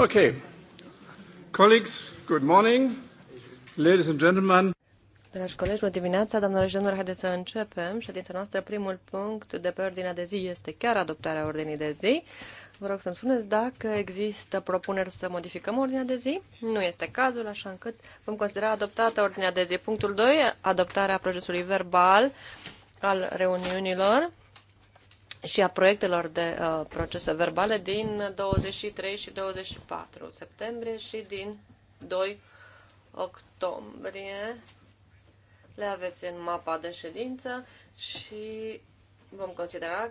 Okay. Colleagues, good morning. Ladies and gentlemen. Dragi colegi, bună dimineața, doamnelor și domnilor, haideți să începem. Ședința noastră, primul punct de pe ordinea de zi este chiar adoptarea ordinii de zi. Vă rog să-mi spuneți dacă există propuneri să modificăm ordinea de zi. Nu este cazul, așa încât vom considera adoptată ordinea de zi. Punctul 2, adoptarea procesului verbal al reuniunilor și a proiectelor de uh, procese verbale din 23 și 24 septembrie și din 2 octombrie. Le aveți în mapa de ședință și vom considera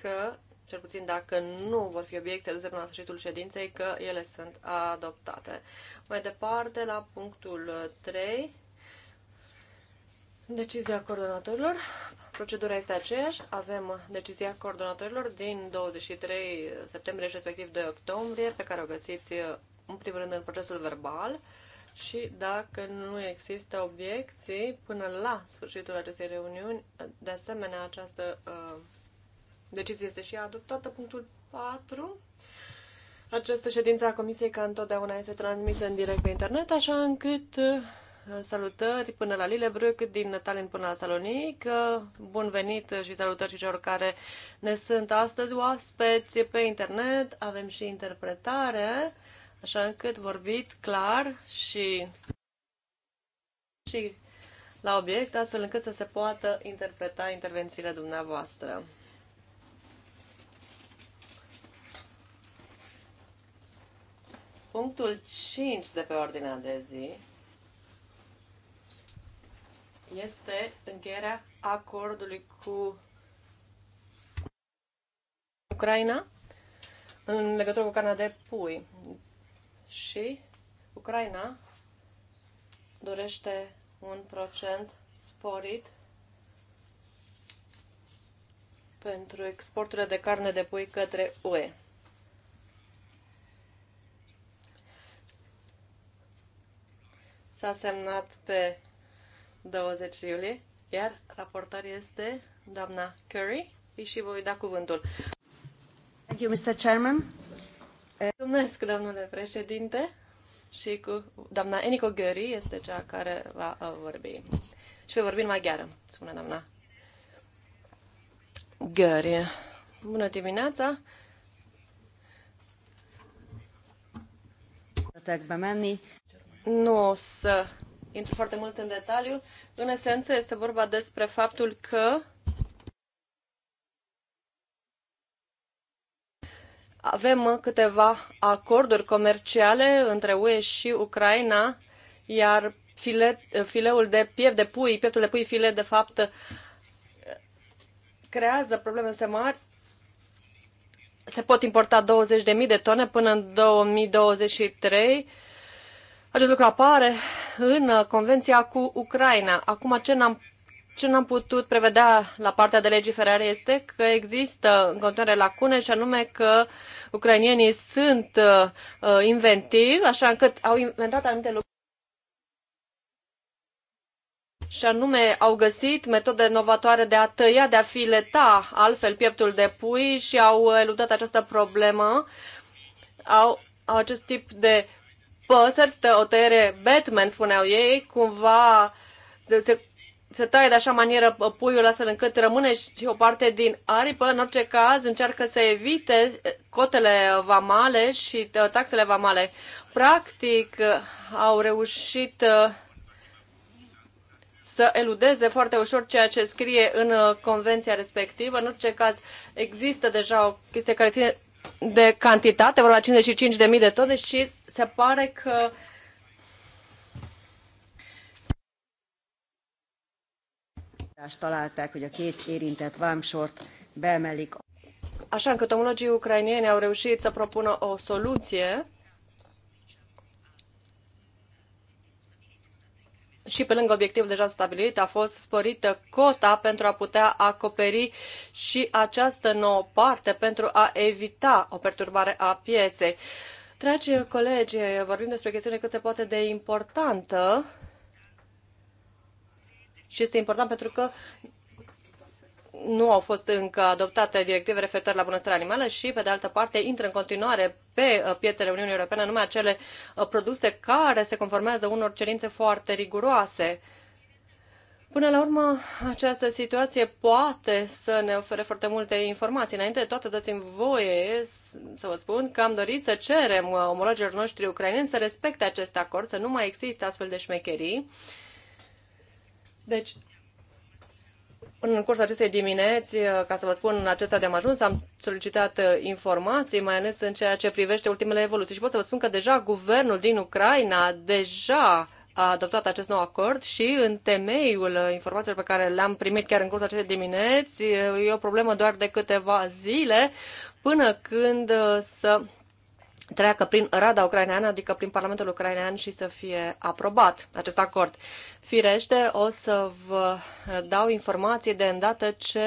că, cel puțin dacă nu vor fi obiecte de până la sfârșitul ședinței, că ele sunt adoptate. Mai departe, la punctul 3, Decizia coordonatorilor Procedura este aceeași. Avem decizia coordonatorilor din 23 septembrie și respectiv 2 octombrie, pe care o găsiți uh, în primul rând în procesul verbal și dacă nu există obiecții până la sfârșitul acestei reuniuni, uh, de asemenea această uh, decizie este și adoptată. Punctul 4. Această ședință a Comisiei, ca întotdeauna, este transmisă în direct pe internet, așa încât uh, salutări până la Lillebruck, din Tallinn până la Salonic. Bun venit și salutări și celor care ne sunt astăzi oaspeți pe internet. Avem și interpretare, așa încât vorbiți clar și, și la obiect, astfel încât să se poată interpreta intervențiile dumneavoastră. Punctul 5 de pe ordinea de zi este încheierea acordului cu Ucraina în legătură cu carnea de pui. Și Ucraina dorește un procent sporit pentru exporturile de carne de pui către UE. S-a semnat pe 20 iulie, iar raportor este doamna Curry și voi da cuvântul. Thank you, Mr. Chairman. Eh, Mulțumesc, domnule președinte, și cu doamna Eniko Gări este cea care va uh, vorbi. Și voi vorbi în maghiară, spune doamna Gări. Bună dimineața! Nu o să intru foarte mult în detaliu. În esență, este vorba despre faptul că avem câteva acorduri comerciale între UE și Ucraina, iar file, fileul de piept de pui, pieptul de pui file, de fapt, creează probleme mari se pot importa 20.000 de tone până în 2023 acest lucru apare în uh, convenția cu Ucraina. Acum, ce n-am ce n-am putut prevedea la partea de legiferare este că există în continuare lacune și anume că ucrainienii sunt uh, uh, inventivi, așa încât au inventat anumite lucruri și anume au găsit metode novatoare de a tăia, de a fileta altfel pieptul de pui și au eludat această problemă. Au, au acest tip de păsări, o tăiere Batman, spuneau ei, cumva se, se, se taie de așa manieră puiul astfel încât rămâne și o parte din aripă. În orice caz, încearcă să evite cotele vamale și taxele vamale. Practic, au reușit ă, să eludeze foarte ușor ceea ce scrie în ă, convenția respectivă. În orice caz, există deja o chestie care ține de cantitate, vorba 55.000 de tone și se pare că találták, hogy a két érintett vámsort beemelik. Așa încât omologii ucrainieni au reușit să propună o soluție și pe lângă obiectivul deja stabilit, a fost sporită cota pentru a putea acoperi și această nouă parte pentru a evita o perturbare a pieței. Dragi colegi, vorbim despre chestiune cât se poate de importantă și este important pentru că nu au fost încă adoptate directive referitoare la bunăstarea animală și, pe de altă parte, intră în continuare pe uh, piețele Uniunii Europene numai acele uh, produse care se conformează unor cerințe foarte riguroase. Până la urmă, această situație poate să ne ofere foarte multe informații. Înainte de toate, dați-mi voie să vă spun că am dorit să cerem uh, omologilor noștri ucraineni să respecte acest acord, să nu mai existe astfel de șmecherii. Deci, în cursul acestei dimineți, uh, ca să vă spun acesta de am ajuns, am solicitat uh, informații, mai ales în ceea ce privește ultimele evoluții. Și pot să vă spun că deja guvernul din Ucraina deja a adoptat acest nou acord și în temeiul uh, informațiilor pe care le-am primit chiar în cursul acestei dimineți, e o problemă doar de câteva zile până când să treacă prin Rada Ucraineană, adică prin Parlamentul Ucrainean și să fie aprobat acest acord. Firește, o să vă dau informații de îndată ce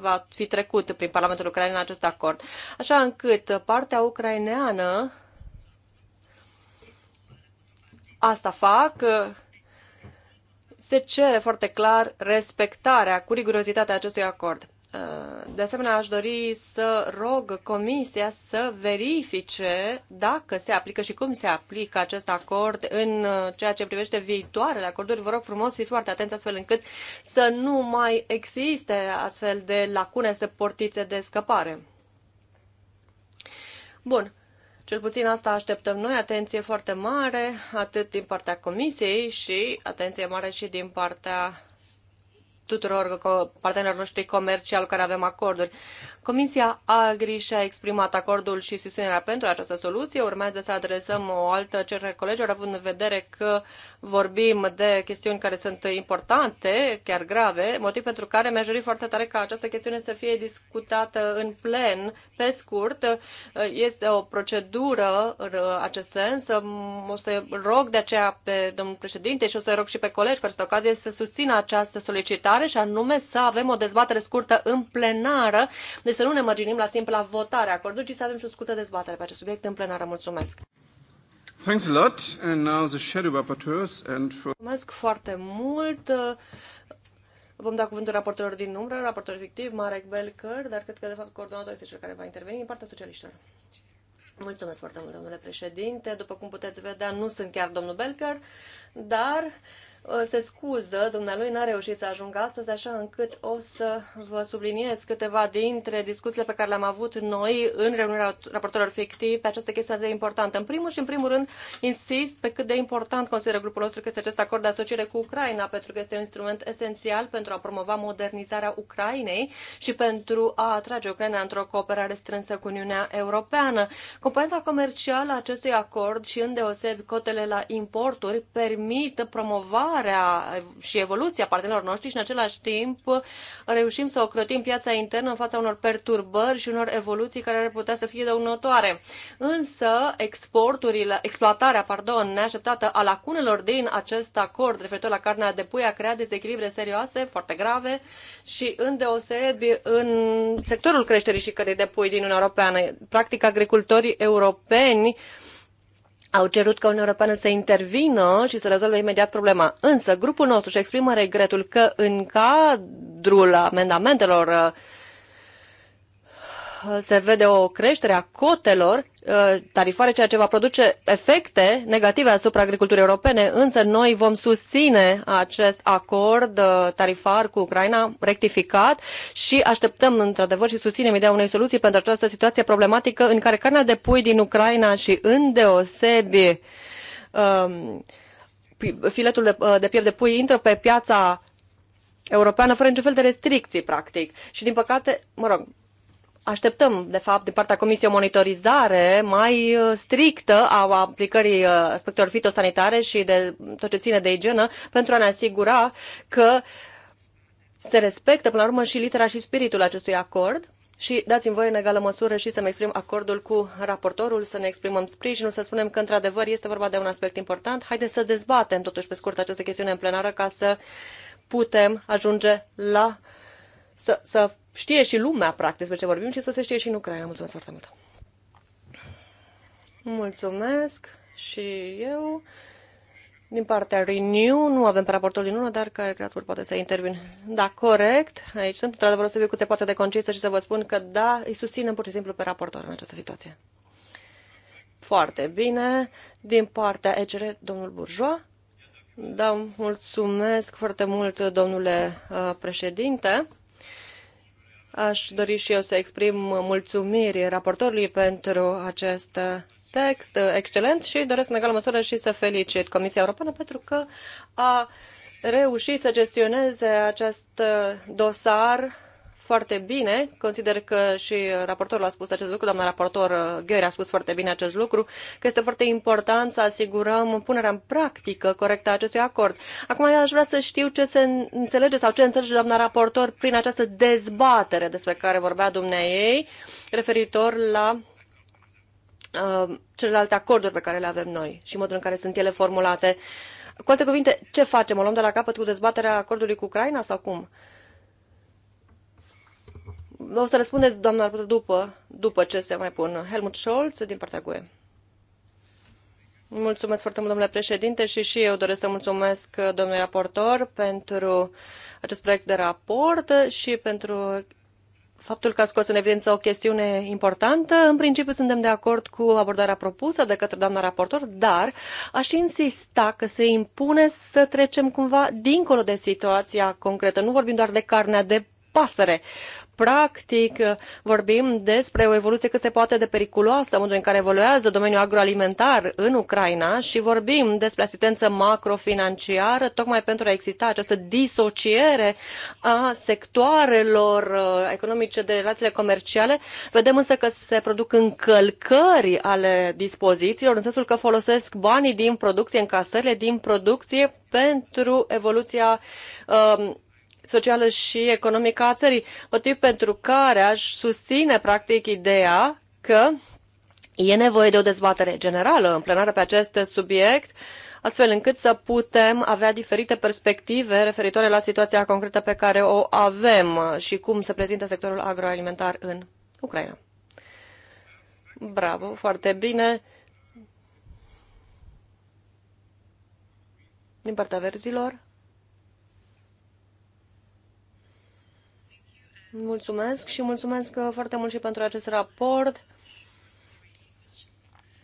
va fi trecut prin Parlamentul Ucrainean acest acord, așa încât partea ucraineană asta fac, se cere foarte clar respectarea cu rigurozitatea acestui acord. De asemenea, aș dori să rog Comisia să verifice dacă se aplică și cum se aplică acest acord în ceea ce privește viitoarele acorduri. Vă rog frumos, fiți foarte atenți astfel încât să nu mai existe astfel de lacune, să portițe de scăpare. Bun. Cel puțin asta așteptăm noi, atenție foarte mare, atât din partea Comisiei și atenție mare și din partea tuturor partenerilor noștri comerciali care avem acorduri. Comisia Agri și-a exprimat acordul și susținerea pentru această soluție. Urmează să adresăm o altă cerere colegilor, având în vedere că vorbim de chestiuni care sunt importante, chiar grave, motiv pentru care mi-aș dori foarte tare ca această chestiune să fie discutată în plen, pe scurt. Este o procedură în acest sens. O să rog de aceea pe domnul președinte și o să rog și pe colegi, pe această ocazie, să susțină această solicitare întâmplare și anume să avem o dezbatere scurtă în plenară, deci să nu ne mărginim la simpla votare a acordului, ci să avem și o scurtă dezbatere pe acest subiect în plenară. Mulțumesc! Thanks a lot. And now the shadow rapporteurs and for... Mulțumesc foarte mult. Vom da cuvântul raportorilor din umbră, raportor efectiv, Marek Belker, dar cred că, de fapt, coordonatorul este cel care va interveni din partea socialiștilor. Mulțumesc foarte mult, domnule președinte. După cum puteți vedea, nu sunt chiar domnul Belker, dar Uh, se scuză, dumnealui n-a reușit să ajungă astăzi, așa încât o să vă subliniez câteva dintre discuțiile pe care le-am avut noi în reuniunea raportorilor fictivi pe această chestiune de importantă. În primul și în primul rând, insist pe cât de important consideră grupul nostru că este acest acord de asociere cu Ucraina, pentru că este un instrument esențial pentru a promova modernizarea Ucrainei și pentru a atrage Ucraina într-o cooperare strânsă cu Uniunea Europeană. Componenta comercială a acestui acord și îndeosebi cotele la importuri permit promovarea dezvoltarea și evoluția partenerilor noștri și în același timp reușim să ocrotim piața internă în fața unor perturbări și unor evoluții care ar putea să fie dăunătoare. Însă, exporturile, exploatarea, pardon, neașteptată a lacunelor din acest acord referitor la carnea de pui a creat dezechilibre serioase, foarte grave și îndeosebi în sectorul creșterii și cărei de pui din Uniunea Europeană. Practic, agricultorii europeni au cerut ca Uniunea Europeană să intervină și să rezolve imediat problema. Însă, grupul nostru își exprimă regretul că în cadrul amendamentelor uh, se vede o creștere a cotelor Uh, tarifare, ceea ce va produce efecte negative asupra agriculturii europene, însă noi vom susține acest acord uh, tarifar cu Ucraina rectificat și așteptăm într-adevăr și susținem ideea unei soluții pentru această situație problematică în care carnea de pui din Ucraina și îndeosebi um, filetul de, uh, de piept de pui intră pe piața europeană fără niciun fel de restricții, practic. Și din păcate, mă rog, Așteptăm, de fapt, din partea Comisiei o monitorizare mai uh, strictă a aplicării uh, aspectelor fitosanitare și de tot ce ține de igienă pentru a ne asigura că se respectă, până la urmă, și litera și spiritul acestui acord. Și dați-mi voie în egală măsură și să-mi exprim acordul cu raportorul, să ne exprimăm sprijinul, să spunem că într-adevăr este vorba de un aspect important. Haideți să dezbatem totuși pe scurt această chestiune în plenară ca să putem ajunge la să, să știe și lumea, practic, despre ce vorbim și să se știe și în Ucraina. Mulțumesc foarte mult! Mulțumesc și eu. Din partea Renew, nu avem pe raportul din urmă, dar care Crascur poate să intervin. Da, corect. Aici sunt într-adevăr o să fiu cu poate de concisă și să vă spun că da, îi susținem pur și simplu pe raportor în această situație. Foarte bine. Din partea ECR, domnul Burjoa. Da, mulțumesc foarte mult, domnule uh, președinte. Aș dori și eu să exprim mulțumiri raportorului pentru acest text excelent și doresc în egală măsură și să felicit Comisia Europeană pentru că a reușit să gestioneze acest dosar foarte bine. Consider că și raportorul a spus acest lucru, doamna raportor uh, Gheri a spus foarte bine acest lucru, că este foarte important să asigurăm punerea în practică corectă a acestui acord. Acum aș vrea să știu ce se înțelege sau ce înțelege doamna raportor prin această dezbatere despre care vorbea dumnea ei, referitor la uh, celelalte acorduri pe care le avem noi și modul în care sunt ele formulate. Cu alte cuvinte, ce facem? O luăm de la capăt cu dezbaterea acordului cu Ucraina sau cum? Uh, o să răspundeți, doamna, după, după ce se mai pun. Helmut Scholz, din partea GUE. Mulțumesc foarte mult, domnule președinte, și și eu doresc să mulțumesc domnului raportor pentru acest proiect de raport și pentru faptul că a scos în evidență o chestiune importantă. În principiu suntem de acord cu abordarea propusă de către doamna raportor, dar aș insista că se impune să trecem cumva dincolo de situația concretă. Nu vorbim doar de carnea de pasăre. Practic, vorbim despre o evoluție cât se poate de periculoasă, modul în care evoluează domeniul agroalimentar în Ucraina și vorbim despre asistență macrofinanciară, tocmai pentru a exista această disociere a sectoarelor uh, economice de relațiile comerciale. Vedem însă că se produc încălcări ale dispozițiilor, în sensul că folosesc banii din producție, încasările din producție pentru evoluția uh, socială și economică a țării, motiv pentru care aș susține practic ideea că e nevoie de o dezbatere generală în plenară pe acest subiect, astfel încât să putem avea diferite perspective referitoare la situația concretă pe care o avem și cum se prezintă sectorul agroalimentar în Ucraina. Bravo, foarte bine. Din partea verzilor. Mulțumesc și mulțumesc uh, foarte mult și pentru acest raport.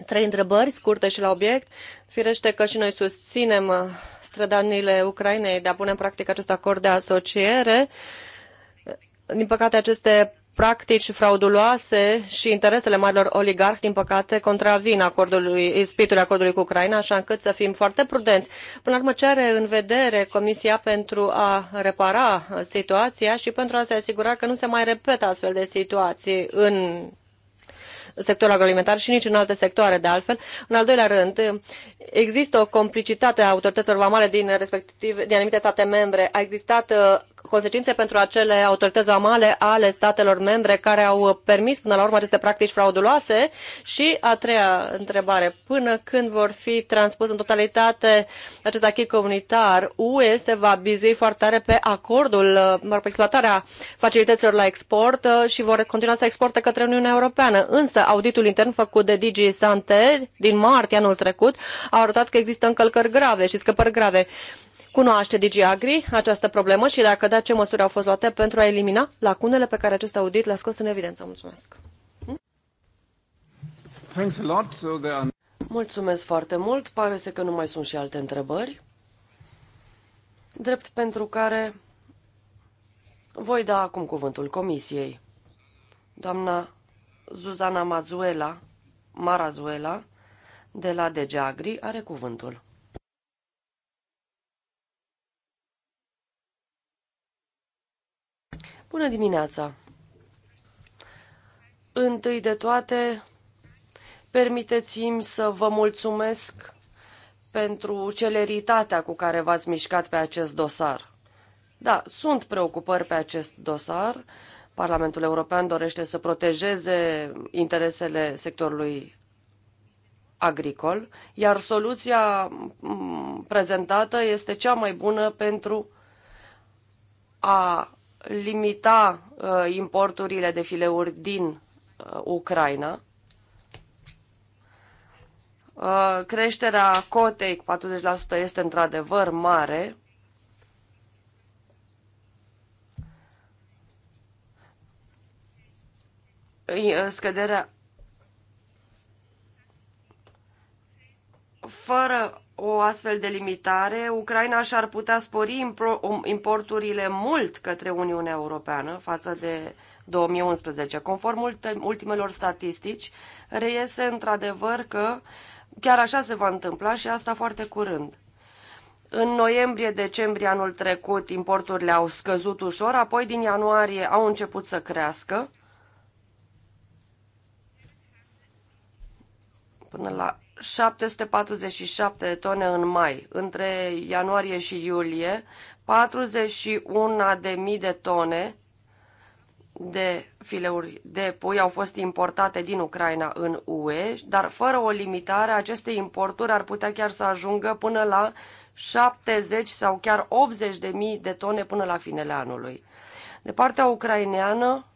Trei întrebări scurte și la obiect. Firește că și noi susținem uh, strădanile Ucrainei de a pune în practică acest acord de asociere. Din păcate, aceste practici frauduloase și interesele marilor oligarhi, din păcate, contravin acordului, spiritului acordului cu Ucraina, așa încât să fim foarte prudenți. Până la urmă, ce are în vedere Comisia pentru a repara situația și pentru a se asigura că nu se mai repetă astfel de situații în sectorul agroalimentar și nici în alte sectoare, de altfel. În al doilea rând, există o complicitate a autorităților vamale din, respectiv, din anumite state membre. A existat uh, consecințe pentru acele autorități vamale ale statelor membre care au permis până la urmă aceste practici frauduloase? Și a treia întrebare, până când vor fi transpus în totalitate acest achit comunitar, UE se va bizui foarte tare pe acordul, mă rog, pe exploatarea facilităților la export uh, și vor continua să exporte către Uniunea Europeană. Însă auditul intern făcut de DG Sante din martie anul trecut a arătat că există încălcări grave și scăpări grave. Cunoaște DG Agri această problemă și dacă da, ce măsuri au fost luate pentru a elimina lacunele pe care acest audit le-a scos în evidență? Mulțumesc! Hm? Mulțumesc foarte mult. Pare să că nu mai sunt și alte întrebări. Drept pentru care voi da acum cuvântul comisiei. Doamna Zuzana Mazuela, Marazuela, de la DG Agri, are cuvântul. Bună dimineața! Întâi de toate, permiteți-mi să vă mulțumesc pentru celeritatea cu care v-ați mișcat pe acest dosar. Da, sunt preocupări pe acest dosar. Parlamentul European dorește să protejeze interesele sectorului agricol, iar soluția prezentată este cea mai bună pentru a limita uh, importurile de fileuri din uh, Ucraina. Uh, creșterea cotei cu 40% este într-adevăr mare. Uh, scăderea fără o astfel de limitare, Ucraina și-ar putea spori um, importurile mult către Uniunea Europeană față de 2011. Conform ultimelor statistici, reiese într-adevăr că chiar așa se va întâmpla și asta foarte curând. În noiembrie-decembrie anul trecut importurile au scăzut ușor, apoi din ianuarie au început să crească până la 747 de tone în mai, între ianuarie și iulie, 41.000 de tone de fileuri de pui au fost importate din Ucraina în UE, dar fără o limitare, aceste importuri ar putea chiar să ajungă până la 70 sau chiar 80 de mii de tone până la finele anului. De partea ucraineană,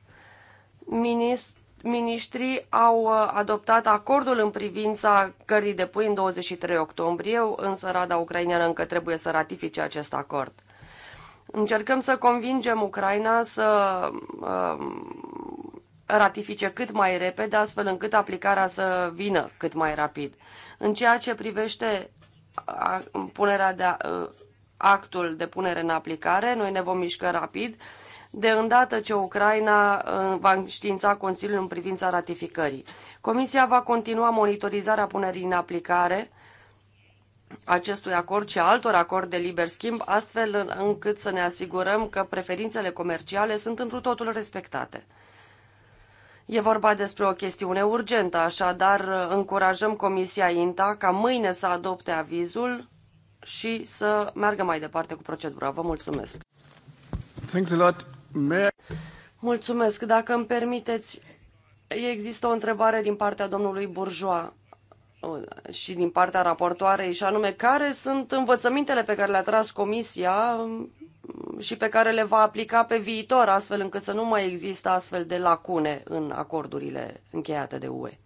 ministrul Ministrii au uh, adoptat acordul în privința cării de pui în 23 octombrie, însă Rada Ucraineană încă trebuie să ratifice acest acord. Încercăm să convingem Ucraina să um, ratifice cât mai repede, astfel încât aplicarea să vină cât mai rapid. În ceea ce privește punerea de uh, actul de punere în aplicare, noi ne vom mișca rapid de îndată ce Ucraina uh, va înștiința Consiliul în privința ratificării. Comisia va continua monitorizarea punerii în aplicare acestui acord și altor acord de liber schimb, astfel încât să ne asigurăm că preferințele comerciale sunt întru totul respectate. E vorba despre o chestiune urgentă, așadar uh, încurajăm Comisia INTA ca mâine să adopte avizul și să meargă mai departe cu procedura. Vă mulțumesc! Thanks a lot. Mulțumesc. Dacă îmi permiteți, există o întrebare din partea domnului Burjoa uh, și din partea raportoarei, și anume care sunt învățămintele pe care le-a tras Comisia um, și pe care le va aplica pe viitor, astfel încât să nu mai există astfel de lacune în acordurile încheiate de UE.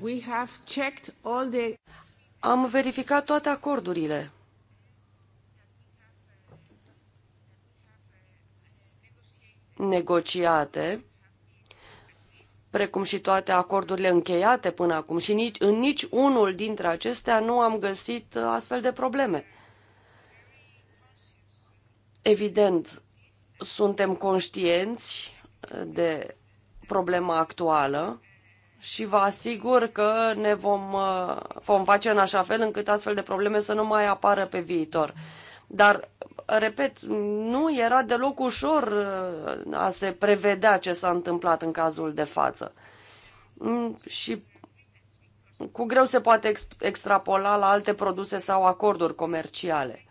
We have checked all the... Am verificat toate acordurile. negociate, precum și toate acordurile încheiate până acum și nici, în nici unul dintre acestea nu am găsit uh, astfel de probleme. Evident, suntem conștienți uh, de problema actuală și vă asigur că ne vom, uh, vom face în așa fel încât astfel de probleme să nu mai apară pe viitor. Dar, repet, nu era deloc ușor uh, a se prevedea ce s-a întâmplat în cazul de față. Mm, și cu greu se poate extrapola la alte produse sau acorduri comerciale.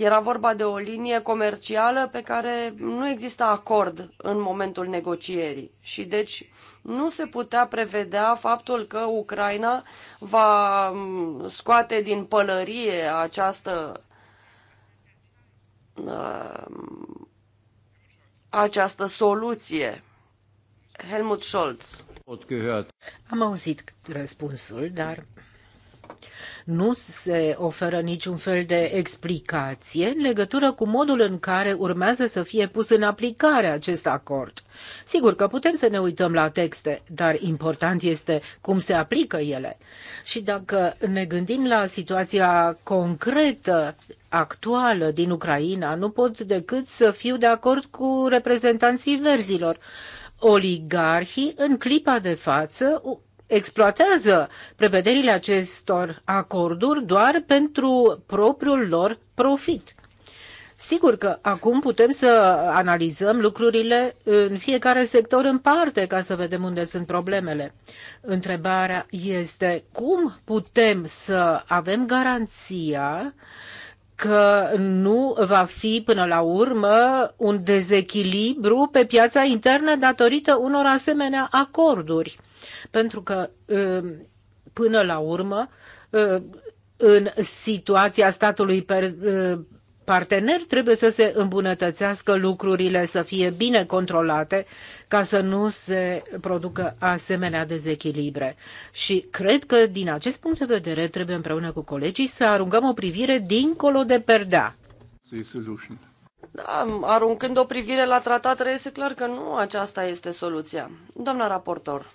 Era vorba de o linie comercială pe care nu exista acord în momentul negocierii și deci nu se putea prevedea faptul că Ucraina va mm, scoate din pălărie această mm, această soluție. Helmut Scholz. Am auzit răspunsul, dar nu se oferă niciun fel de explicație în legătură cu modul în care urmează să fie pus în aplicare acest acord. Sigur că putem să ne uităm la texte, dar important este cum se aplică ele. Și dacă ne gândim la situația concretă actuală din Ucraina, nu pot decât să fiu de acord cu reprezentanții verzilor oligarhii în clipa de față exploatează prevederile acestor acorduri doar pentru propriul lor profit. Sigur că acum putem să analizăm lucrurile în fiecare sector în parte ca să vedem unde sunt problemele. Întrebarea este cum putem să avem garanția că nu va fi până la urmă un dezechilibru pe piața internă datorită unor asemenea acorduri. Pentru că ă, până la urmă ă, în situația statului ă, partener trebuie să se îmbunătățească lucrurile, să fie bine controlate ca să nu se producă asemenea dezechilibre. Și cred că din acest punct de vedere trebuie împreună cu colegii să aruncăm o privire dincolo de perdea. Da, aruncând o privire la tratat, este clar că nu aceasta este soluția. Doamna raportor,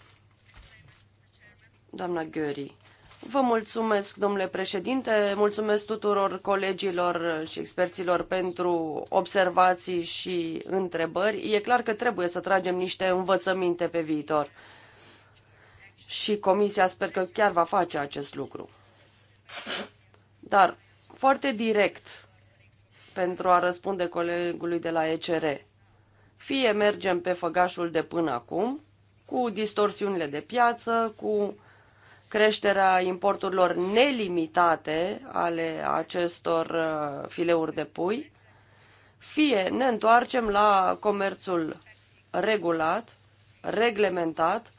Doamna Gheori. Vă mulțumesc, domnule președinte, mulțumesc tuturor colegilor și experților pentru observații și întrebări. E clar că trebuie să tragem niște învățăminte pe viitor. Și comisia sper că chiar va face acest lucru. Dar foarte direct pentru a răspunde colegului de la ECR. Fie mergem pe făgașul de până acum, cu distorsiunile de piață, cu creșterea importurilor nelimitate ale acestor uh, fileuri de pui, fie ne întoarcem la comerțul regulat, reglementat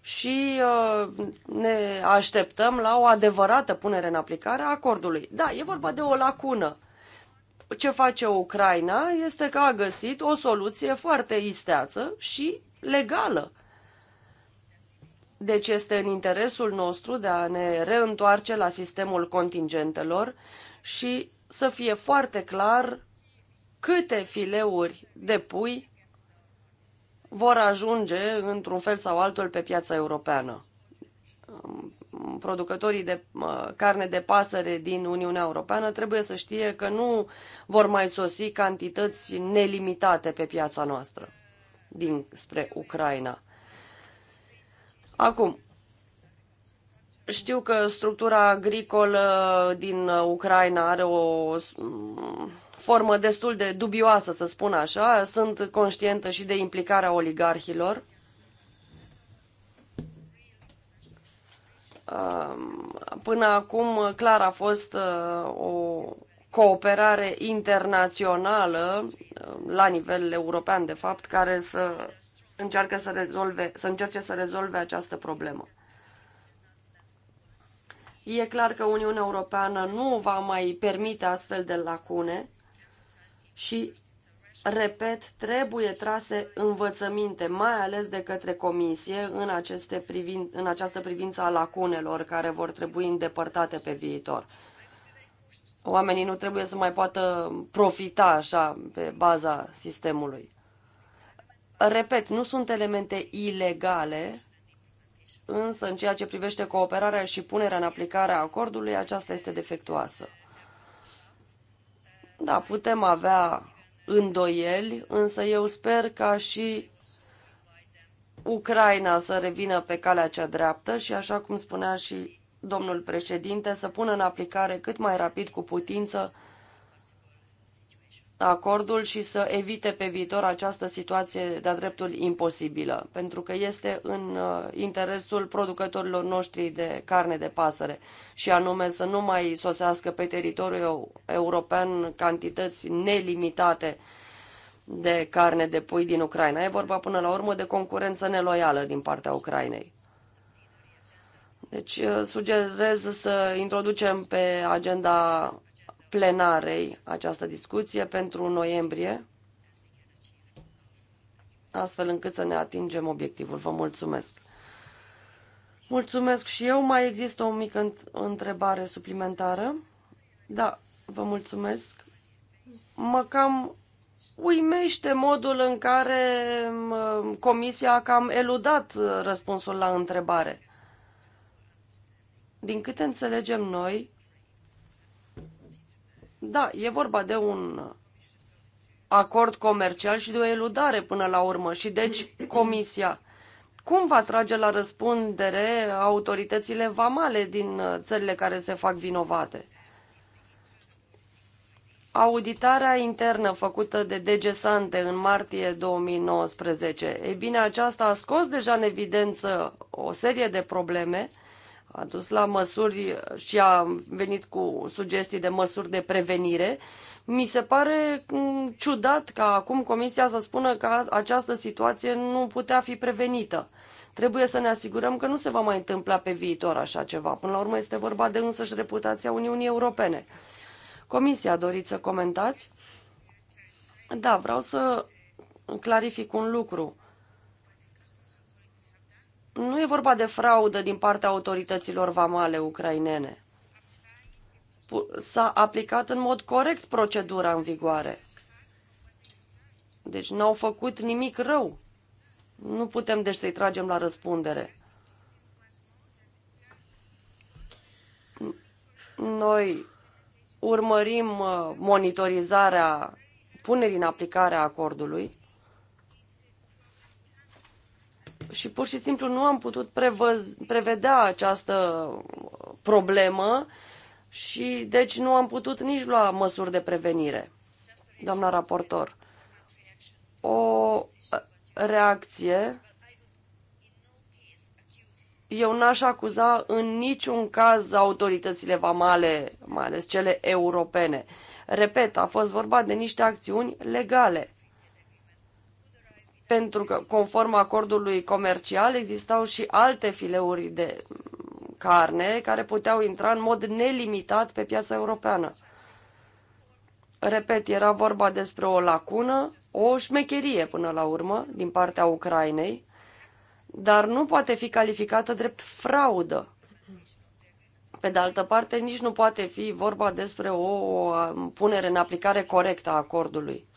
și uh, ne așteptăm la o adevărată punere în aplicare a acordului. Da, e vorba de o lacună. Ce face Ucraina este că a găsit o soluție foarte isteață și legală deci este în interesul nostru de a ne reîntoarce la sistemul contingentelor și să fie foarte clar câte fileuri de pui vor ajunge într-un fel sau altul pe piața europeană. Producătorii de carne de pasăre din Uniunea Europeană trebuie să știe că nu vor mai sosi cantități nelimitate pe piața noastră dinspre Ucraina. Acum, știu că structura agricolă din Ucraina are o mm, formă destul de dubioasă, să spun așa. Sunt conștientă și de implicarea oligarhilor. Până acum, clar, a fost uh, o cooperare internațională, uh, la nivel european, de fapt, care să încearcă să, rezolve, să încerce să rezolve această problemă. E clar că Uniunea Europeană nu va mai permite astfel de lacune și, repet, trebuie trase învățăminte, mai ales de către Comisie, în, aceste privin, în această privință a lacunelor care vor trebui îndepărtate pe viitor. Oamenii nu trebuie să mai poată profita așa pe baza sistemului. Repet, nu sunt elemente ilegale, însă în ceea ce privește cooperarea și punerea în aplicare a acordului, aceasta este defectuoasă. Da, putem avea îndoieli, însă eu sper ca și Ucraina să revină pe calea cea dreaptă și, așa cum spunea și domnul președinte, să pună în aplicare cât mai rapid cu putință acordul și să evite pe viitor această situație de-a dreptul imposibilă, pentru că este în uh, interesul producătorilor noștri de carne de pasăre și anume să nu mai sosească pe teritoriul european cantități nelimitate de carne de pui din Ucraina. E vorba până la urmă de concurență neloială din partea Ucrainei. Deci uh, sugerez să introducem pe agenda plenarei această discuție pentru noiembrie, astfel încât să ne atingem obiectivul. Vă mulțumesc! Mulțumesc și eu. Mai există o mică întrebare suplimentară? Da, vă mulțumesc. Mă cam uimește modul în care comisia a cam eludat răspunsul la întrebare. Din câte înțelegem noi, da, e vorba de un acord comercial și de o eludare până la urmă. Și deci Comisia cum va trage la răspundere autoritățile vamale din uh, țările care se fac vinovate? Auditarea internă făcută de DG Sante în martie 2019, e bine, aceasta a scos deja în evidență o serie de probleme a dus la măsuri și a venit cu sugestii de măsuri de prevenire. Mi se pare mm, ciudat că acum Comisia să spună că această situație nu putea fi prevenită. Trebuie să ne asigurăm că nu se va mai întâmpla pe viitor așa ceva. Până la urmă este vorba de însăși reputația Uniunii Europene. Comisia, doriți să comentați? Da, vreau să clarific un lucru nu e vorba de fraudă din partea autorităților vamale ucrainene. S-a aplicat în mod corect procedura în vigoare. Deci n-au făcut nimic rău. Nu putem deci să-i tragem la răspundere. Noi urmărim uh, monitorizarea punerii în aplicare a acordului și pur și simplu nu am putut prevăz, prevedea această problemă și deci nu am putut nici lua măsuri de prevenire. Doamna raportor, o reacție. Eu n-aș acuza în niciun caz autoritățile vamale, mai ales cele europene. Repet, a fost vorba de niște acțiuni legale pentru că, conform acordului comercial, existau și alte fileuri de carne care puteau intra în mod nelimitat pe piața europeană. Repet, era vorba despre o lacună, o șmecherie până la urmă, din partea Ucrainei, dar nu poate fi calificată drept fraudă. Pe de altă parte, nici nu poate fi vorba despre o punere în aplicare corectă a acordului.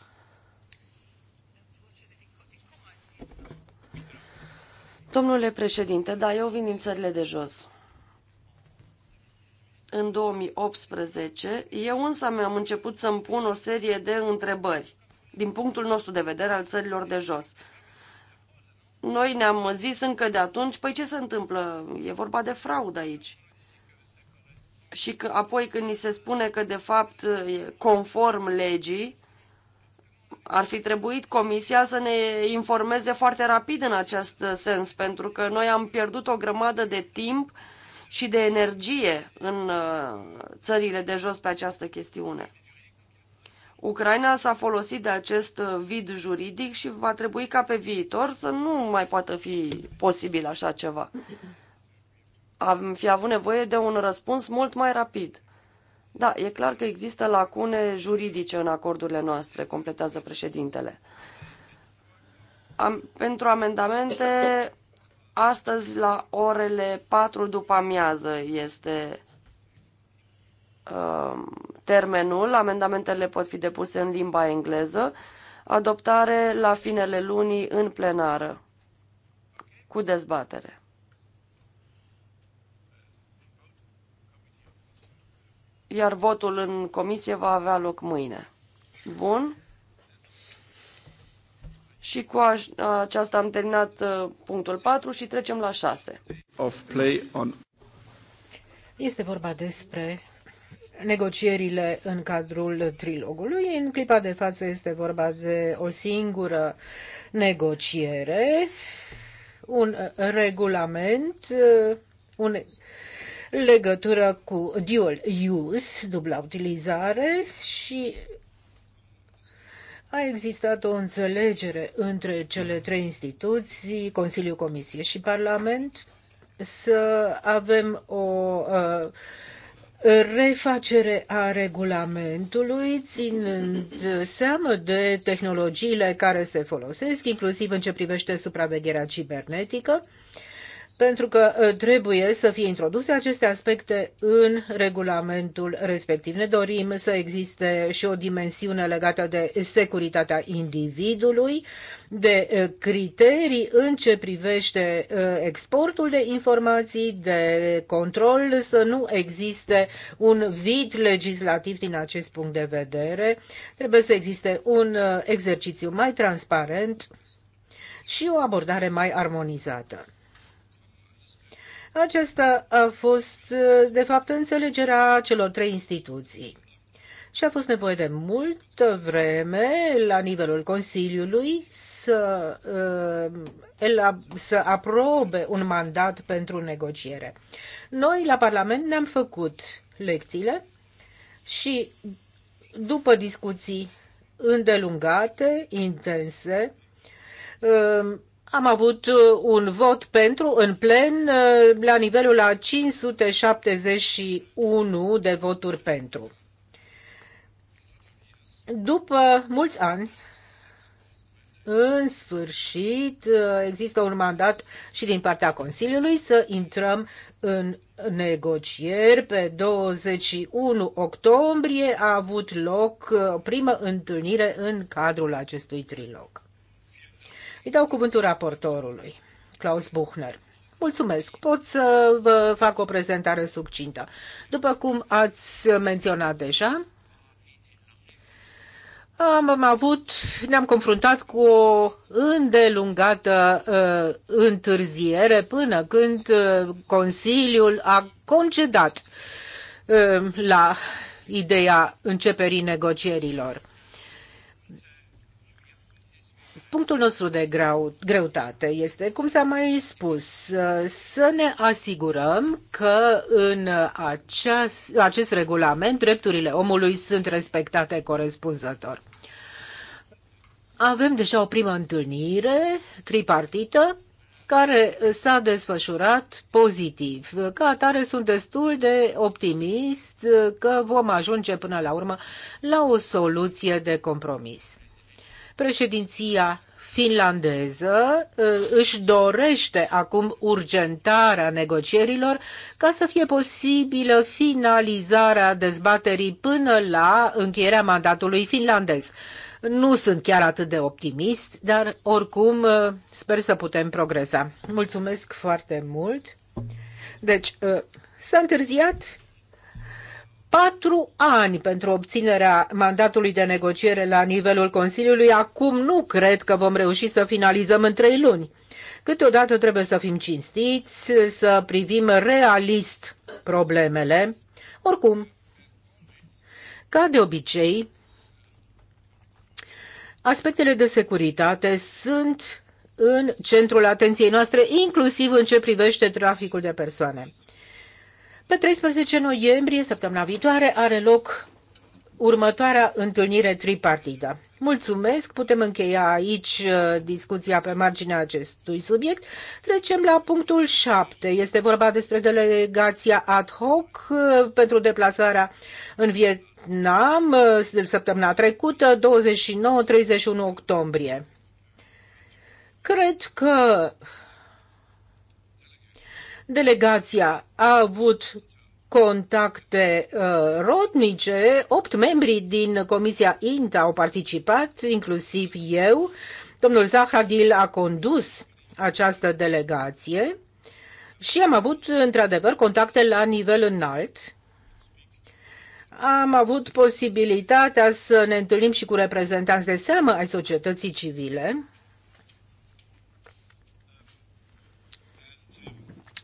Domnule președinte, da, eu vin din țările de jos. În 2018, eu însă mi-am început să-mi pun o serie de întrebări din punctul nostru de vedere al țărilor de jos. Noi ne-am zis încă de atunci, păi ce se întâmplă? E vorba de fraudă aici. Și că, apoi când ni se spune că de fapt conform legii, ar fi trebuit Comisia să ne informeze foarte rapid în acest sens, pentru că noi am pierdut o grămadă de timp și de energie în uh, țările de jos pe această chestiune. Ucraina s-a folosit de acest uh, vid juridic și va trebui ca pe viitor să nu mai poată fi posibil așa ceva. Am fi avut nevoie de un răspuns mult mai rapid. Da, e clar că există lacune juridice în acordurile noastre, completează președintele. Am, pentru amendamente, astăzi la orele 4 după amiază este uh, termenul. Amendamentele pot fi depuse în limba engleză. Adoptare la finele lunii în plenară, cu dezbatere. iar votul în comisie va avea loc mâine. Bun. Și cu aceasta am terminat uh, punctul 4 și trecem la 6. Of play on... Este vorba despre negocierile în cadrul trilogului. În clipa de față este vorba de o singură negociere, un uh, regulament, uh, un legătură cu dual use, dubla utilizare și a existat o înțelegere între cele trei instituții, Consiliu, Comisie și Parlament, să avem o uh, refacere a regulamentului, ținând seamă de tehnologiile care se folosesc, inclusiv în ce privește supravegherea cibernetică pentru că uh, trebuie să fie introduse aceste aspecte în regulamentul respectiv. Ne dorim să existe și o dimensiune legată de securitatea individului, de uh, criterii în ce privește uh, exportul de informații, de control, să nu existe un vid legislativ din acest punct de vedere. Trebuie să existe un exercițiu mai transparent și o abordare mai armonizată. Aceasta a fost, de fapt, înțelegerea celor trei instituții. Și a fost nevoie de multă vreme la nivelul Consiliului să, uh, să aprobe un mandat pentru negociere. Noi la Parlament ne-am făcut lecțiile și după discuții îndelungate, intense, uh, am avut uh, un vot pentru în plen uh, la nivelul a 571 de voturi pentru. După mulți ani, în sfârșit, uh, există un mandat și din partea Consiliului să intrăm în negocieri. Pe 21 octombrie a avut loc o primă întâlnire în cadrul acestui trilog. Îi dau cuvântul raportorului, Klaus Buchner. Mulțumesc. Pot să vă fac o prezentare succintă. După cum ați menționat deja, am avut, ne-am confruntat cu o îndelungată uh, întârziere până când uh, Consiliul a concedat uh, la ideea începerii negocierilor punctul nostru de grau, greutate este, cum s-a mai spus, uh, să ne asigurăm că în aceast, acest regulament drepturile omului sunt respectate corespunzător. Avem deja o primă întâlnire tripartită care s-a desfășurat pozitiv. Ca atare sunt destul de optimist că vom ajunge până la urmă la o soluție de compromis. Președinția finlandeză ă, își dorește acum urgentarea negocierilor ca să fie posibilă finalizarea dezbaterii până la încheierea mandatului finlandez. Nu sunt chiar atât de optimist, dar oricum ă, sper să putem progresa. Mulțumesc foarte mult! Deci, ă, s-a întârziat patru ani pentru obținerea mandatului de negociere la nivelul Consiliului. Acum nu cred că vom reuși să finalizăm în trei luni. Câteodată trebuie să fim cinstiți, să privim realist problemele. Oricum, ca de obicei, aspectele de securitate sunt în centrul atenției noastre, inclusiv în ce privește traficul de persoane. Pe 13 noiembrie, săptămâna viitoare, are loc următoarea întâlnire tripartită. Mulțumesc, putem încheia aici uh, discuția pe marginea acestui subiect. Trecem la punctul 7. Este vorba despre delegația ad hoc uh, pentru deplasarea în Vietnam uh, săptămâna trecută, 29-31 octombrie. Cred că Delegația a avut contacte uh, rodnice, opt membri din Comisia INTA au participat, inclusiv eu. Domnul Zahradil a condus această delegație și am avut, într-adevăr, contacte la nivel înalt. Am avut posibilitatea să ne întâlnim și cu reprezentanți de seamă ai societății civile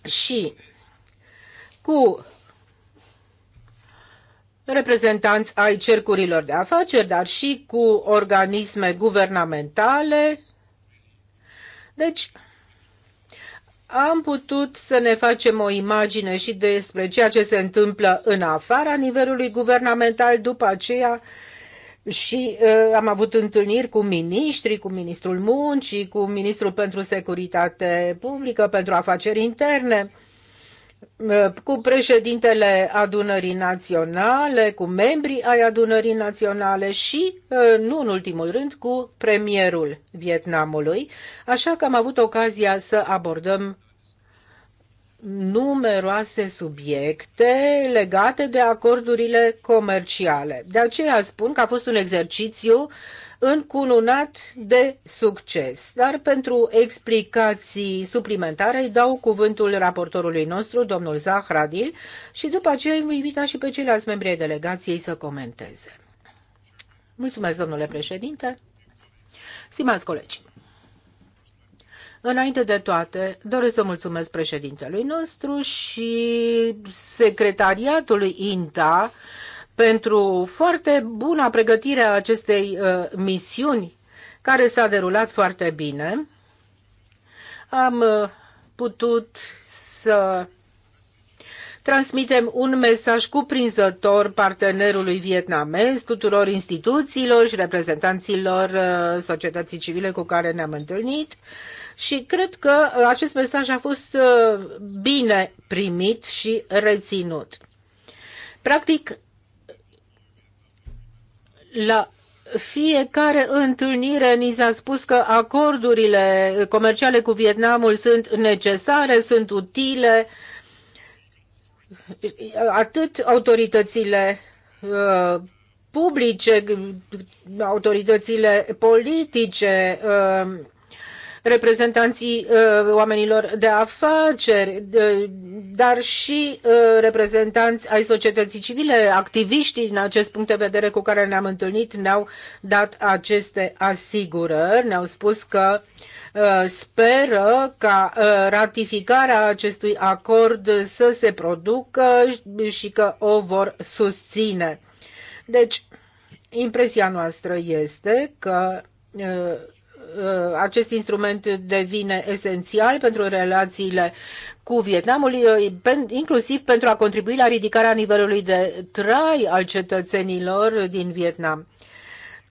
și cu reprezentanți ai cercurilor de afaceri, dar și cu organisme guvernamentale. Deci, am putut să ne facem o imagine și despre ceea ce se întâmplă în afara nivelului guvernamental, după aceea și uh, am avut întâlniri cu miniștri, cu ministrul muncii, cu ministrul pentru securitate publică, pentru afaceri interne, uh, cu președintele adunării naționale, cu membrii ai adunării naționale și, uh, nu în ultimul rând, cu premierul Vietnamului. Așa că am avut ocazia să abordăm numeroase subiecte legate de acordurile comerciale. De aceea spun că a fost un exercițiu încununat de succes. Dar pentru explicații suplimentare îi dau cuvântul raportorului nostru, domnul Zahradil, și după aceea îi invita și pe ceilalți membri ai delegației să comenteze. Mulțumesc, domnule președinte. Stimați colegi, Înainte de toate, doresc să mulțumesc președintelui nostru și secretariatului INTA pentru foarte buna pregătire a acestei uh, misiuni care s-a derulat foarte bine. Am uh, putut să transmitem un mesaj cuprinzător partenerului vietnamez, tuturor instituțiilor și reprezentanților uh, societății civile cu care ne-am întâlnit și cred că uh, acest mesaj a fost uh, bine primit și reținut. Practic, la fiecare întâlnire ni s-a spus că acordurile comerciale cu Vietnamul sunt necesare, sunt utile, atât autoritățile uh, publice, autoritățile politice, uh, reprezentanții uh, oamenilor de afaceri, uh, dar și uh, reprezentanți ai societății civile, activiștii în acest punct de vedere cu care ne-am întâlnit, ne-au dat aceste asigurări, ne-au spus că speră ca ratificarea acestui acord să se producă și că o vor susține. Deci, impresia noastră este că Uh, acest instrument devine esențial pentru relațiile cu Vietnamul, uh, inclusiv pentru a contribui la ridicarea nivelului de trai al cetățenilor din Vietnam.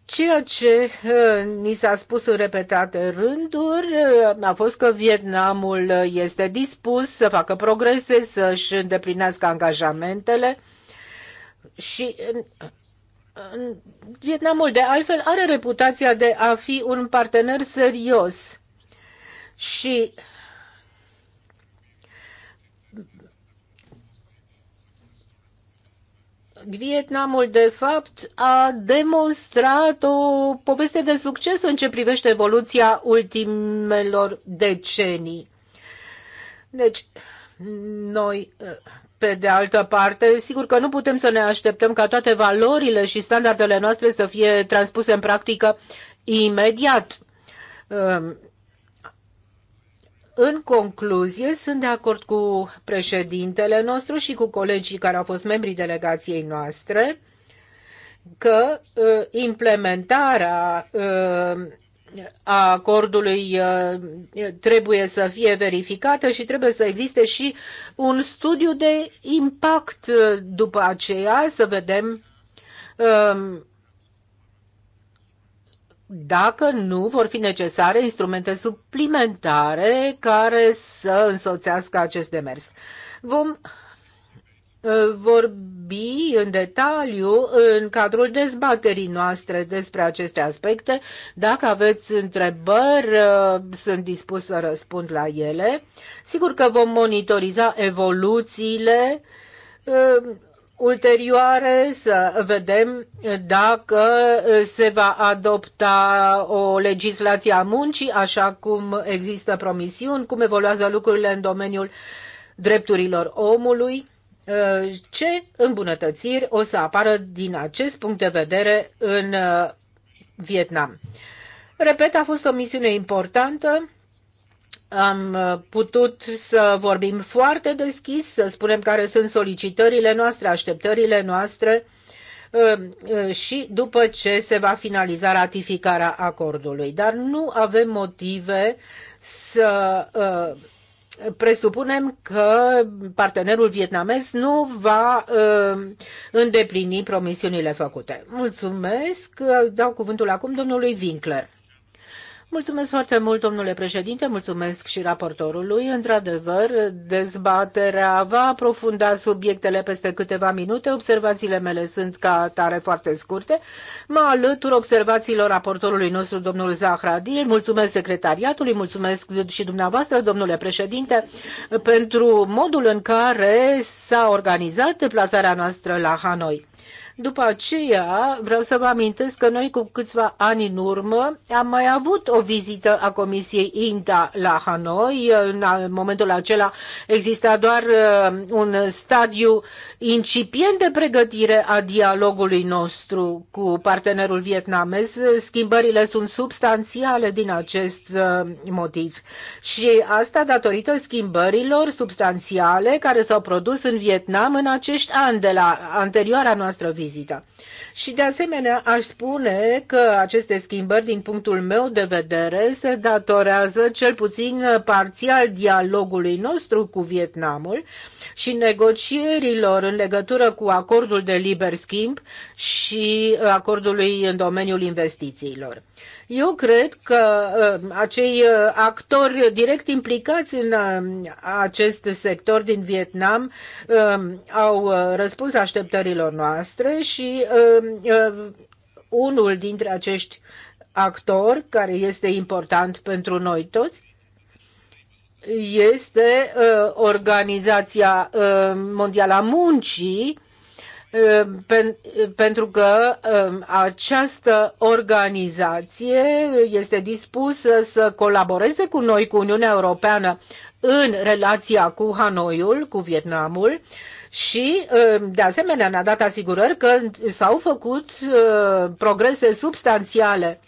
Ceea ce uh, ni s-a spus în repetate rânduri a fost că Vietnamul este dispus să facă progrese, să-și îndeplinească angajamentele și Vietnamul, de altfel, are reputația de a fi un partener serios și Vietnamul, de fapt, a demonstrat o poveste de succes în ce privește evoluția ultimelor decenii. Deci, noi pe de altă parte, sigur că nu putem să ne așteptăm ca toate valorile și standardele noastre să fie transpuse în practică imediat. Um, în concluzie, sunt de acord cu președintele nostru și cu colegii care au fost membrii delegației noastre că uh, implementarea uh, a acordului uh, trebuie să fie verificată și trebuie să existe și un studiu de impact uh, după aceea, să vedem um, dacă nu vor fi necesare instrumente suplimentare care să însoțească acest demers. Vom Ă, vorbi în detaliu în cadrul dezbaterii noastre despre aceste aspecte. Dacă aveți întrebări, ă, sunt dispus să răspund la ele. Sigur că vom monitoriza evoluțiile ă, ulterioare să vedem dacă se va adopta o legislație a muncii, așa cum există promisiuni, cum evoluează lucrurile în domeniul drepturilor omului ce îmbunătățiri o să apară din acest punct de vedere în uh, Vietnam. Repet, a fost o misiune importantă. Am uh, putut să vorbim foarte deschis, să spunem care sunt solicitările noastre, așteptările noastre uh, și după ce se va finaliza ratificarea acordului. Dar nu avem motive să presupunem că partenerul vietnamez nu va uh, îndeplini promisiunile făcute. Mulțumesc. Dau cuvântul acum domnului Winkler. Mulțumesc foarte mult, domnule președinte, mulțumesc și raportorului. Într-adevăr, dezbaterea va aprofunda subiectele peste câteva minute. Observațiile mele sunt ca tare foarte scurte. Mă alătur observațiilor raportorului nostru, domnul Zahradil. Mulțumesc secretariatului, mulțumesc și dumneavoastră, domnule președinte, pentru modul în care s-a organizat plasarea noastră la Hanoi. După aceea, vreau să vă amintesc că noi cu câțiva ani în urmă am mai avut o vizită a Comisiei INTA la Hanoi. În momentul acela exista doar uh, un stadiu incipient de pregătire a dialogului nostru cu partenerul vietnamez. Schimbările sunt substanțiale din acest uh, motiv. Și asta datorită schimbărilor substanțiale care s-au produs în Vietnam în acești ani de la anterioara noastră vizită vizita. Și de asemenea aș spune că aceste schimbări, din punctul meu de vedere, se datorează cel puțin parțial dialogului nostru cu Vietnamul și negocierilor în legătură cu acordul de liber schimb și acordului în domeniul investițiilor. Eu cred că uh, acei uh, actori direct implicați în uh, acest sector din Vietnam um, au răspuns așteptărilor noastre și um, unul dintre acești actori, care este important pentru noi toți, este organizația mondială a muncii, Ehm, pentru că ehm, această organizație este dispusă să colaboreze cu noi, cu Uniunea Europeană, în relația cu Hanoiul, cu Vietnamul și, ehm, de asemenea, ne-a dat asigurări că s-au făcut progrese substanțiale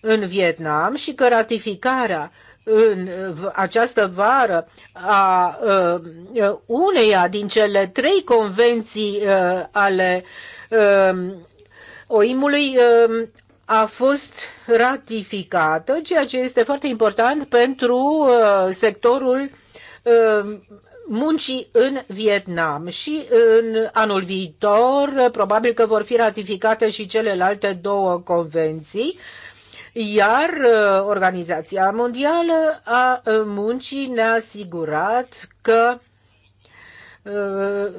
în Vietnam și că ratificarea uh, în această vară a uh, uh, uneia din cele trei convenții uh, ale um, OIM-ului um, a fost ratificată, ceea ce este foarte important pentru sectorul um, muncii în Vietnam și în anul viitor probabil că vor fi ratificate și celelalte două convenții iar uh, Organizația Mondială a uh, Muncii ne-a asigurat că uh,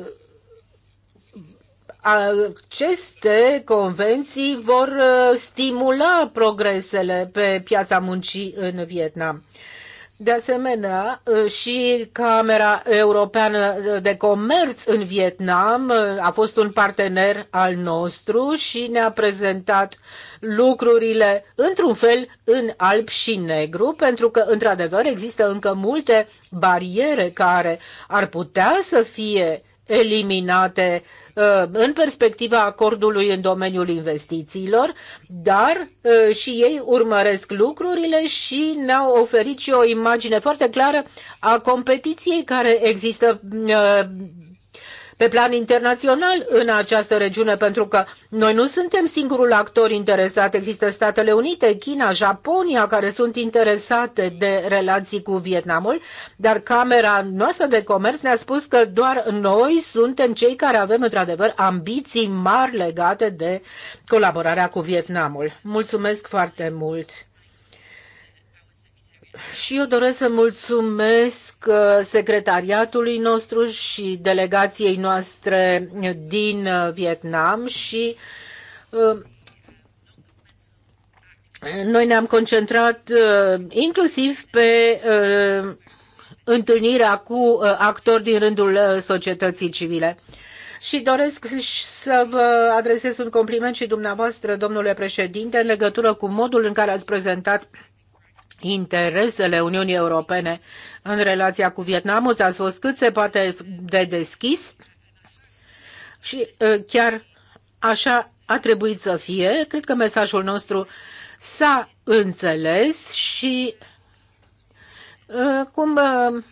aceste convenții vor stimula progresele pe piața muncii în Vietnam. De asemenea, și Camera Europeană de Comerț în Vietnam a fost un partener al nostru și ne-a prezentat lucrurile într-un fel în alb și negru, pentru că, într-adevăr, există încă multe bariere care ar putea să fie eliminate uh, în perspectiva acordului în domeniul investițiilor, dar uh, și ei urmăresc lucrurile și ne-au oferit și o imagine foarte clară a competiției care există uh, pe plan internațional în această regiune, pentru că noi nu suntem singurul actor interesat. Există Statele Unite, China, Japonia, care sunt interesate de relații cu Vietnamul, dar Camera noastră de Comerț ne-a spus că doar noi suntem cei care avem, într-adevăr, ambiții mari legate de colaborarea cu Vietnamul. Mulțumesc foarte mult! Și eu doresc să mulțumesc uh, secretariatului nostru și delegației noastre din uh, Vietnam și uh, noi ne-am concentrat inclusiv pe întâlnirea cu actori din rândul societății civile. Și doresc să vă adresez un compliment și dumneavoastră, domnule președinte, în legătură cu modul în care ați prezentat interesele Uniunii Europene în relația cu Vietnamul. Ți-a fost cât se poate de deschis și uh, chiar așa a trebuit să fie. Cred că mesajul nostru s-a înțeles și uh, cum uh,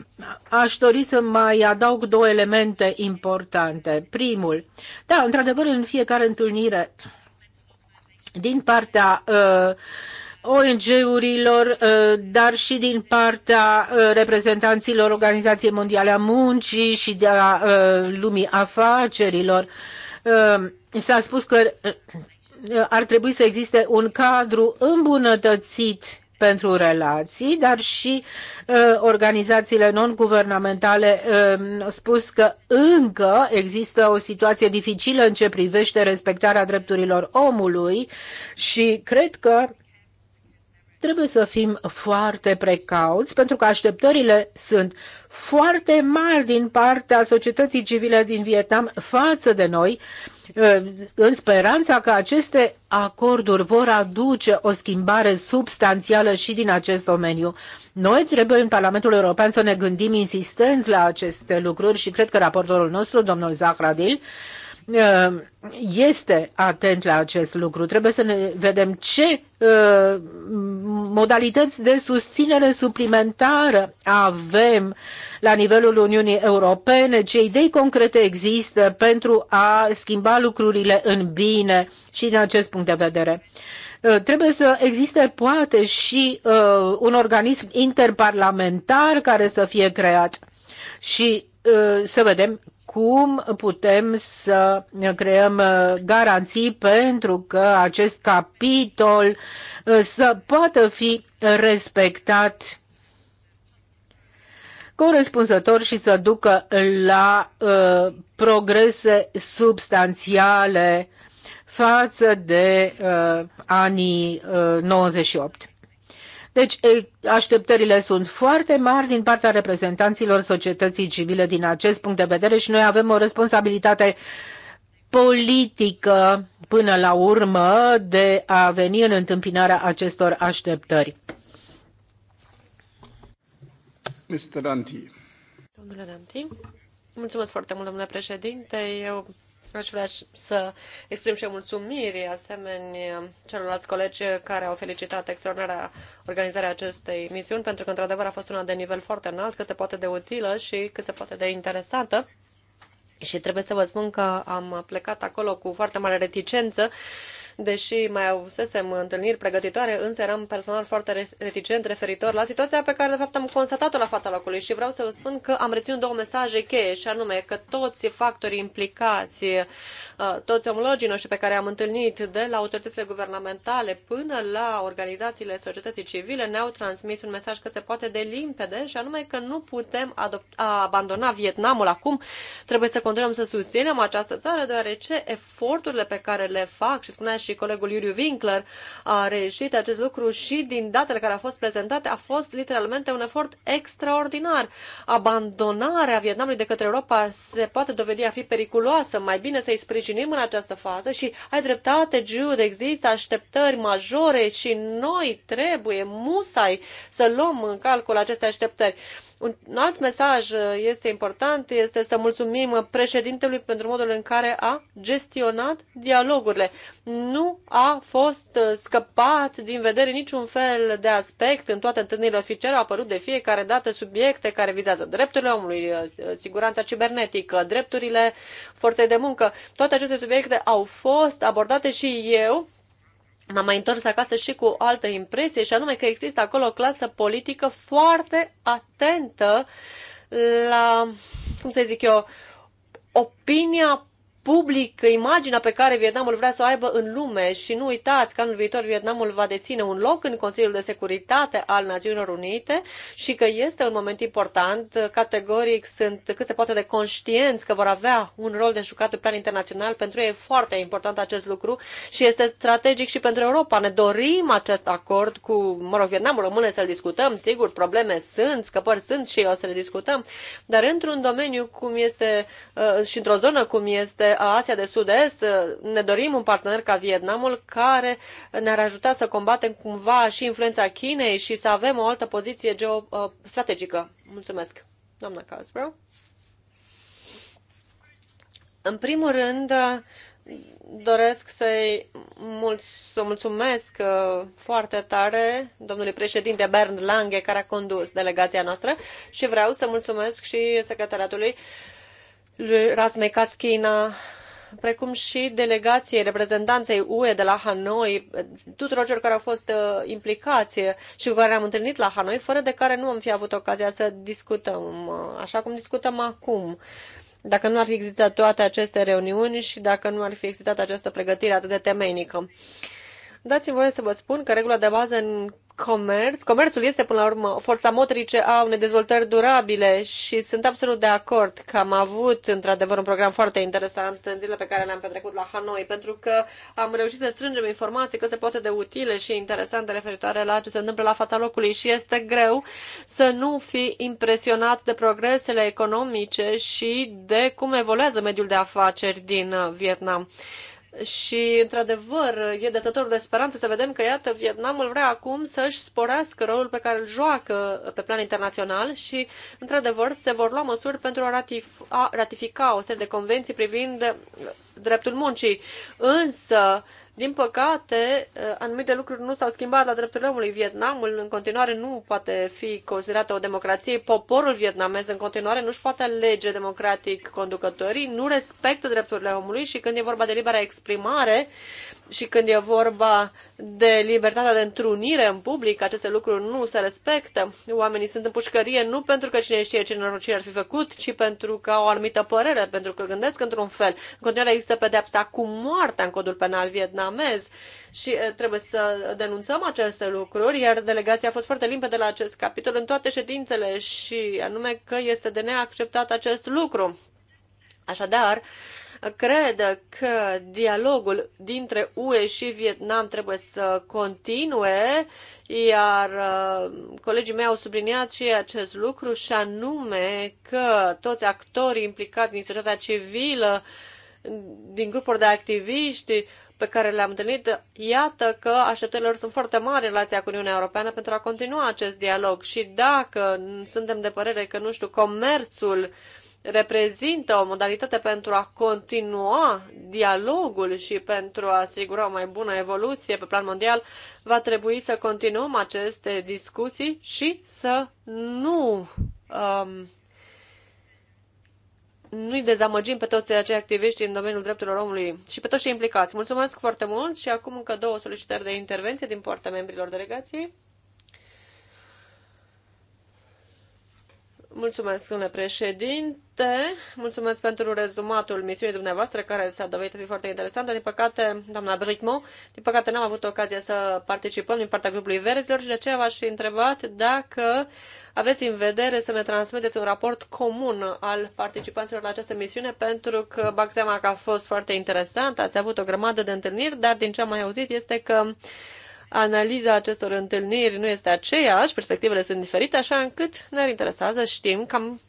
aș dori să mai adaug două elemente importante. Primul, da, într-adevăr, în fiecare întâlnire din partea uh, ONG-urilor, uh, dar și din partea uh, reprezentanților Organizației Mondiale a Muncii și de a uh, lumii afacerilor. S-a spus că ar trebui să existe un cadru îmbunătățit pentru relații, dar și uh, organizațiile non-guvernamentale uh, au spus că încă există o situație dificilă în ce privește respectarea drepturilor omului și cred că trebuie să fim foarte precauți pentru că așteptările sunt foarte mari din partea societății civile din Vietnam față de noi, uh, în speranța că aceste acorduri vor aduce o schimbare substanțială și din acest domeniu. Noi trebuie în Parlamentul European să ne gândim insistent la aceste lucruri și cred că raportorul nostru, domnul Zahradil, Uh, este atent la acest lucru. Trebuie să ne vedem ce uh, modalități de susținere suplimentară avem la nivelul Uniunii Europene, ce idei concrete există pentru a schimba lucrurile în bine și din acest punct de vedere uh, trebuie să existe poate și uh, un organism interparlamentar care să fie creat și uh, să vedem cum putem să creăm uh, garanții pentru că acest capitol uh, să poată fi respectat corespunzător și să ducă la uh, progrese substanțiale față de uh, anii uh, 98. Deci așteptările sunt foarte mari din partea reprezentanților societății civile din acest punct de vedere și noi avem o responsabilitate politică până la urmă de a veni în întâmpinarea acestor așteptări. Mr. Danti. Domnule Danti, mulțumesc foarte mult, domnule președinte. Eu Aș vrea să exprim și mulțumiri asemeni celorlalți colegi care au felicitat extraordinarea organizarea acestei misiuni, pentru că, într-adevăr, a fost una de nivel foarte înalt, cât se poate de utilă și cât se poate de interesantă. Și trebuie să vă spun că am plecat acolo cu foarte mare reticență deși mai avusesem întâlniri pregătitoare, însă eram personal foarte reticent referitor la situația pe care de fapt am constatat-o la fața locului și vreau să vă spun că am reținut două mesaje cheie și anume că toți factorii implicați, uh, toți omologii noștri pe care am întâlnit de la autoritățile guvernamentale până la organizațiile societății civile ne-au transmis un mesaj cât se poate de limpede și anume că nu putem abandona Vietnamul acum, trebuie să continuăm să susținem această țară deoarece eforturile pe care le fac și spunea și colegul Iuriu Winkler a reieșit acest lucru și din datele care au fost prezentate a fost literalmente un efort extraordinar. Abandonarea Vietnamului de către Europa se poate dovedi a fi periculoasă. Mai bine să-i sprijinim în această fază și ai dreptate, Jude, există așteptări majore și noi trebuie musai să luăm în calcul aceste așteptări. Un alt mesaj uh, este important, este să mulțumim președintelui pentru modul în care a gestionat dialogurile. Nu a fost uh, scăpat din vedere niciun fel de aspect în toate întâlnirile oficiale. Au apărut de fiecare dată subiecte care vizează drepturile omului, uh, siguranța cibernetică, drepturile forței de muncă. Toate aceste subiecte au fost abordate și eu m-am mai întors acasă și cu o altă impresie, și anume că există acolo o clasă politică foarte atentă la, cum să zic eu, opinia public imaginea pe care Vietnamul vrea să o aibă în lume și nu uitați că anul viitor Vietnamul va deține un loc în Consiliul de Securitate al Națiunilor Unite și că este un moment important. Categoric sunt cât se poate de conștienți că vor avea un rol de jucat pe plan internațional. Pentru ei e foarte important acest lucru și este strategic și pentru Europa. Ne dorim acest acord cu, mă rog, Vietnamul rămâne să-l discutăm, sigur, probleme sunt, scăpări sunt și o să le discutăm, dar într-un domeniu cum este uh, și într-o zonă cum este Asia de Sud-Est, ne dorim un partener ca Vietnamul care ne-ar ajuta să combatem cumva și influența Chinei și să avem o altă poziție geostrategică. Mulțumesc, doamna Casbro. În primul rând, doresc să-i mulț- să mulțumesc uh, foarte tare domnului președinte Bernd Lange, care a condus delegația noastră și vreau să mulțumesc și secretariatului uh, lui Razmei Caschina, precum și delegației reprezentanței UE de la Hanoi, tuturor celor care au fost uh, implicați și cu care ne-am întâlnit la Hanoi, fără de care nu am fi avut ocazia să discutăm, uh, așa cum discutăm acum. Dacă nu ar fi existat toate aceste reuniuni și dacă nu ar fi existat această pregătire atât de temeinică. Dați-mi voie să vă spun că regula de bază în comerț. Comerțul este, până la urmă, o forță motrice a unei dezvoltări durabile și sunt absolut de acord că am avut, într-adevăr, un program foarte interesant în zilele pe care le-am petrecut la Hanoi, pentru că am reușit să strângem informații că se poate de utile și interesante referitoare la ce se întâmplă la fața locului și este greu să nu fi impresionat de progresele economice și de cum evoluează mediul de afaceri din Vietnam și, într-adevăr, e dătător de speranță să vedem că, iată, Vietnamul vrea acum să-și sporească rolul pe care îl joacă pe plan internațional și, într-adevăr, se vor lua măsuri pentru a, ratif- a ratifica o serie de convenții privind dreptul muncii. Însă, din păcate, eh, anumite lucruri nu s-au schimbat la drepturile omului. Vietnamul în continuare nu poate fi considerată o democrație. Poporul vietnamez în continuare nu-și poate alege democratic conducătorii, nu respectă drepturile omului și când e vorba de libera exprimare, și când e vorba de libertatea de întrunire în public, aceste lucruri nu se respectă. Oamenii sunt în pușcărie nu pentru că cine știe ce nenorocire ar fi făcut, ci pentru că au o anumită părere, pentru că gândesc într-un fel. În continuare există pedepsa cu moartea în codul penal vietnamez și trebuie să denunțăm aceste lucruri, iar delegația a fost foarte limpede la acest capitol în toate ședințele și anume că este de neacceptat acest lucru. Așadar, cred că dialogul dintre UE și Vietnam trebuie să continue, iar uh, colegii mei au subliniat și acest lucru, și anume că toți actorii implicați din societatea civilă, din grupuri de activiști, pe care le-am întâlnit, iată că așteptările sunt foarte mari în relația cu Uniunea Europeană pentru a continua acest dialog și dacă suntem de părere că, nu știu, comerțul uh, reprezintă o modalitate pentru a continua dialogul și pentru a asigura o mai bună evoluție pe plan mondial, va trebui să continuăm aceste discuții și să nu um, nu-i dezamăgim pe toți acei activiști în domeniul drepturilor omului și pe toți cei implicați. Mulțumesc foarte mult și acum încă două solicitări de intervenție din partea membrilor delegației. Mulțumesc, domnule președinte. Mulțumesc pentru rezumatul misiunii dumneavoastră, care s-a dovedit a fi foarte interesantă. Din păcate, doamna Bricmo, din păcate n-am avut ocazia să participăm din partea grupului Verzilor și de aceea v-aș fi întrebat dacă aveți în vedere să ne transmiteți un raport comun al participanților la această misiune, pentru că bag seama că a fost foarte interesant, ați avut o grămadă de întâlniri, dar din ce am mai auzit este că analiza acestor întâlniri nu este aceeași, perspectivele sunt diferite, așa încât ne-ar interesa să știm cam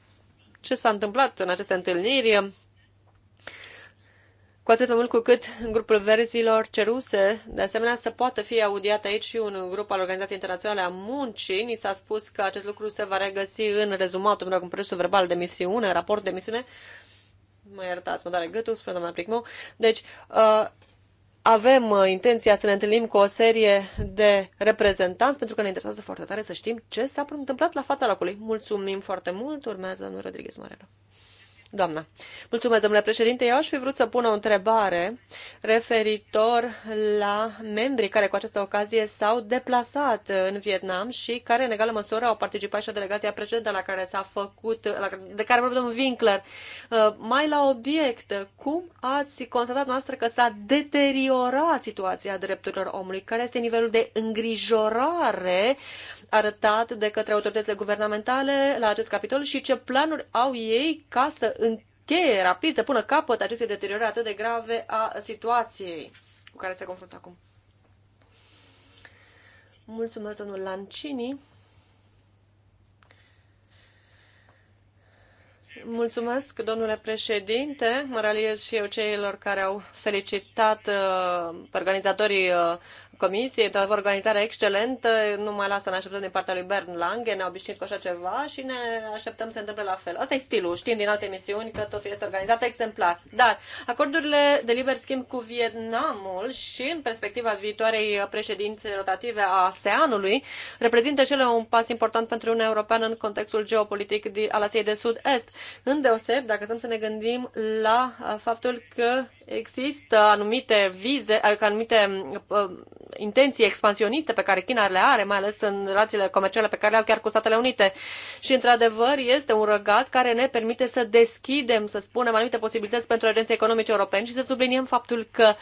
ce s-a întâmplat în aceste întâlniri, cu atât mai mult cu cât grupul verzilor ceruse, de asemenea, să poată fi audiat aici și un grup al Organizației Internaționale a Muncii. Ni s-a spus că acest lucru se va regăsi în rezumatul, în procesul verbal de misiune, raport de misiune. Mă iertați, mă doare gâtul, spune doamna Pricmo. Deci, uh, avem uh, intenția să ne întâlnim cu o serie de reprezentanți, pentru că ne interesează foarte tare să știm ce s-a întâmplat la fața locului. Mulțumim foarte mult, urmează domnul Rodriguez Morelo. Doamna. Mulțumesc, domnule președinte. Eu aș fi vrut să pun o întrebare referitor la membrii care cu această ocazie s-au deplasat în Vietnam și care, în egală măsură, au participat și la delegația precedentă la care s-a făcut, la, de care vorbim domnul Winkler. Uh, mai la obiect, cum ați constatat noastră că s-a deteriorat situația drepturilor omului? Care este nivelul de îngrijorare arătat de către autoritățile guvernamentale la acest capitol și ce planuri au ei ca să încheie rapid, să pună capăt acestei deteriorări atât de grave a situației cu care se confruntă acum. Mulțumesc, domnul Lancini. Mulțumesc, domnule președinte. Mă raliez și eu ceilor care au felicitat uh, organizatorii uh, Comisie, o organizare excelentă, nu mai lasă ne așteptăm din partea lui Bern Lange, ne-a obișnuit cu așa ceva și ne așteptăm să se întâmple la fel. Asta e stilul, știm din alte emisiuni că totul este organizat exemplar. Dar acordurile de liber schimb cu Vietnamul și în perspectiva viitoarei președințe rotative a ASEANului reprezintă cele un pas important pentru Uniunea Europeană în contextul geopolitic al Asiei de Sud-Est. deoseb, dacă stăm să ne gândim la uh, faptul că există anumite vize, uh, că anumite uh, intenții expansioniste pe care China le are, mai ales în relațiile comerciale pe care le au chiar cu Statele Unite. Și, într-adevăr, este un răgaz care ne permite să deschidem, să spunem, anumite posibilități pentru agenții economice europeni și să subliniem faptul că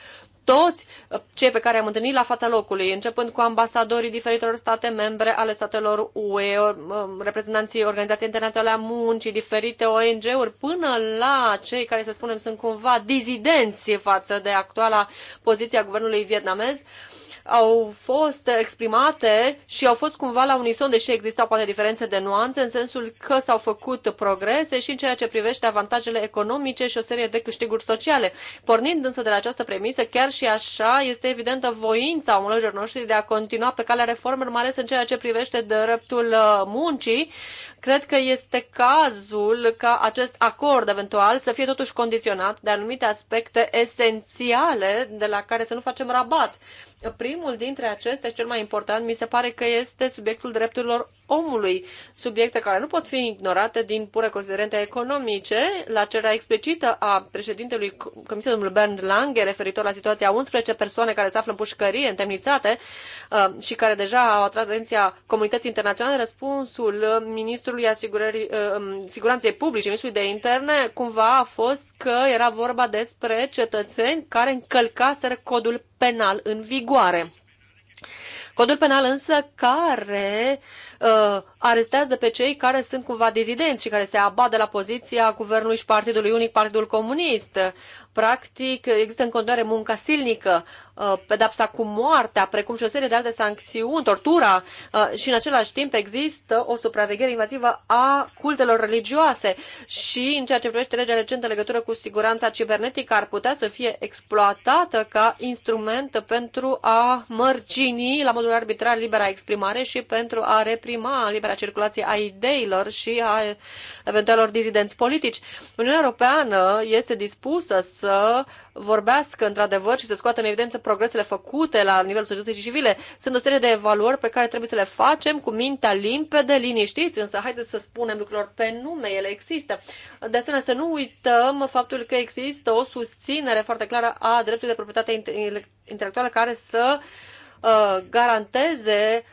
toți cei pe care am întâlnit la fața locului, începând cu ambasadorii diferitor state membre ale statelor UE, um, reprezentanții Organizației Internaționale a Muncii, diferite ONG-uri, până la cei care, să spunem, sunt cumva dizidenți față de actuala poziție a guvernului vietnamez, uh, au fost exprimate și au fost cumva la unison, deși existau poate diferențe de nuanțe, în sensul că s-au făcut progrese și în ceea ce privește avantajele economice și o serie de câștiguri sociale. Pornind însă de la această premisă, chiar și așa este evidentă voința omologilor noștri de a continua pe calea reformelor, mai ales în ceea ce privește dreptul uh, muncii. Cred că este cazul ca acest acord eventual să fie totuși condiționat de anumite aspecte esențiale de la care să nu facem rabat Primul dintre acestea, cel mai important, mi se pare că este subiectul drepturilor omului, subiecte care nu pot fi ignorate din pure considerente economice. La cererea explicită a președintelui Comisiei domnul Bernd Lange referitor la situația 11 persoane care se află în pușcărie, întemnițate uh, și care deja au atras atenția comunității internaționale, răspunsul ministrului asigurării, uh, um, siguranței publice, ministrului de interne, cumva a fost că era vorba despre cetățeni care încălcaseră codul penal în vigoare. Codul penal însă care uh, arestează pe cei care sunt cumva dizidenți și care se abadă de la poziția guvernului și partidului unic, Partidul Comunist. Practic, există în continuare munca silnică, uh, pedapsa cu moartea, precum și o serie de alte sancțiuni, tortura uh, și în același timp există o supraveghere invazivă a cultelor religioase și în ceea ce privește legea recentă legătură cu siguranța cibernetică ar putea să fie exploatată ca instrument pentru a mărgini la modul arbitrar libera exprimare și pentru a repri suprima libera circulație a ideilor și a eventualor dizidenți politici. Uniunea Europeană este dispusă să vorbească într-adevăr și să scoată în evidență progresele făcute la nivelul societății civile. Sunt o serie de evaluări pe care trebuie să le facem cu mintea limpede, liniștiți, însă haideți să spunem lucrurilor pe nume, ele există. De asemenea, să nu uităm faptul că există o susținere foarte clară a dreptului de proprietate intelectuală care să uh, garanteze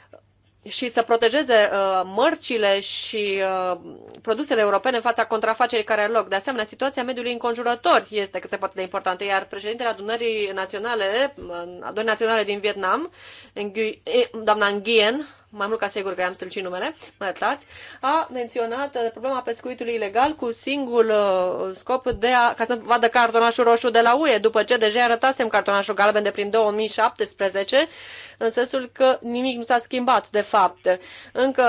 și să protejeze uh, mărcile și uh, produsele europene în fața contrafacerii care are loc. De asemenea, situația mediului înconjurător este cât se poate de importantă, iar președintele adunării naționale, adunării naționale din Vietnam, Ngui, eh, doamna Nguyen, mai mult ca sigur că am strălucit numele, mă iertați, a menționat uh, problema pescuitului ilegal cu singur uh, scop de a, ca să vadă cartonașul roșu de la UE, după ce deja arătasem cartonașul galben de prin 2017, în sensul că nimic nu s-a schimbat, de fapt. Încă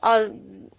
a, uh,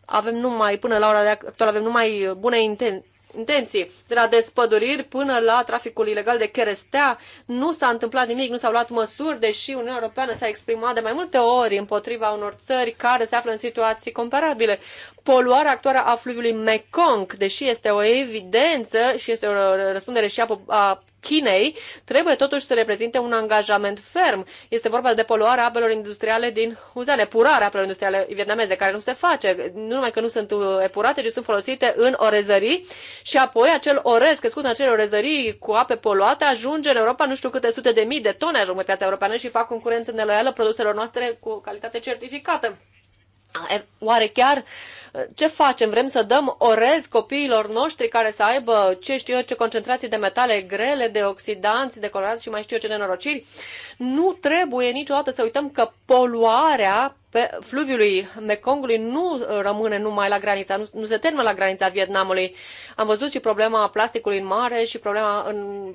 avem numai, până la ora de actual, avem numai bune intenții intenții. De la despăduriri până la traficul ilegal de cherestea, nu s-a întâmplat nimic, nu s-au luat măsuri, deși Uniunea Europeană s-a exprimat de mai multe ori împotriva unor țări care se află în situații comparabile. Poluarea actuală a fluviului Mekong, deși este o evidență și este o răspundere și a, a Chinei trebuie totuși să reprezinte un angajament ferm. Este vorba de poluarea apelor industriale din uzane, purarea apelor industriale vietnameze, care nu se face. Nu numai că nu sunt uh, epurate, ci sunt folosite în orezării și apoi acel orez crescut în acele orezării cu ape poluate ajunge în Europa nu știu câte sute de mii de tone ajung pe piața europeană și fac concurență neloială produselor noastre cu calitate certificată. Oare chiar ce facem? Vrem să dăm orez copiilor noștri care să aibă ce știu eu ce concentrații de metale grele, de oxidanți, de colorați și mai știu eu ce nenorociri? Nu trebuie niciodată să uităm că poluarea pe fluviului Mekongului nu rămâne numai la granița, nu, nu se termină la granița Vietnamului. Am văzut și problema plasticului în mare și problema în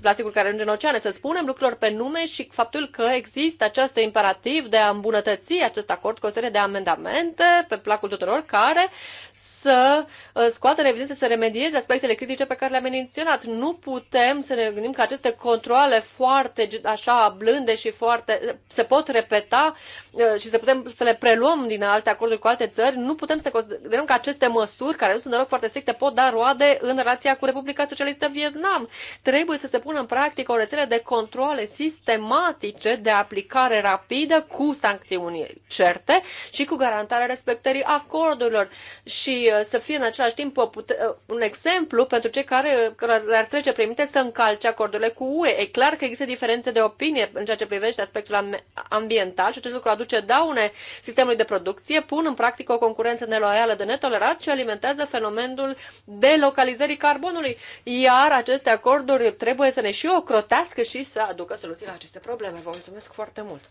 plasticul care ajunge în oceane. Să spunem lucrurilor pe nume și faptul că există acest imperativ de a îmbunătăți acest acord cu o serie de amendamente pe placul tuturor care să uh, scoată în evidență, să remedieze aspectele critice pe care le-am menționat. Nu putem să ne gândim că aceste controle foarte așa blânde și foarte se pot repeta uh, și se putem putem să le preluăm din alte acorduri cu alte țări, nu putem să considerăm că aceste măsuri, care nu sunt deloc foarte stricte, pot da roade în relația cu Republica Socialistă Vietnam. Trebuie să se pună în practică o rețele de controle sistematice de aplicare rapidă cu sancțiuni certe și cu garantarea respectării acordurilor și uh, să fie în același timp uh, uh, un exemplu pentru cei care, care ar trece prin minte să încalce acordurile cu UE. E clar că există diferențe de opinie în ceea ce privește aspectul ambiental și acest lucru aduce daune opune sistemului de producție pun în practică o concurență neloială de netolerat și alimentează fenomenul delocalizării carbonului. Iar aceste acorduri trebuie să ne și ocrotească și să aducă soluții la aceste probleme. Vă mulțumesc foarte mult!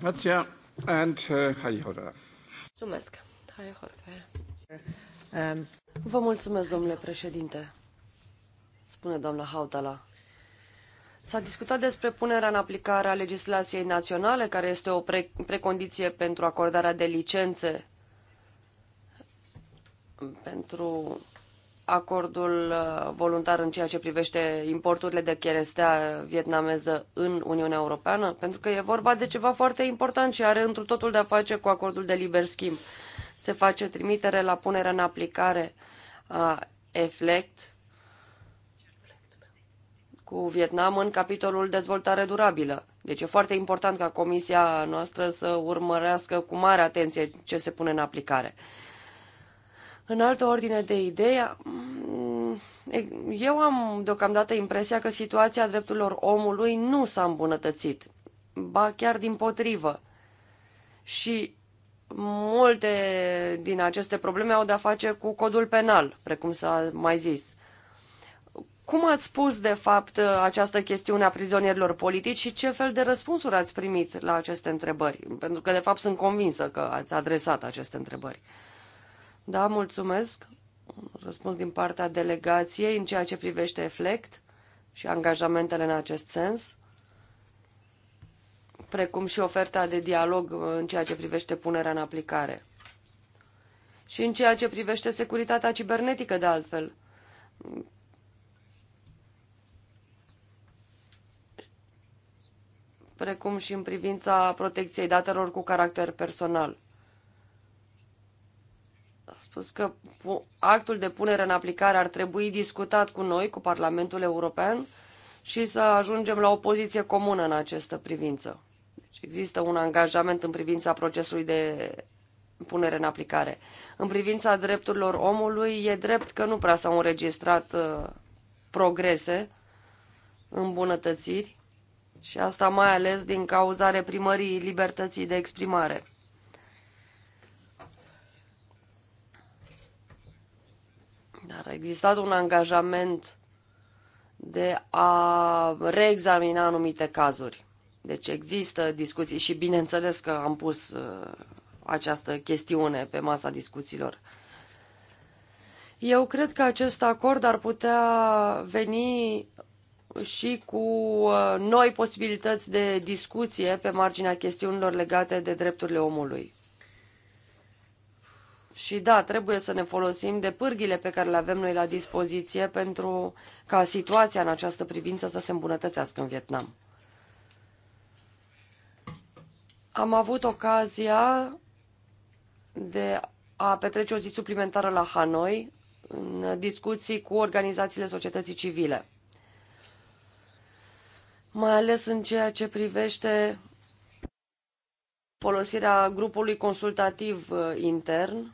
Grazie and uh, hai hora. Mulțumesc. Hai hora. Vă mulțumesc, domnule președinte. Spune doamna Hautala. S-a discutat despre punerea în aplicare a legislației naționale, care este o pre precondiție pentru acordarea de licențe pentru acordul uh, voluntar în ceea ce privește importurile de cherestea vietnameză în Uniunea Europeană, pentru că e vorba de ceva foarte important și are întru totul de-a face cu acordul de liber schimb. Se face trimitere la punerea în aplicare a EFLECT cu Vietnam în capitolul dezvoltare durabilă. Deci e foarte important ca comisia noastră să urmărească cu mare atenție ce se pune în aplicare. În altă ordine de idei, mm, eu am deocamdată impresia că situația drepturilor omului nu s-a îmbunătățit, ba chiar din potrivă. Și multe din aceste probleme au de-a face cu codul penal, precum s-a mai zis. Cum ați spus, de fapt, această chestiune a prizonierilor politici și ce fel de răspunsuri ați primit la aceste întrebări? Pentru că, de fapt, sunt convinsă că ați adresat aceste întrebări. Da, mulțumesc. Răspuns din partea delegației în ceea ce privește eflect și angajamentele în acest sens, precum și oferta de dialog în ceea ce privește punerea în aplicare. Și în ceea ce privește securitatea cibernetică, de altfel precum și în privința protecției datelor cu caracter personal. A spus că actul de punere în aplicare ar trebui discutat cu noi, cu Parlamentul European, și să ajungem la o poziție comună în această privință. Deci există un angajament în privința procesului de punere în aplicare. În privința drepturilor omului, e drept că nu prea s-au înregistrat uh, progrese, îmbunătățiri, și asta mai ales din cauza reprimării libertății de exprimare. Dar a existat un angajament de a reexamina anumite cazuri. Deci există discuții și bineînțeles că am pus uh, această chestiune pe masa discuțiilor. Eu cred că acest acord ar putea veni și cu uh, noi posibilități de discuție pe marginea chestiunilor legate de drepturile omului. Și da, trebuie să ne folosim de pârghile pe care le avem noi la dispoziție pentru ca situația în această privință să se îmbunătățească în Vietnam. Am avut ocazia de a petrece o zi suplimentară la Hanoi în discuții cu organizațiile societății civile mai ales în ceea ce privește folosirea grupului consultativ uh, intern.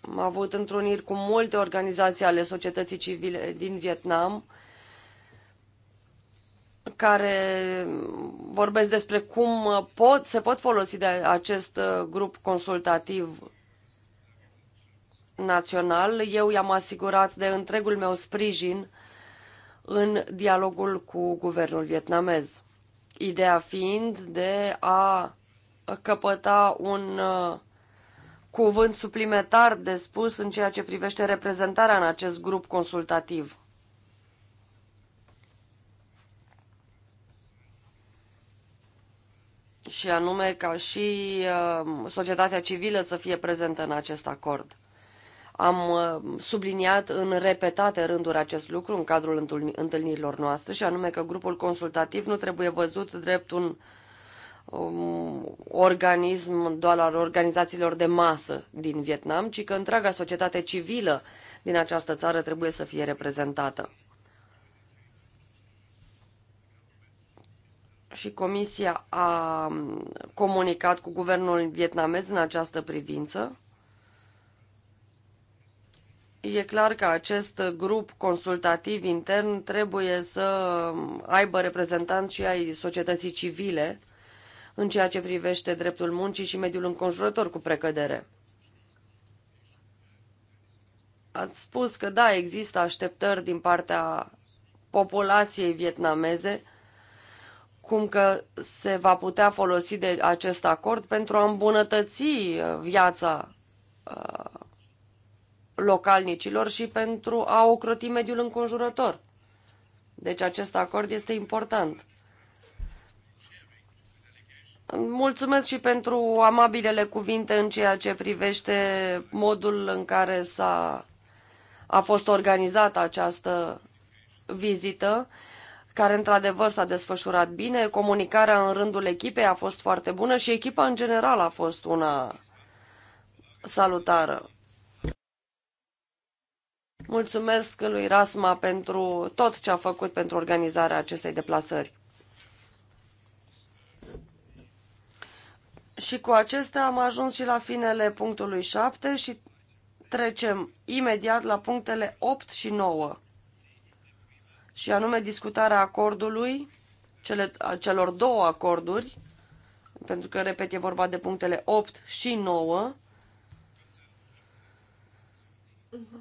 Am avut întruniri cu multe organizații ale societății civile din Vietnam care vorbesc despre cum pot, se pot folosi de acest uh, grup consultativ național. Eu i-am asigurat de întregul meu sprijin în dialogul cu guvernul vietnamez. Ideea fiind de a căpăta un uh, cuvânt suplimentar de spus în ceea ce privește reprezentarea în acest grup consultativ. Și anume ca și uh, societatea civilă să fie prezentă în acest acord. Am uh, subliniat în repetate rânduri acest lucru în cadrul întâlnirilor noastre și anume că grupul consultativ nu trebuie văzut drept un um, organism doar al organizațiilor de masă din Vietnam, ci că întreaga societate civilă din această țară trebuie să fie reprezentată. și Comisia a um, comunicat cu guvernul vietnamez în această privință. E clar că acest grup consultativ intern trebuie să aibă reprezentanți și ai societății civile în ceea ce privește dreptul muncii și mediul înconjurător cu precădere. Ați spus că da, există așteptări din partea populației vietnameze, cum că se va putea folosi de acest acord pentru a îmbunătăți uh, viața uh, localnicilor și pentru a ocroti mediul înconjurător. Deci acest acord este important. Mulțumesc și pentru amabilele cuvinte în ceea ce privește modul în care s-a a fost organizată această vizită, care într-adevăr s-a desfășurat bine. Comunicarea în rândul echipei a fost foarte bună și echipa în general a fost una salutară. Mulțumesc lui Rasma pentru tot ce a făcut pentru organizarea acestei deplasări. Și cu acestea am ajuns și la finele punctului 7 și trecem imediat la punctele 8 și 9. Și anume discutarea acordului, cele, celor două acorduri, pentru că, repet, e vorba de punctele 8 și 9,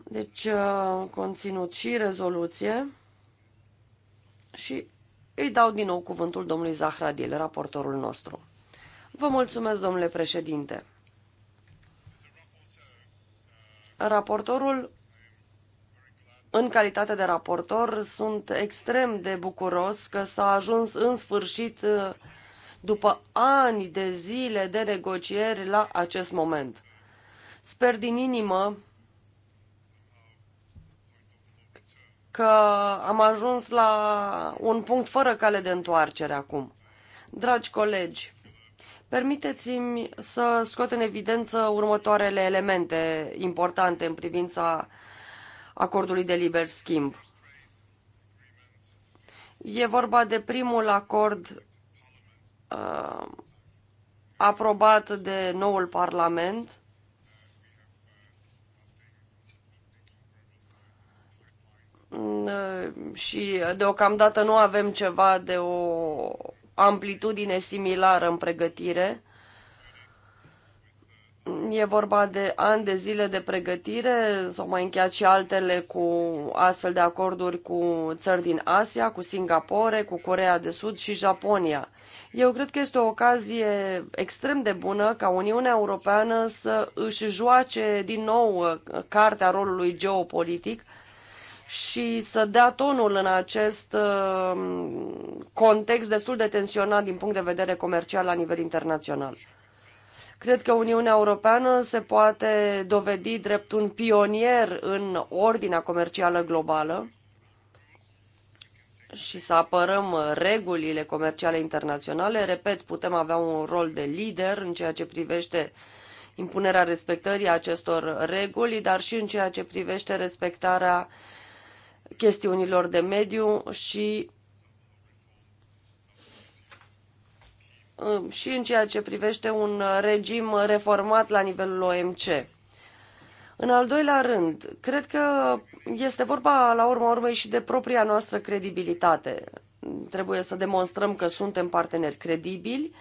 deci, uh, conținut și rezoluție și îi dau din nou cuvântul domnului Zahradil, raportorul nostru. Vă mulțumesc, domnule președinte. Raportorul, în calitate de raportor, sunt extrem de bucuros că s-a ajuns în sfârșit, uh, după ani de zile de negocieri, la acest moment. Sper din inimă că am ajuns la un punct fără cale de întoarcere acum. Dragi colegi, permiteți-mi să scot în evidență următoarele elemente importante în privința acordului de liber schimb. E vorba de primul acord uh, aprobat de noul Parlament Mm, uh, și deocamdată nu avem ceva de o amplitudine similară în pregătire. Mm, e vorba de ani de zile de pregătire, s-au mai încheiat și altele cu astfel de acorduri cu țări din Asia, cu Singapore, cu Corea de Sud și Japonia. Eu cred că este o ocazie extrem de bună ca Uniunea Europeană să își joace din nou uh, cartea rolului geopolitic și să dea tonul în acest uh, context destul de tensionat din punct de vedere comercial la nivel internațional. Cred că Uniunea Europeană se poate dovedi drept un pionier în ordinea comercială globală și să apărăm regulile comerciale internaționale. Repet, putem avea un rol de lider în ceea ce privește impunerea respectării acestor reguli, dar și în ceea ce privește respectarea uh, chestiunilor de mediu și uh, și în ceea ce privește un regim reformat la nivelul OMC. În al doilea rând, cred că este vorba la urma urmei și de propria noastră credibilitate. Trebuie să demonstrăm că suntem parteneri credibili,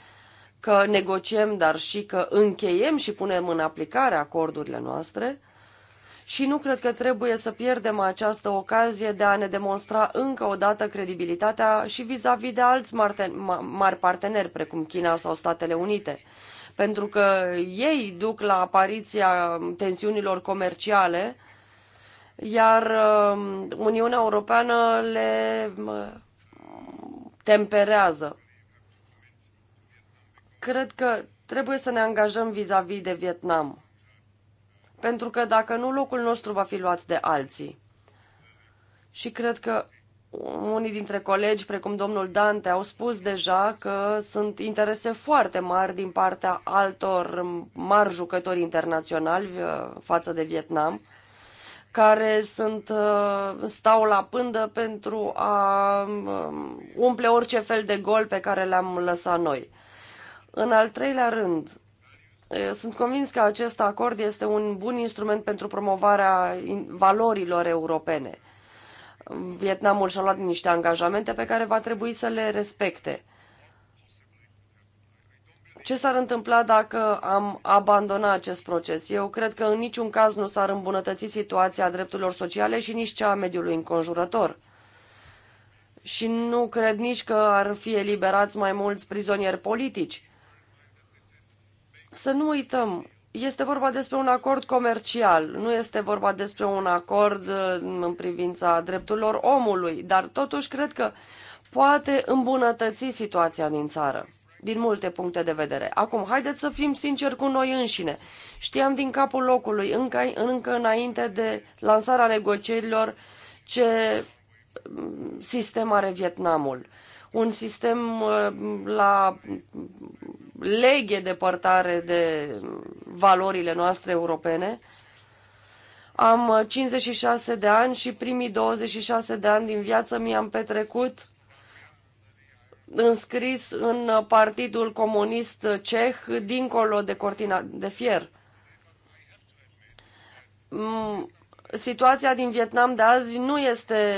că negociem, dar și că încheiem și punem în aplicare acordurile noastre și nu cred că trebuie să pierdem această ocazie de a ne demonstra încă o dată credibilitatea și vis-a-vis de alți mari parteneri, precum China sau Statele Unite. Pentru că ei duc la apariția tensiunilor comerciale, iar um, Uniunea Europeană le um, temperează. Cred că trebuie să ne angajăm vis a -vis de Vietnam pentru că dacă nu, locul nostru va fi luat de alții. Și cred că unii dintre colegi, precum domnul Dante, au spus deja că sunt interese foarte mari din partea altor mari jucători internaționali uh, față de Vietnam, care sunt, uh, stau la pândă pentru a um, umple orice fel de gol pe care le-am lăsat noi. În al treilea rând, Eh, sunt convins că acest acord este un bun instrument pentru promovarea valorilor europene. Vietnamul și-a luat niște angajamente pe care va trebui să le respecte. Ce s-ar întâmpla dacă am abandona acest proces? Eu cred că în niciun caz nu s-ar îmbunătăți situația drepturilor sociale și nici cea a mediului înconjurător. Și nu cred nici că ar fi eliberați mai mulți prizonieri politici. Să nu uităm, este vorba despre un acord comercial, nu este vorba despre un acord uh, în privința drepturilor omului, dar totuși cred că poate îmbunătăți situația din țară din multe puncte de vedere. Acum, haideți să fim sinceri cu noi înșine. Știam din capul locului, încă, încă înainte de lansarea negocierilor, ce mm, sistem are Vietnamul un sistem uh, la leghe departare de valorile noastre europene. Am 56 uh, de ani și primii 26 de ani din viață mi-am petrecut înscris în uh, Partidul Comunist Ceh, dincolo de cortina de fier. Mm, situația din Vietnam de azi nu este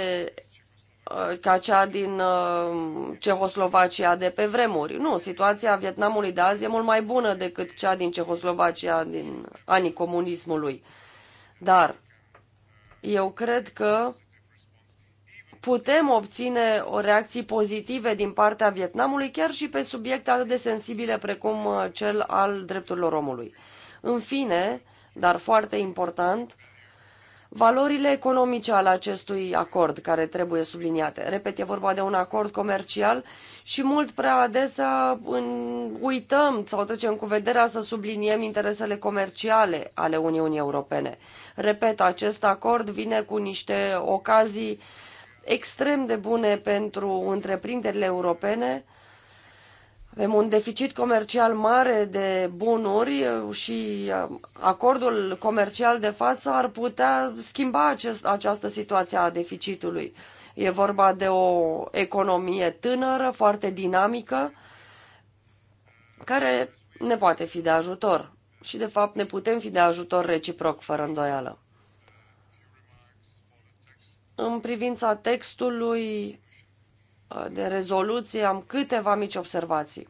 Uh, ca cea din uh, Cehoslovacia de pe vremuri. Nu, situația Vietnamului de azi e mult mai bună decât cea din Cehoslovacia din anii comunismului. Dar eu cred că putem obține o reacții pozitive din partea Vietnamului chiar și pe subiecte atât de sensibile precum uh, cel al drepturilor omului. În fine, dar foarte important, valorile economice ale acestui acord care trebuie subliniate. Repet, e vorba de un acord comercial și mult prea adesea uităm sau trecem cu vederea să subliniem interesele comerciale ale Uniunii Europene. Repet, acest acord vine cu niște ocazii extrem de bune pentru întreprinderile europene, avem un deficit comercial mare de bunuri uh, și uh, acordul comercial de față ar putea schimba acest, această situație a deficitului. E vorba de o economie tânără, foarte dinamică, care ne poate fi de ajutor. Și, de fapt, ne putem fi de ajutor reciproc, fără îndoială. În privința textului Uh, de rezoluție am câteva mici observații.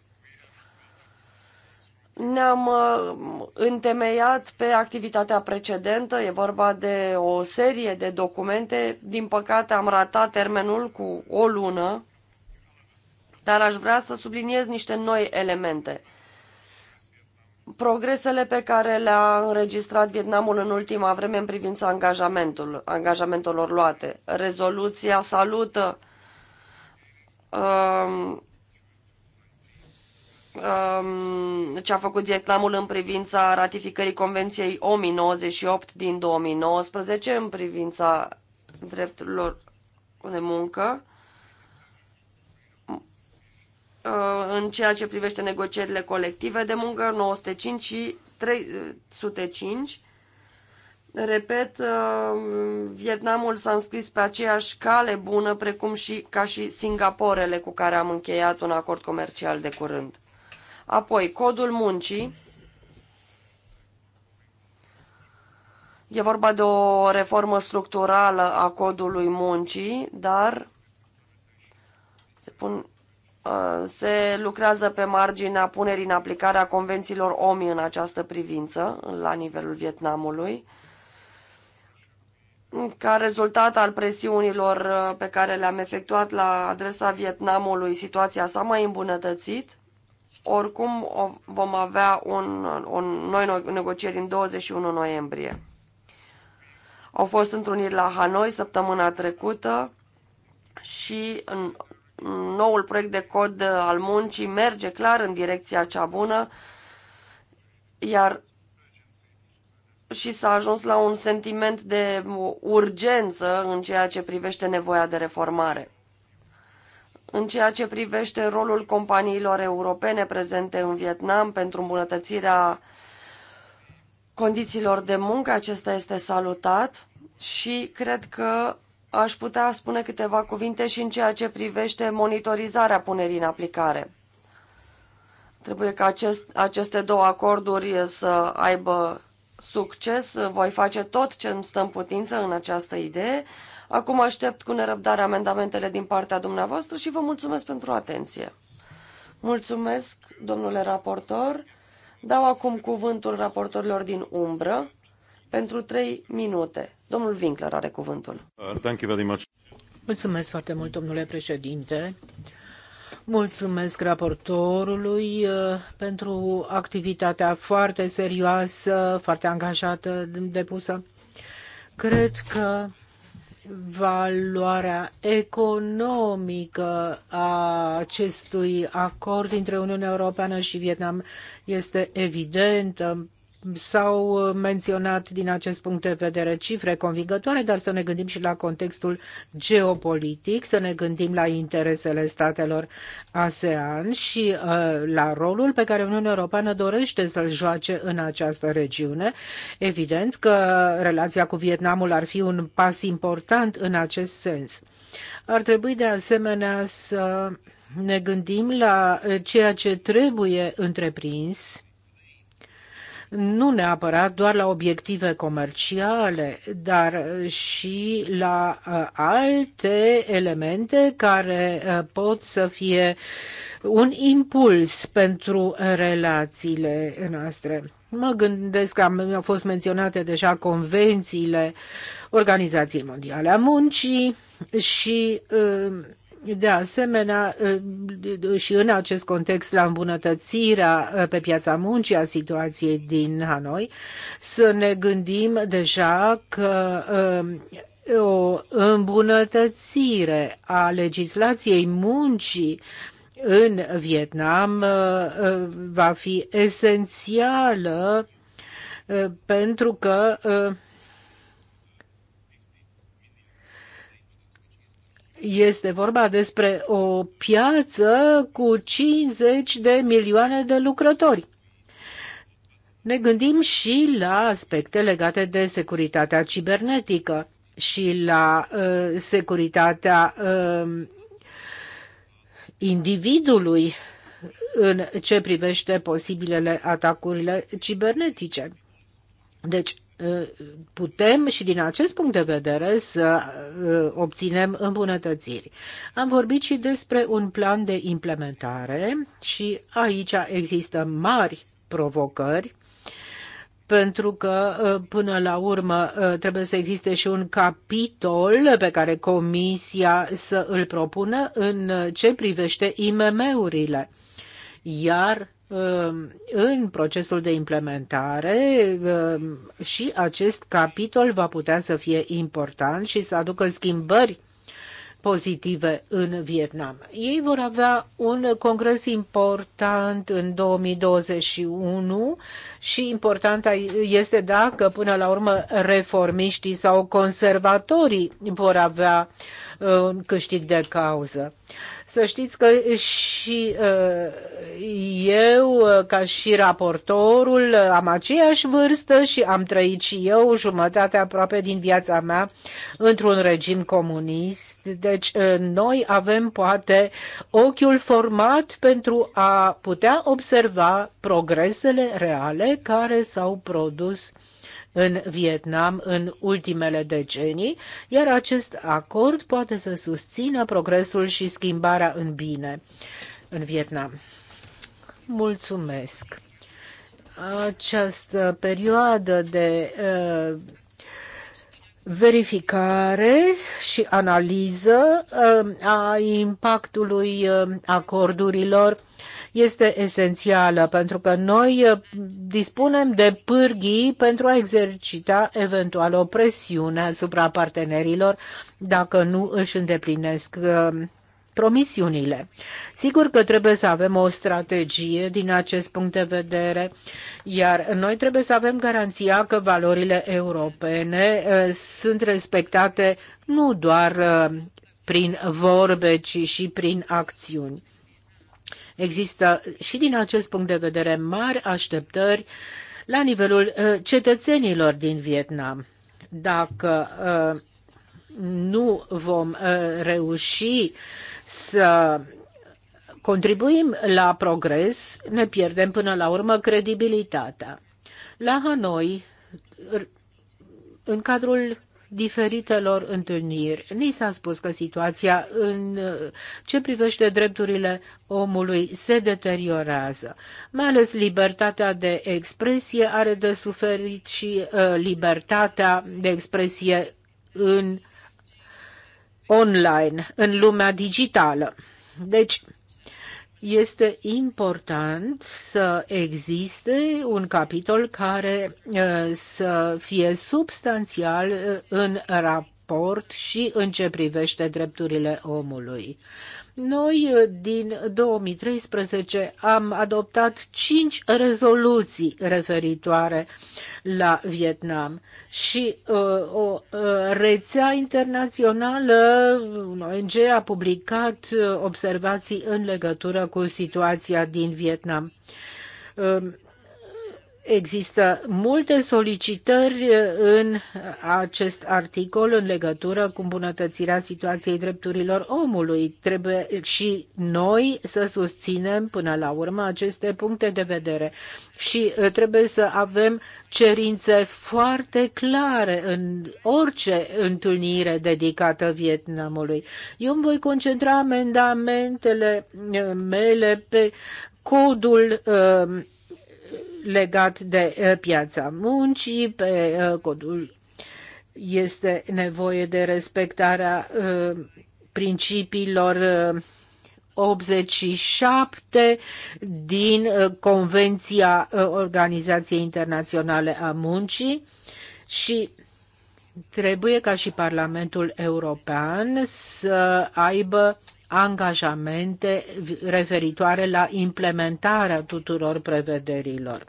Ne-am uh, întemeiat pe activitatea precedentă, e vorba de o serie de documente, din păcate am ratat termenul cu o lună, dar aș vrea să subliniez niște noi elemente. Progresele pe care le-a înregistrat Vietnamul în ultima vreme în privința angajamentul, angajamentelor luate. Rezoluția salută uh, um, um, ce a făcut Vietnamul în privința ratificării Convenției OMI 98 din 2019 în privința drepturilor de muncă uh, în ceea ce privește negocierile colective de muncă 905 și 305 Repet, uh, Vietnamul s-a înscris pe aceeași cale bună precum și ca și Singaporele cu care am încheiat un acord comercial de curând. Apoi, codul muncii. E vorba de o reformă structurală a codului muncii, dar se, pun, uh, se lucrează pe marginea punerii în aplicare a convențiilor OMI în această privință, la nivelul Vietnamului ca rezultat al presiunilor uh, pe care le-am efectuat la adresa Vietnamului, situația s-a mai îmbunătățit. Oricum vom avea un, un noi negocieri în 21 noiembrie. Au fost întruniri la Hanoi săptămâna trecută și în noul proiect de cod al muncii merge clar în direcția cea bună, iar și s-a ajuns la un sentiment de urgență în ceea ce privește nevoia de reformare. În ceea ce privește rolul companiilor europene prezente în Vietnam pentru îmbunătățirea condițiilor de muncă, acesta este salutat și cred că aș putea spune câteva cuvinte și în ceea ce privește monitorizarea punerii în aplicare. Trebuie ca acest, aceste două acorduri să aibă succes, voi face tot ce îmi stă în putință în această idee. Acum aștept cu nerăbdare amendamentele din partea dumneavoastră și vă mulțumesc pentru atenție. Mulțumesc, domnule raportor. Dau acum cuvântul raportorilor din umbră pentru trei minute. Domnul Winkler are cuvântul. Uh, mulțumesc foarte mult, domnule președinte. Mulțumesc raportorului uh, pentru activitatea foarte serioasă, foarte angajată depusă. Cred că valoarea economică a acestui acord între Uniunea Europeană și Vietnam este evidentă. S-au uh, menționat din acest punct de vedere cifre convingătoare, dar să ne gândim și la contextul geopolitic, să ne gândim la interesele statelor ASEAN și uh, la rolul pe care Uniunea Europeană dorește să-l joace în această regiune. Evident că relația cu Vietnamul ar fi un pas important în acest sens. Ar trebui de asemenea să ne gândim la uh, ceea ce trebuie întreprins nu neapărat doar la obiective comerciale, dar și la uh, alte elemente care uh, pot să fie un impuls pentru relațiile noastre. Mă gândesc că au fost menționate deja convențiile Organizației Mondiale a Muncii și uh, de asemenea, și în acest context, la îmbunătățirea uh, pe piața muncii a situației din Hanoi, să ne gândim deja că um, o îmbunătățire a legislației muncii în Vietnam uh, uh, va fi esențială pentru că este vorba despre o piață cu 50 de milioane de lucrători. Ne gândim și la aspecte legate de securitatea cibernetică și la uh, securitatea uh, individului în ce privește posibilele atacurile cibernetice. Deci, putem și din acest punct de vedere să uh, obținem îmbunătățiri. Am vorbit și despre un plan de implementare și aici există mari provocări pentru că uh, până la urmă uh, trebuie să existe și un capitol pe care comisia să îl propună în ce privește IMM-urile. Iar Ehm, în procesul de implementare ehm, și acest capitol va putea să fie important și să aducă schimbări pozitive în Vietnam. Ei vor avea un congres important în 2021 și important este dacă până la urmă reformiștii sau conservatorii vor avea un ehm, câștig de cauză. Să știți că și uh, eu, ca și raportorul, uh, am aceeași vârstă și am trăit și eu jumătate aproape din viața mea într-un regim comunist. Deci uh, noi avem poate ochiul format pentru a putea observa progresele reale care s-au produs în Vietnam în ultimele decenii, iar acest acord poate să susțină progresul și schimbarea în bine în Vietnam. Mulțumesc! Această perioadă de uh, verificare și analiză uh, a impactului uh, acordurilor este esențială pentru că noi eh, dispunem de pârghii pentru a exercita eventual o presiune asupra partenerilor dacă nu își îndeplinesc eh, promisiunile. Sigur că trebuie să avem o strategie din acest punct de vedere, iar noi trebuie să avem garanția că valorile europene eh, sunt respectate nu doar prin vorbe, ci și prin acțiuni. Există și din acest punct de vedere mari așteptări la nivelul uh, cetățenilor din Vietnam. Dacă uh, nu vom uh, reuși să contribuim la progres, ne pierdem până la urmă credibilitatea. La Hanoi, în cadrul diferitelor întâlniri. Ni s-a spus că situația în ce privește drepturile omului se deteriorează. Mai ales libertatea de expresie are de suferit și uh, libertatea de expresie în online, în lumea digitală. Deci, este important să existe un capitol care uh, să fie substanțial uh, în raport și în ce privește drepturile omului. Noi uh, din 2013 am adoptat cinci rezoluții referitoare la Vietnam și uh, o uh, rețea internațională, un ONG, a publicat uh, observații în legătură cu situația din Vietnam. Uh, Există multe solicitări eh, în acest articol în legătură cu îmbunătățirea situației drepturilor omului. Trebuie și noi să susținem până la urmă aceste puncte de vedere și eh, trebuie să avem cerințe foarte clare în orice întâlnire dedicată Vietnamului. Eu îmi voi concentra amendamentele eh, mele pe codul uh, legat de piața muncii, pe codul este nevoie de respectarea principiilor 87 din Convenția Organizației Internaționale a Muncii și trebuie ca și Parlamentul European să aibă angajamente referitoare la implementarea tuturor prevederilor.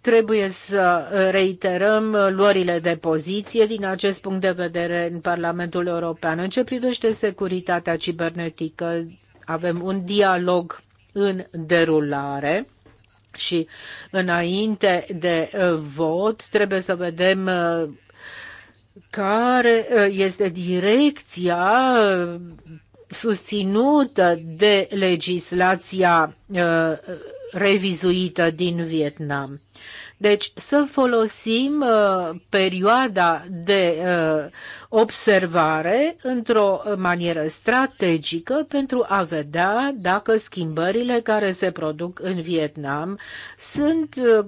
Trebuie să reiterăm luările de poziție din acest punct de vedere în Parlamentul European. În ce privește securitatea cibernetică, avem un dialog în derulare și înainte de uh, vot trebuie să vedem uh, care uh, este direcția susținută de legislația uh, revizuită din Vietnam. Deci să folosim uh, perioada de uh, observare într-o manieră strategică pentru a vedea dacă schimbările care se produc în Vietnam sunt uh,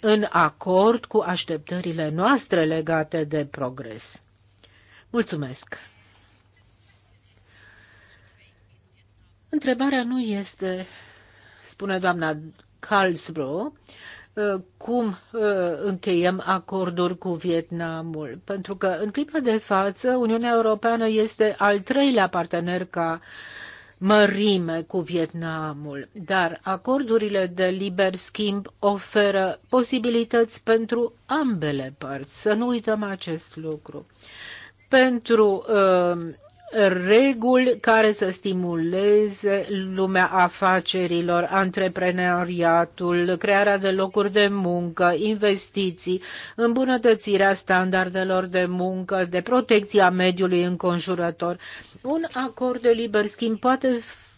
în acord cu așteptările noastre legate de progres. Mulțumesc! Întrebarea nu este, spune doamna Carlsbro, uh, cum uh, încheiem acorduri cu Vietnamul. Pentru că în clipa de față Uniunea Europeană este al treilea partener ca mărime cu Vietnamul, dar acordurile de liber schimb oferă posibilități pentru ambele părți. Să nu uităm acest lucru. Pentru uh, reguli care să stimuleze lumea afacerilor, antreprenoriatul, crearea de locuri de muncă, investiții, îmbunătățirea standardelor de muncă, de protecția mediului înconjurător. Un acord de liber schimb poate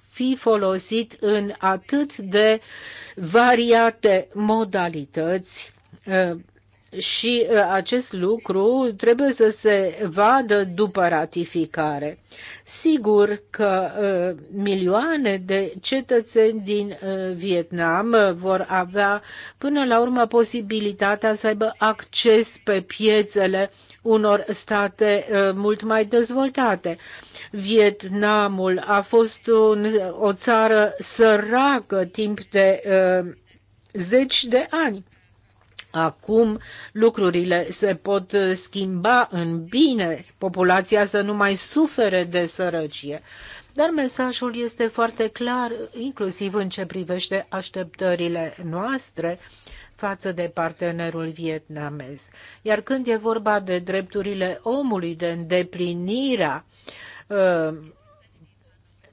fi folosit în atât de variate modalități uh, și uh, acest lucru trebuie să se vadă după ratificare. Sigur că uh, milioane de cetățeni din uh, Vietnam vor avea până la urmă posibilitatea să aibă acces pe piețele unor state mult mai dezvoltate. Vietnamul a fost un, o țară săracă timp de zeci de ani Acum lucrurile se pot schimba în bine, populația să nu mai sufere de sărăcie. Dar mesajul este foarte clar, inclusiv în ce privește așteptările noastre față de partenerul vietnamez. Iar când e vorba de drepturile omului, de îndeplinirea uh,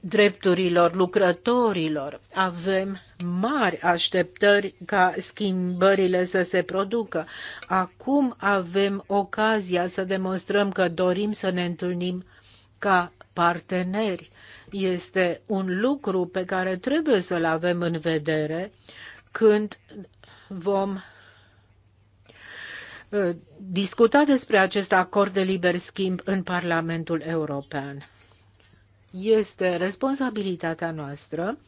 drepturilor lucrătorilor. Avem mari așteptări ca schimbările să se producă. Acum avem ocazia să demonstrăm că dorim să ne întâlnim ca parteneri. Este un lucru pe care trebuie să-l avem în vedere când vom uh, discuta despre acest acord de liber schimb în Parlamentul European. Este responsabilitatea noastră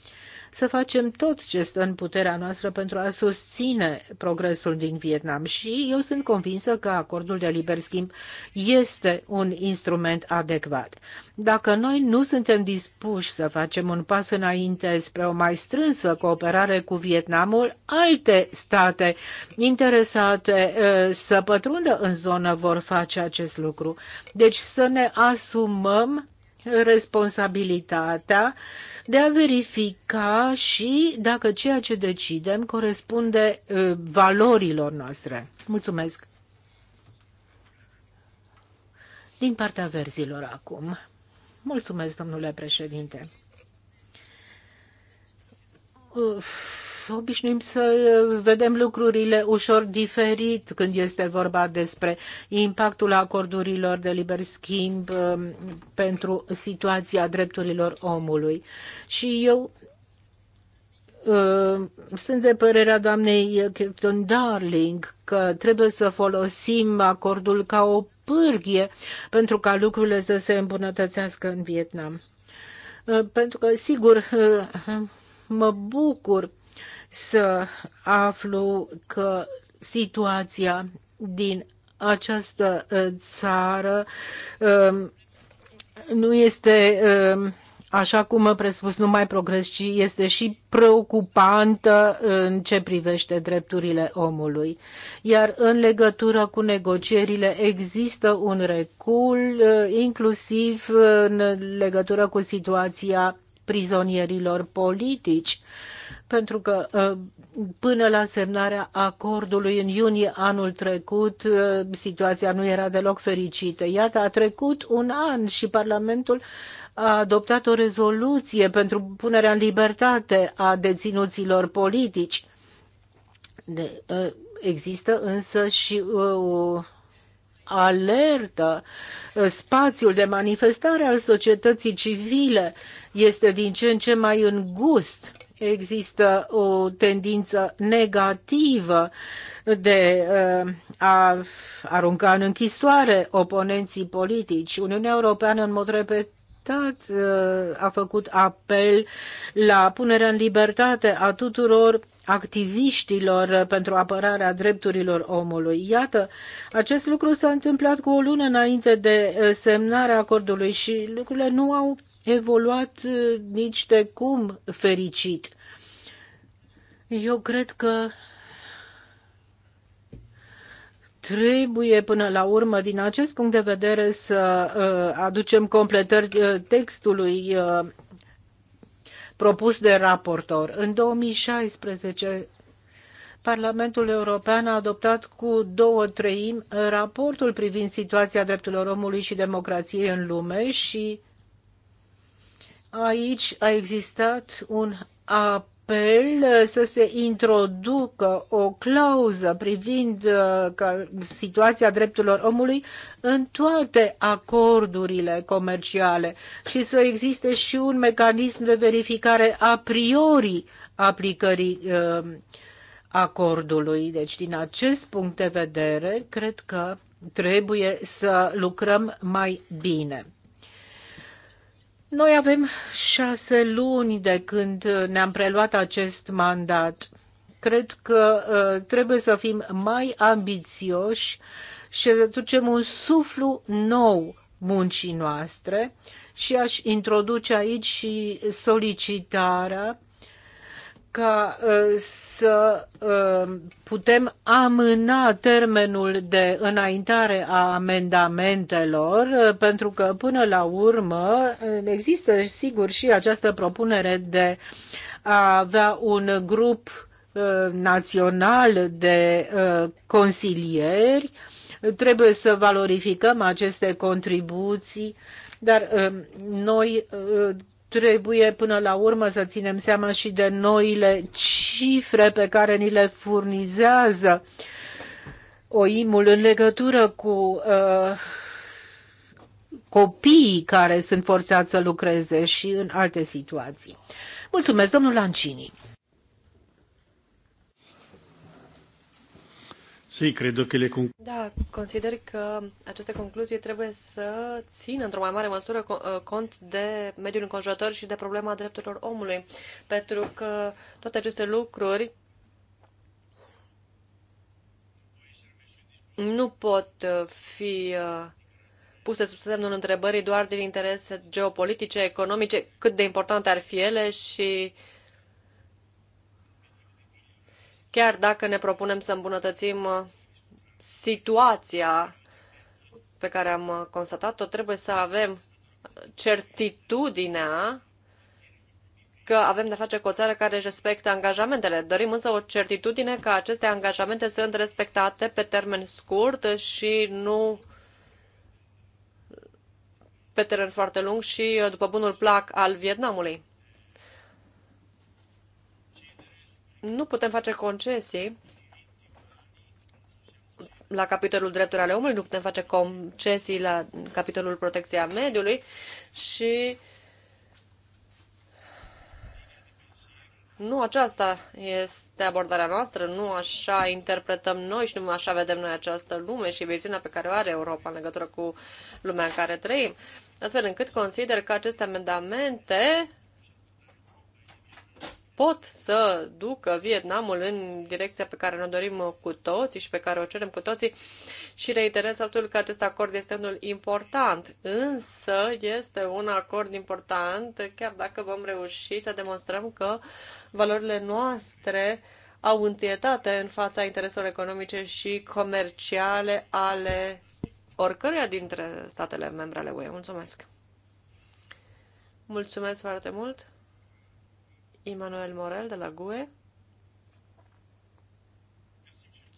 să facem tot ce stă în puterea noastră pentru a susține progresul din Vietnam și eu sunt convinsă că acordul de liber schimb este un instrument adecvat. Dacă noi nu suntem dispuși să facem un pas înainte spre o mai strânsă cooperare cu Vietnamul, alte state interesate să pătrundă în zonă vor face acest lucru. Deci să ne asumăm responsabilitatea de a verifica și dacă ceea ce decidem corespunde uh, valorilor noastre. Mulțumesc! Din partea verzilor acum. Mulțumesc, domnule președinte. Uf obișnuim să uh, vedem lucrurile ușor diferit când este vorba despre impactul acordurilor de liber schimb um, pentru situația drepturilor omului. Și eu uh, sunt de părerea doamnei Captain Darling că trebuie să folosim acordul ca o pârghie pentru ca lucrurile să se îmbunătățească în Vietnam. Uh, pentru că, sigur, mă bucur să aflu că situația din această uh, țară um, nu este um, așa cum am presupus numai progres, ci este și preocupantă în ce privește drepturile omului. Iar în legătură cu negocierile există un recul, uh, inclusiv în legătură cu situația prizonierilor politici. Uh, pentru că uh, până la semnarea acordului în iunie anul trecut, uh, situația nu era deloc fericită. Iată, a trecut un an și Parlamentul a adoptat o rezoluție pentru punerea în libertate a deținuților politici. De, uh, există însă și o alertă. Spațiul de manifestare al societății civile este din ce în ce mai îngust există o tendință negativă de uh, a arunca în închisoare oponenții politici. Uniunea Europeană, în mod repetat, uh, a făcut apel la punerea în libertate a tuturor activiștilor pentru apărarea drepturilor omului. Iată, acest lucru s-a întâmplat cu o lună înainte de uh, semnarea acordului și lucrurile nu au evoluat nici de cum fericit. Eu cred că trebuie până la urmă, din acest punct de vedere, să uh, aducem completări uh, textului uh, propus de raportor. În 2016, Parlamentul European a adoptat cu două treimi raportul privind situația drepturilor omului și democrației în lume și Aici a existat un apel să se introducă o clauză privind uh, situația drepturilor omului în toate acordurile comerciale și să existe și un mecanism de verificare a priori aplicării uh, acordului. Deci, din acest punct de vedere, cred că trebuie să lucrăm mai bine. Noi avem șase luni de când ne-am preluat acest mandat. Cred că uh, trebuie să fim mai ambițioși și să ducem un suflu nou muncii noastre și aș introduce aici și solicitarea ca ă, să ă, putem amâna termenul de înaintare a amendamentelor, ă, pentru că până la urmă există sigur și această propunere de a avea un grup național de consilieri. Trebuie să valorificăm aceste contribuții, dar noi trebuie până la urmă să ținem seama și de noile cifre pe care ni le furnizează OIM-ul în legătură cu uh, copiii care sunt forțați să lucreze și în alte situații. Mulțumesc, domnul Lancini. credo che le Da, consider că aceste concluzii trebuie să țină într-o mai mare măsură uh, cont de mediul înconjurător și de problema drepturilor omului, pentru că toate aceste lucruri nu pot uh, fi uh, puse sub semnul întrebării doar din interese geopolitice, economice, cât de importante ar fi ele și uh, chiar dacă ne propunem să îmbunătățim uh, situația pe care am uh, constatat-o, trebuie să avem certitudinea că avem de face cu o țară care își respectă angajamentele. Dorim însă o certitudine că aceste angajamente sunt respectate pe termen scurt și nu pe termen foarte lung și uh, după bunul plac al Vietnamului. nu putem face concesii la capitolul drepturi ale omului, nu putem face concesii la capitolul protecția mediului și nu aceasta este abordarea noastră, nu așa interpretăm noi și nu așa vedem noi această lume și viziunea pe care o are Europa în legătură cu lumea în care trăim. Astfel încât consider că aceste amendamente pot să ducă Vietnamul în direcția pe care ne dorim cu toții și pe care o cerem cu toții și reiterez faptul că acest acord este unul important, însă este un acord important chiar dacă vom reuși să demonstrăm că valorile noastre au întâietate în fața intereselor economice și comerciale ale oricăruia dintre statele membre ale UE. Mulțumesc! Mulțumesc foarte mult! Immanuel Morel de la GUE.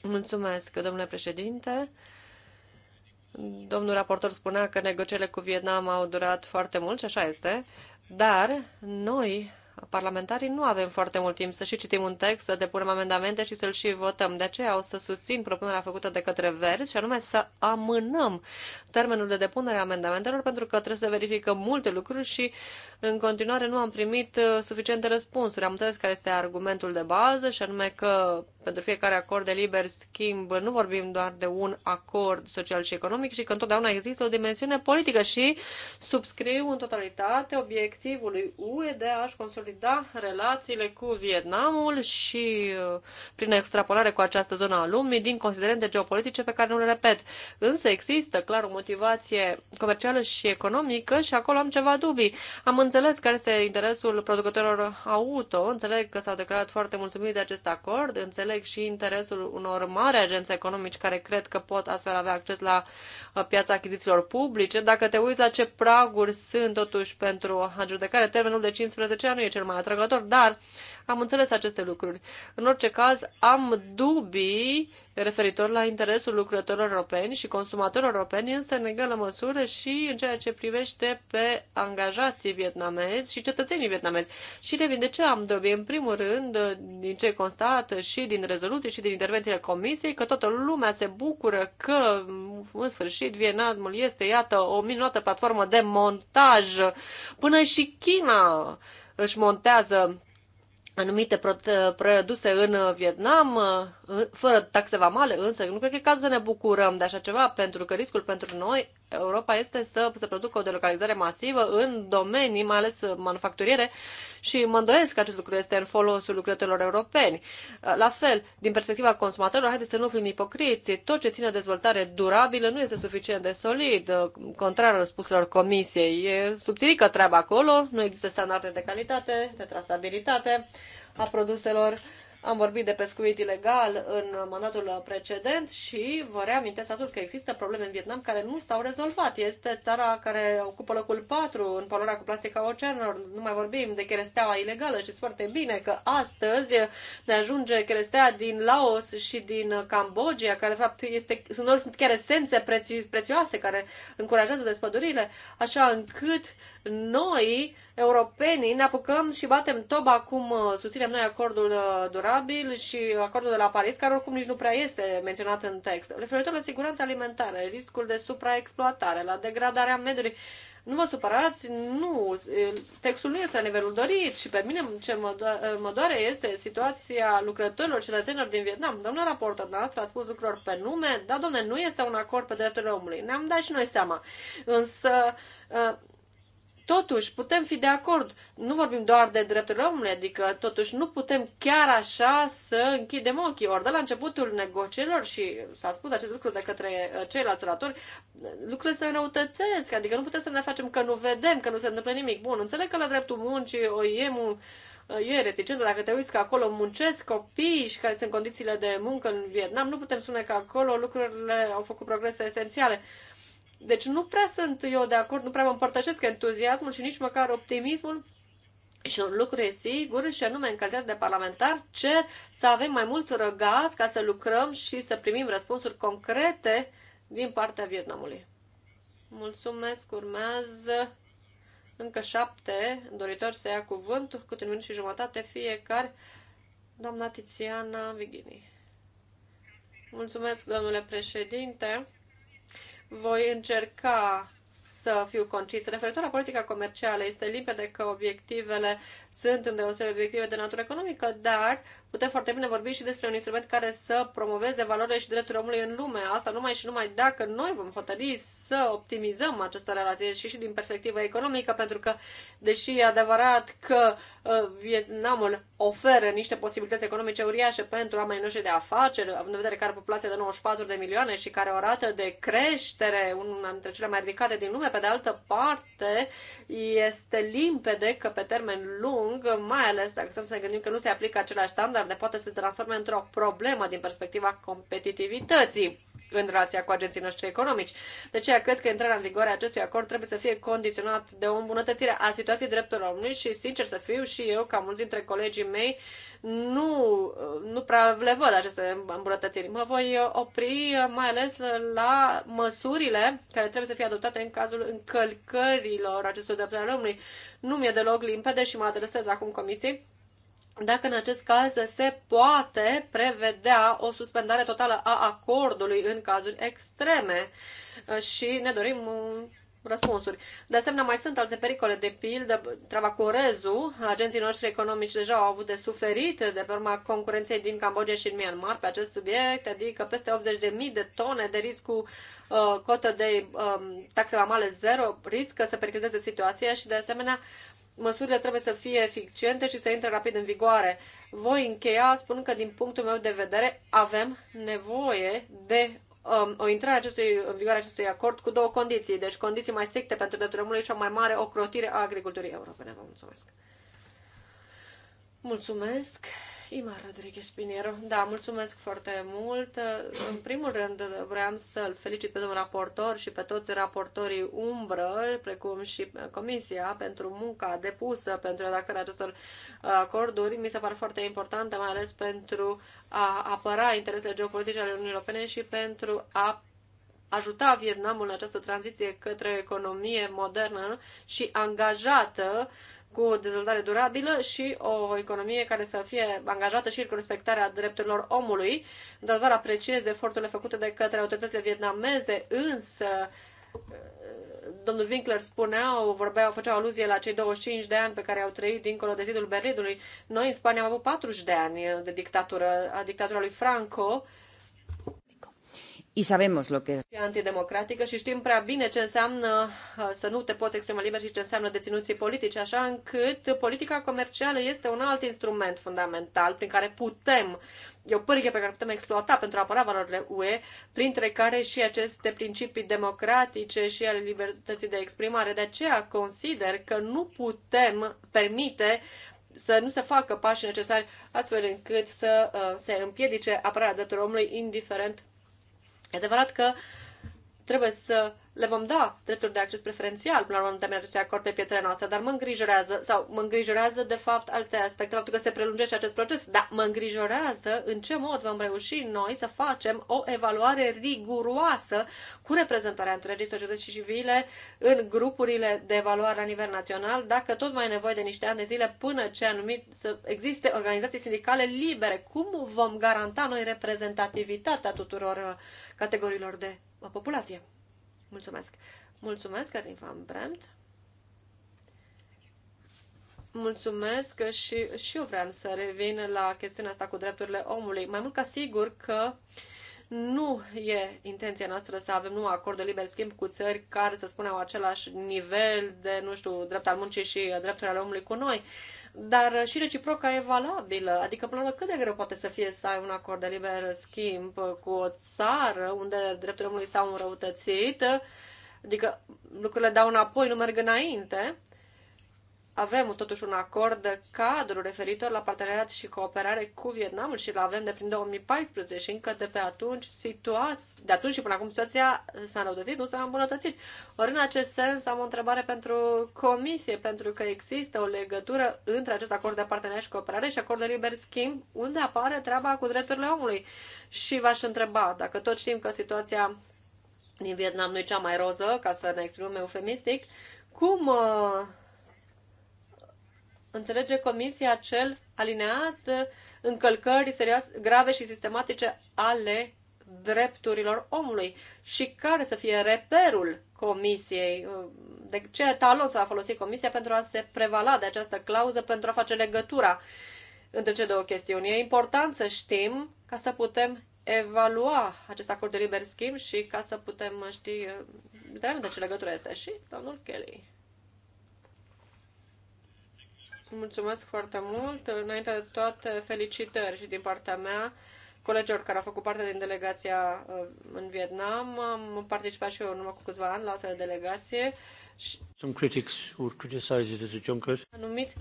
Mulțumesc, domnule președinte. Domnul raportor spunea că negocierile cu Vietnam au durat foarte mult și așa este, dar noi parlamentarii nu avem foarte mult timp să și citim un text, să depunem amendamente și să-l și votăm. De aceea o să susțin propunerea făcută de către Verzi și anume să amânăm termenul de depunere a amendamentelor pentru că trebuie să verificăm multe lucruri și în continuare nu am primit uh, suficiente răspunsuri. Am înțeles care este argumentul de bază și anume că pentru fiecare acord de liber schimb nu vorbim doar de un acord social și economic și că întotdeauna există o dimensiune politică și subscriu în totalitate obiectivului UE de a-și consolida consolida păi relațiile cu Vietnamul și uh, prin extrapolare cu această zonă a lumii din considerente geopolitice pe care nu le repet. Însă există clar o motivație comercială și economică și acolo am ceva dubii. Am înțeles care este interesul producătorilor auto, înțeleg că s-au declarat foarte mulțumiți de acest acord, înțeleg și interesul unor mari agenți economici care cred că pot astfel avea acces la uh, piața achizițiilor publice. Dacă te uiți la ce praguri sunt totuși pentru a adjudecare, termenul de 15 ani nu e cel cel mai atrăgător, dar am înțeles aceste lucruri. În orice caz, am dubii referitor la interesul lucrătorilor europeni și consumatorilor europeni, însă în egală măsură și în ceea ce privește pe angajații vietnamezi și cetățenii vietnamezi. Și revin, de ce am dubii? În primul rând, din ce constat și din rezoluții și din intervențiile comisiei, că toată lumea se bucură că, în sfârșit, Vietnamul este, iată, o minunată platformă de montaj. Până și China își montează anumite produse în Vietnam, fără taxe vamale, însă nu cred că e cazul să ne bucurăm de așa ceva, pentru că riscul pentru noi Europa este să se producă o delocalizare masivă în domenii, mai ales manufacturiere, și mă îndoiesc că acest lucru este în folosul lucrătorilor europeni. La fel, din perspectiva consumatorilor, haideți să nu fim ipocriți. Tot ce ține dezvoltare durabilă nu este suficient de solid, contrar răspunselor comisiei. E subțirică treaba acolo, nu există standarde de calitate, de trasabilitate a produselor am vorbit de pescuit ilegal în mandatul precedent și vă reamintesc atât că există probleme în Vietnam care nu s-au rezolvat. Este țara care ocupă locul 4 în poluarea cu plastica oceanelor. Nu mai vorbim de chelesteaua ilegală. Știți foarte bine că astăzi ne ajunge chelestea din Laos și din Cambodgia, care de fapt este, sunt, sunt chiar esențe prețioase care încurajează despădurile, așa încât noi, europenii, ne apucăm și batem toba cum uh, susținem noi acordul uh, durabil și acordul de la Paris, care oricum nici nu prea este menționat în text. Referitor la siguranța alimentară, riscul de supraexploatare, la degradarea mediului, nu vă supărați, nu, textul nu este la nivelul dorit și pe mine ce mă, do- mă doare este situația lucrătorilor, cetățenilor din Vietnam. Domnul raportor noastră a spus lucrurilor pe nume, da, domne, nu este un acord pe drepturile omului. Ne-am dat și noi seama. Însă, uh, Totuși, putem fi de acord. Nu vorbim doar de drepturile omului, adică totuși nu putem chiar așa să închidem ochii. Ori de la începutul negocierilor, și s-a spus acest lucru de către uh, ceilalți oratori, lucrurile se înrăutățesc, adică nu putem să ne facem că nu vedem, că nu se întâmplă nimic. Bun, înțeleg că la dreptul muncii o iemu uh, e reticentă. Dacă te uiți că acolo muncesc copii și care sunt condițiile de muncă în Vietnam, nu putem spune că acolo lucrurile au făcut progrese esențiale. Deci nu prea sunt eu de acord, nu prea mă împărtășesc entuziasmul și nici măcar optimismul și un lucru e sigur, și anume în calitate de parlamentar, cer să avem mai mult răgaz ca să lucrăm și să primim răspunsuri concrete din partea Vietnamului. Mulțumesc, urmează încă șapte doritori să ia cuvântul, cu un minut și jumătate fiecare. Doamna Tiziana Vigini. Mulțumesc, domnule președinte. Voi încerca să fiu concis. Referitor la politica comercială, este limpede că obiectivele sunt îndeosebe obiective de natură economică, dar putem foarte bine vorbi și despre un instrument care să promoveze valorile și drepturile omului în lume. Asta numai și numai dacă noi vom hotărâi să optimizăm această relație și și din perspectiva economică, pentru că, deși e adevărat că uh, Vietnamul oferă niște posibilități economice uriașe pentru oamenii noștri de afaceri, având în vedere că are populație de 94 de milioane și care o rată de creștere, una dintre cele mai ridicate din lume, pe de altă parte, este limpede că pe termen lung, mai ales dacă să ne gândim că nu se aplică același standard, ne poate să se transforme într-o problemă din perspectiva competitivității în relația cu agenții noștri economici. De aceea cred că intrarea în vigoare a acestui acord trebuie să fie condiționat de o îmbunătățire a situației drepturilor omului și, sincer să fiu, și eu, ca mulți dintre colegii mei, nu, nu prea le văd aceste îmbunătățiri. Mă voi opri mai ales la măsurile care trebuie să fie adoptate în cazul încălcărilor acestor drepturi omului. Nu mi-e deloc limpede și mă adresez acum comisiei dacă în acest caz se poate prevedea o suspendare totală a acordului în cazuri extreme uh, și ne dorim uh, răspunsuri. De asemenea, mai sunt alte pericole, de pildă, Travacorezul, agenții noștri economici deja au avut de suferit de pe urma concurenței din Cambodgia și în Myanmar pe acest subiect, adică peste 80.000 de tone de risc cu uh, cotă de um, taxe vamale zero, riscă să pericliteze situația și, de asemenea, măsurile trebuie să fie eficiente și să intre rapid în vigoare. Voi încheia spun că, din punctul meu de vedere, avem nevoie de um, o intrare acestui, în vigoare acestui acord cu două condiții. Deci condiții mai stricte pentru drepturile omului și o mai mare ocrotire a agriculturii europene. Vă mulțumesc! Mulțumesc! Ima Rodriguez Pinero. Da, mulțumesc foarte mult. În primul rând vreau să-l felicit pe domnul raportor și pe toți raportorii umbră, precum și comisia, pentru munca depusă pentru redactarea acestor acorduri. Mi se pare foarte importantă, mai ales pentru a apăra interesele geopolitice ale Uniunii Europene și pentru a ajuta Vietnamul în această tranziție către economie modernă și angajată uh, cu o dezvoltare durabilă și o economie care să fie angajată și cu respectarea drepturilor omului. Într-adevăr, apreciez eforturile făcute de către autoritățile vietnameze, însă domnul Winkler spunea, vorbea, făcea aluzie la cei 25 de ani pe care au trăit dincolo de zidul Berlinului. Noi în Spania am avut 40 de ani de dictatură, a dictatura lui Franco Y sabemos lo que... E antidemocratică și știm prea bine ce înseamnă uh, să nu te poți exprima liber și ce înseamnă deținuții politici, așa încât politica comercială este un alt instrument fundamental prin care putem, e o pârghie pe care putem exploata pentru a apăra valorile UE, printre care și aceste principii democratice și ale libertății de exprimare. De aceea consider că nu putem permite să nu se facă pași necesari astfel încât să uh, se împiedice apărarea drepturilor omului, indiferent E adevărat că trebuie să le vom da drepturi de acces preferențial până la urmă în să acord pe piețele noastre, dar mă îngrijorează, sau mă îngrijorează de fapt alte aspecte, faptul că se prelungește acest proces, dar mă îngrijorează în ce mod vom reuși noi să facem o evaluare riguroasă cu reprezentarea întregii societăți civile în grupurile de evaluare la nivel național, dacă tot mai e nevoie de niște ani de zile până ce anumit să existe organizații sindicale libere. Cum vom garanta noi reprezentativitatea tuturor uh, categoriilor de la populație. Mulțumesc! Mulțumesc, Catherine Van Bremt! Mulțumesc și, și eu vreau să revin la chestiunea asta cu drepturile omului. Mai mult ca sigur că nu e intenția noastră să avem numai acord de liber schimb cu țări care, să spunem, același nivel de, nu știu, drept al muncii și drepturile omului cu noi dar uh, și reciproca e valabilă. Adică, până la urmă, cât de greu poate să fie să ai un acord de liber schimb uh, cu o țară unde drepturile omului s-au înrăutățit, uh, adică lucrurile dau înapoi, nu merg înainte avem totuși un acord de cadru referitor la parteneriat și cooperare cu Vietnamul și îl avem de prin 2014 și încă de pe atunci situați, de atunci și până acum situația s-a înrăutățit, nu s-a îmbunătățit. Ori în acest sens am o întrebare pentru Comisie, pentru că există o legătură între acest acord de parteneriat și cooperare și acordul de liber schimb, unde apare treaba cu drepturile omului. Și v-aș întreba, dacă tot știm că situația din Vietnam nu e cea mai roză, ca să ne exprimăm eufemistic, cum uh, înțelege Comisia cel alineat uh, încălcări serioase, grave și sistematice ale drepturilor omului și care să fie reperul Comisiei, uh, de ce talon să va folosi Comisia pentru a se prevala de această clauză, pentru a face legătura între cele două chestiuni. E important să știm ca să putem evalua acest acord de liber schimb și ca să putem ști de uh, ce legătură este. Și domnul Kelly. Mulțumesc foarte mult. Înainte de toate, felicitări și din partea mea colegilor care au făcut parte din delegația uh, în Vietnam. Am participat și eu în urmă cu câțiva ani la o de delegație. Some critics would criticize it as a junket. Anumit.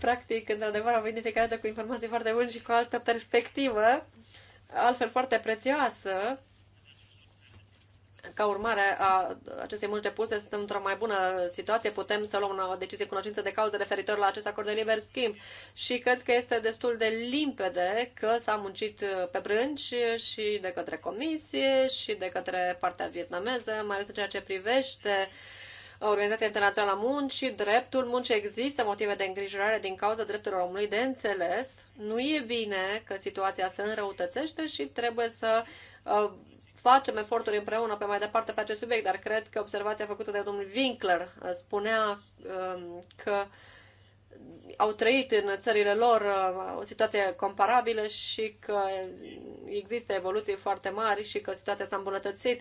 Practic, într-adevăr, am venit fiecare cu informații foarte bune și cu altă perspectivă, altfel foarte prețioasă ca urmare a acestei munci depuse, suntem într-o mai bună situație, putem să luăm o decizie cunoștință de cauză referitor la acest acord de liber schimb. Și cred că este destul de limpede că s-a muncit uh, pe brânci și de către comisie și de către partea vietnameză, mai ales în ceea ce privește Organizația Internațională a Muncii, dreptul muncii există motive de îngrijorare din cauza drepturilor omului de înțeles. Nu e bine că situația se înrăutățește și trebuie să uh, facem eforturi împreună pe mai departe pe acest subiect, dar cred că observația făcută de domnul Winkler uh, spunea um, că au trăit în țările lor uh, o situație comparabilă și că există evoluții foarte mari și că situația s-a îmbunătățit.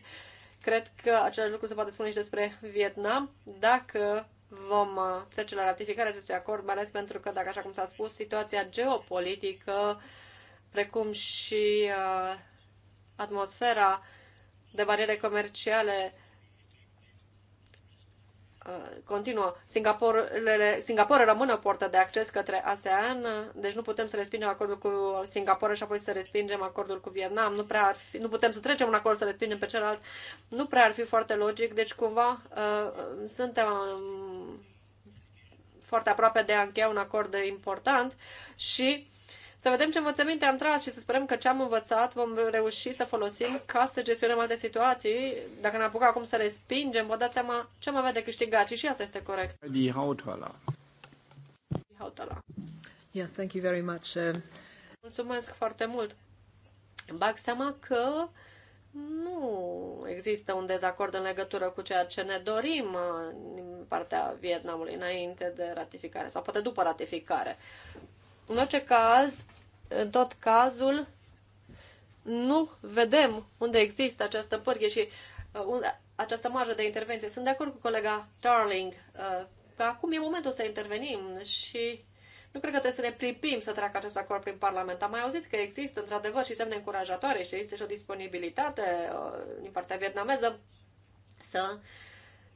Cred că același lucru se poate spune și despre Vietnam, dacă vom uh, trece la ratificarea acestui acord, mai ales pentru că, dacă așa cum s-a spus, situația geopolitică, precum și atmosfera de bariere comerciale uh, continuă. Singapore rămâne o portă de acces către ASEAN, deci nu putem să respingem acordul cu Singapore și apoi să respingem acordul cu Vietnam. Nu prea ar fi, nu putem să trecem un acord să respingem pe celălalt. Nu prea ar fi foarte logic, deci cumva uh, suntem um, foarte aproape de a încheia un acord important și să vedem ce învățăminte am tras și să sperăm că ce am învățat vom reuși să folosim ca să gestionăm alte situații. Dacă ne apucăm acum să respingem, vă dați seama ce am avea de câștigat și și asta este corect. Hautala. Hautala. Yeah, thank you very much. Uh, Mulțumesc foarte mult. Bag seama că nu există un dezacord în legătură cu ceea ce ne dorim uh, din partea Vietnamului înainte de ratificare sau poate după ratificare. În orice caz, în tot cazul, nu vedem unde există această pârghie și uh, unde, această marjă de intervenție. Sunt de acord cu colega Darling uh, că acum e momentul să intervenim și nu cred că trebuie să ne pripim să treacă acest acord prin Parlament. Am mai auzit că există, într-adevăr, și semne încurajatoare și există și o disponibilitate uh, din partea vietnameză să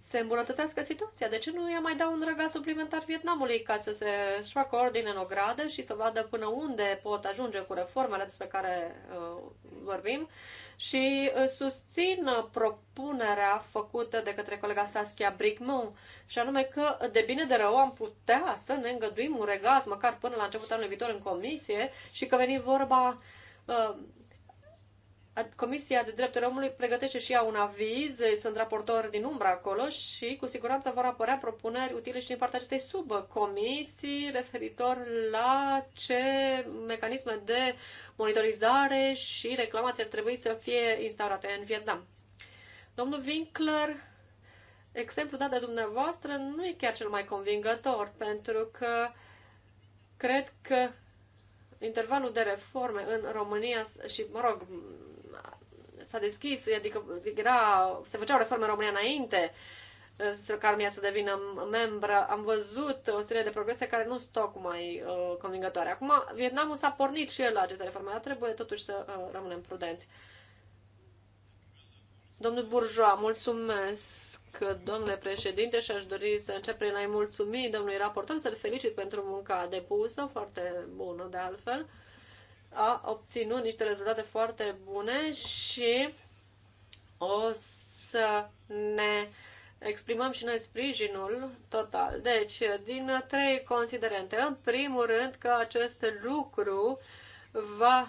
se îmbunătățească situația. De ce nu i-a mai dat un răgaz suplimentar Vietnamului ca să se -și facă ordine în ogradă și să vadă până unde pot ajunge cu reformele despre care uh, vorbim și uh, susțin uh, propunerea făcută de către colega Saskia Brigmont și anume că de bine de rău am putea să ne îngăduim un regaz măcar până la începutul anului viitor în comisie și că veni vorba uh, Comisia de Drepturi Omului pregătește și ea un aviz, sunt raportori din umbră acolo și cu siguranță vor apărea propuneri utile și din partea acestei subcomisii referitor la ce mecanisme de monitorizare și reclamații ar trebui să fie instaurate în Vietnam. Domnul Winkler, exemplul dat de dumneavoastră nu e chiar cel mai convingător, pentru că cred că intervalul de reforme în România și, mă rog, s-a deschis, adică era, se o reformă în România înainte să Armia să devină membră, am văzut o serie de progrese care nu sunt tocmai uh, convingătoare. Acum, Vietnamul s-a pornit și el la aceste reforme, dar trebuie totuși să uh, rămânem prudenți. Domnul Burjoa, mulțumesc, domnule președinte, și aș dori să încep prin a-i mulțumi domnului raportor, să-l felicit pentru munca depusă, foarte bună de altfel. Uh, a obținut niște rezultate foarte bune și o să ne exprimăm și noi sprijinul total. Deci, din trei considerente. În primul rând că acest lucru va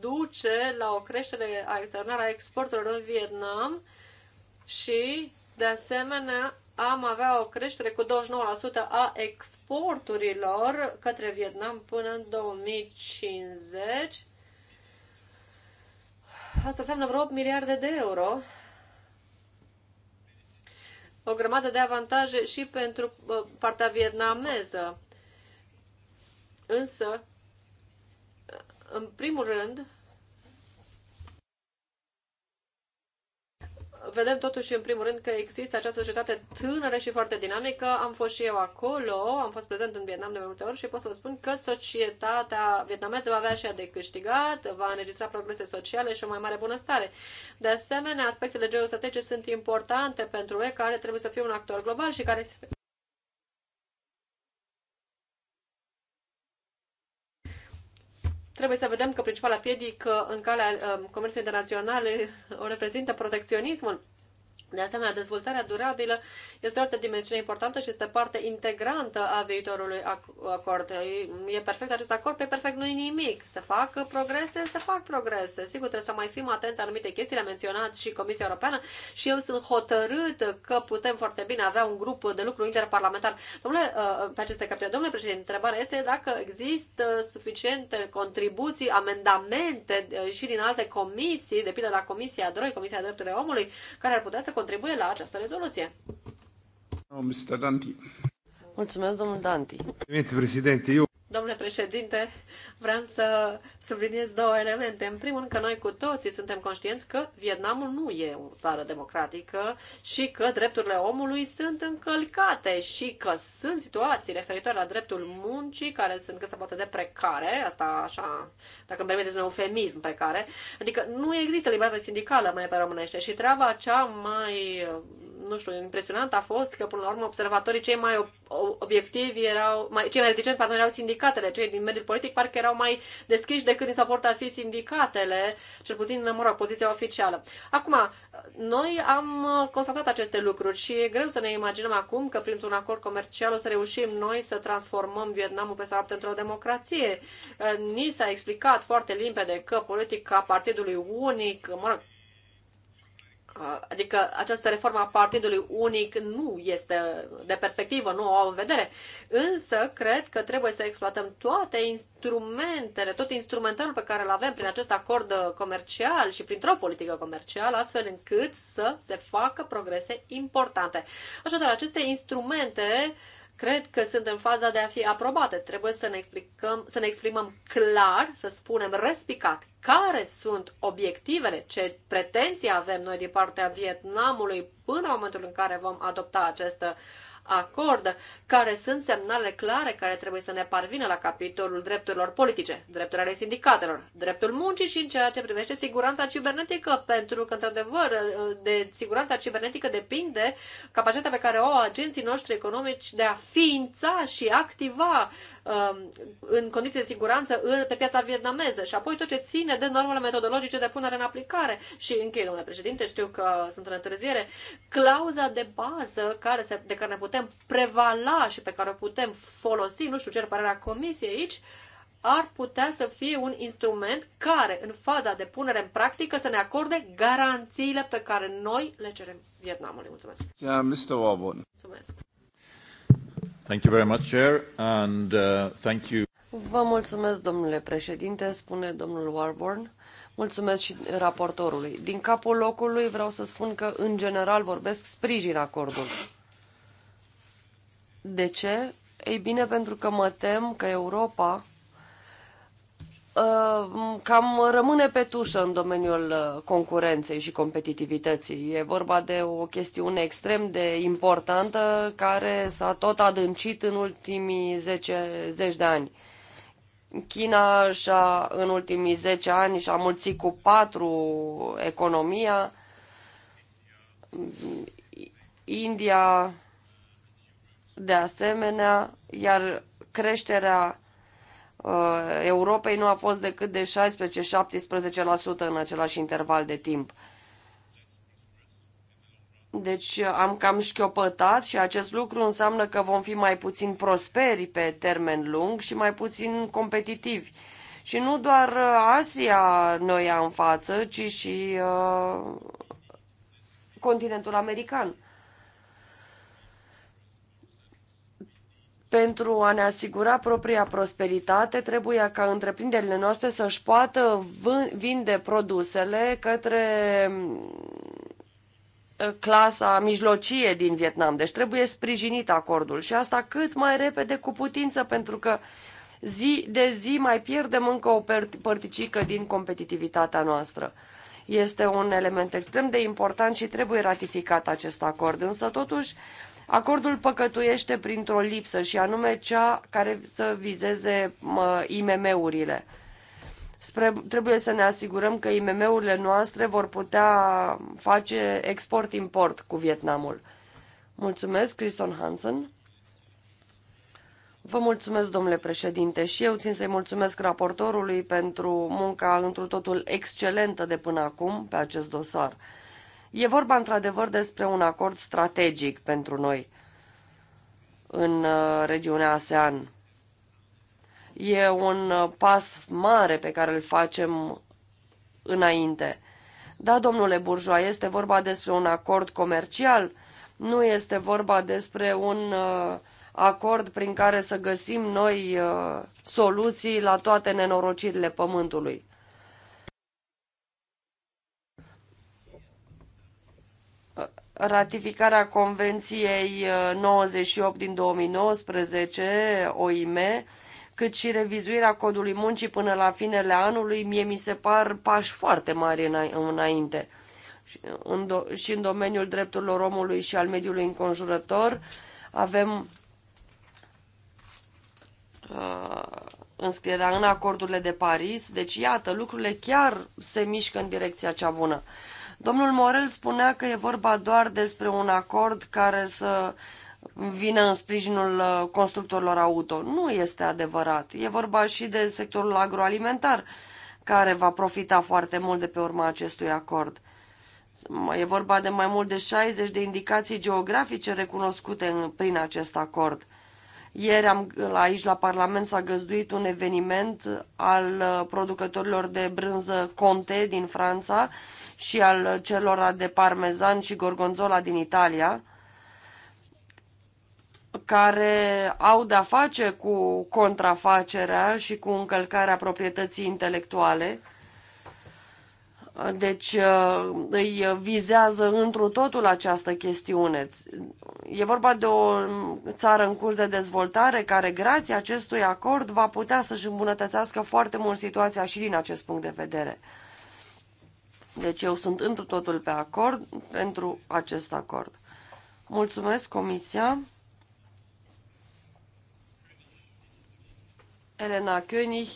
duce la o creștere externă a exporturilor în Vietnam și, de asemenea, am avea o creștere cu 29% a exporturilor către Vietnam până în 2050. Asta înseamnă vreo 8 miliarde de euro. O grămadă de avantaje și pentru partea vietnameză. Însă, în primul rând, vedem totuși, în primul rând, că există această societate tânără și foarte dinamică. Am fost și eu acolo, am fost prezent în Vietnam de mai multe ori și pot să vă spun că societatea vietnameză va avea și ea de câștigat, va înregistra progrese sociale și o mai mare bunăstare. De asemenea, aspectele geostrategice sunt importante pentru e care trebuie să fie un actor global și care trebuie să vedem că principala piedică în calea um, comerțului internațional uh, o reprezintă protecționismul. De asemenea, dezvoltarea durabilă este o altă dimensiune importantă și este parte integrantă a viitorului acord. E perfect acest acord, pe perfect nu e nimic. Se fac progrese, se fac progrese. Sigur, trebuie să mai fim atenți anumite chestii, le-a menționat și Comisia Europeană și eu sunt hotărât că putem foarte bine avea un grup de lucru interparlamentar. Domnule, uh, pe aceste capitole, domnule președinte, întrebarea este dacă există suficiente contribuții, amendamente uh, și din alte comisii, de pildă la Comisia 2, Comisia Drepturilor Omului, care ar putea să contribuie la această rezoluție. domnul oh, Danti. Mulțumesc, domnul Danti. Președinte, eu Domnule președinte, vreau să subliniez două elemente. În primul rând că noi cu toții suntem conștienți că Vietnamul nu e o țară democratică și că drepturile omului sunt încălcate și că sunt situații referitoare la dreptul muncii care sunt cât se poate de precare, asta așa, dacă îmi permiteți un eufemism precare, adică nu există libertate sindicală mai pe românește și treaba cea mai, nu știu, impresionantă a fost că până la urmă observatorii cei mai obiectivi erau, mai, cei mai reticenți, pardon, erau sindicatele, cei din mediul politic parcă erau mai deschiși decât din ar fi sindicatele, cel puțin, mă rog, poziția oficială. Acum, noi am uh, constatat aceste lucruri și e greu să ne imaginăm acum că printr-un acord comercial o să reușim noi să transformăm Vietnamul pe noapte într-o democrație. Uh, ni s-a explicat foarte limpede că politica Partidului Unic, mă rog, Uh, adică această reformă a partidului unic nu este de perspectivă, nu o au în vedere. Însă, cred că trebuie să exploatăm toate instrumentele, tot instrumentarul pe care îl avem prin acest acord comercial și printr-o politică comercială, astfel încât să se facă progrese importante. Așadar, aceste instrumente uh, cred că sunt în faza de a fi aprobate. Trebuie să ne, explicăm, să ne exprimăm clar, să spunem respicat care sunt obiectivele, ce pretenții avem noi din partea Vietnamului până în momentul în care vom adopta această acord, care sunt semnale clare care trebuie să ne parvină la capitolul drepturilor politice, drepturile ale sindicatelor, dreptul muncii și în ceea ce privește siguranța cibernetică, pentru că, într-adevăr, de siguranța cibernetică depinde capacitatea pe care o au agenții noștri economici de a ființa și activa Um, în condiții de siguranță pe piața vietnameză și apoi tot ce ține de normele metodologice de punere în aplicare. Și închei, domnule președinte, știu că sunt în întârziere, clauza de bază care se, de care ne putem prevala și pe care o putem folosi, nu știu ce părerea comisiei aici, ar putea să fie un instrument care, în faza de punere în practică, să ne acorde garanțiile pe care noi le cerem Vietnamului. Mulțumesc! Yeah, Mr. Mulțumesc! Thank you very much, Chair, and uh, thank you. Vă mulțumesc, domnule președinte, spune domnul Warburn. Mulțumesc și raportorului. Din capul locului vreau să spun că, în general, vorbesc sprijin acordul. De ce? Ei bine, pentru că mă tem că Europa Uh, cam rămâne pe tușă în domeniul uh, concurenței și competitivității. E vorba de o chestiune extrem de importantă care s-a tot adâncit în ultimii 10, 10 de ani. China și-a, în ultimii 10 ani și-a mulțit cu 4 economia, India de asemenea, iar creșterea Uh, Europei nu a fost decât de 16-17% în același interval de timp. Deci uh, am cam șchiopătat și acest lucru înseamnă că vom fi mai puțin prosperi pe termen lung și mai puțin competitivi. Și nu doar uh, Asia noi ia în față, ci și uh, continentul american. Pentru a ne asigura propria prosperitate, trebuie ca întreprinderile noastre să-și poată vinde produsele către mm, clasa mijlocie din Vietnam. Deci trebuie sprijinit acordul și asta cât mai repede cu putință, pentru că zi de zi mai pierdem încă o părticică din competitivitatea noastră. Este un element extrem de important și trebuie ratificat acest acord, însă totuși Acordul păcătuiește printr-o lipsă și anume cea care să vizeze IMM-urile. Spre, trebuie să ne asigurăm că IMM-urile noastre vor putea face export-import cu Vietnamul. Mulțumesc, Criston Hansen. Vă mulțumesc, domnule președinte, și eu țin să-i mulțumesc raportorului pentru munca întru totul excelentă de până acum pe acest dosar. E vorba într-adevăr despre un acord strategic pentru noi în uh, regiunea ASEAN. E un uh, pas mare pe care îl facem înainte. Da, domnule Burjoa, este vorba despre un acord comercial, nu este vorba despre un uh, acord prin care să găsim noi soluții la toate nenorocirile pământului. ratificarea Convenției 98 uh, din 2019, OIM, cât și revizuirea codului muncii până la finele anului, mie mi se par pași foarte mari înainte. Și în, do- și în domeniul drepturilor omului și al mediului înconjurător avem uh, înscrierea în acordurile de Paris, deci iată, lucrurile chiar se mișcă în direcția cea bună. Uh, Domnul Morel spunea că e vorba doar despre un acord care să vină în sprijinul uh, constructorilor auto. Nu este adevărat. E vorba și de sectorul agroalimentar, care va profita foarte mult de pe urma acestui acord. E vorba de mai mult de 60 de indicații geografice recunoscute prin acest acord. Ieri am, aici la Parlament s-a găzduit un eveniment al uh, producătorilor de brânză Conte din Franța și al celor de parmezan și gorgonzola din Italia, care au de-a face cu contrafacerea și cu încălcarea proprietății intelectuale. Deci uh, îi vizează întru totul această chestiune. E vorba de o țară în curs de dezvoltare care, grație acestui acord, va putea să-și îmbunătățească foarte mult situația și din acest punct de vedere. Deci eu sunt întru totul pe acord pentru acest acord. Mulțumesc, Comisia. Elena König,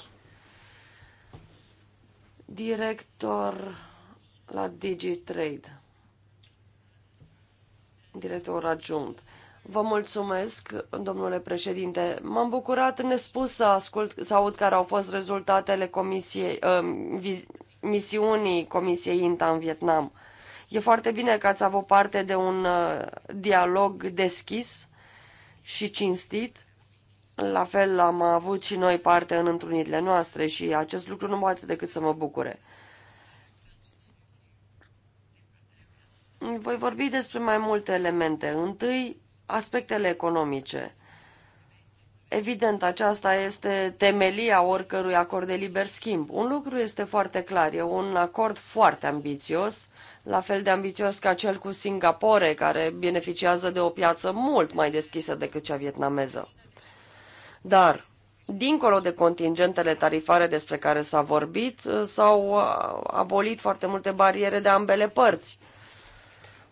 director la DigiTrade, director adjunct. Vă mulțumesc, domnule președinte. M-am bucurat nespus să ascult, să aud care au fost rezultatele comisiei, uh, misiunii Comisiei INTA în Vietnam. E foarte bine că ați avut parte de un uh, dialog deschis și cinstit. La fel am avut și noi parte în întrunirile noastre și acest lucru nu poate decât să mă bucure. Voi vorbi despre mai multe elemente. Întâi, aspectele economice. Evident, aceasta este temelia oricărui acord de liber schimb. Un lucru este foarte clar, e un acord foarte ambițios, la fel de ambițios ca cel cu Singapore, care beneficiază de o piață mult mai deschisă decât cea vietnameză. Dar, dincolo de contingentele tarifare despre care s-a vorbit, s-au uh, abolit foarte multe bariere de ambele părți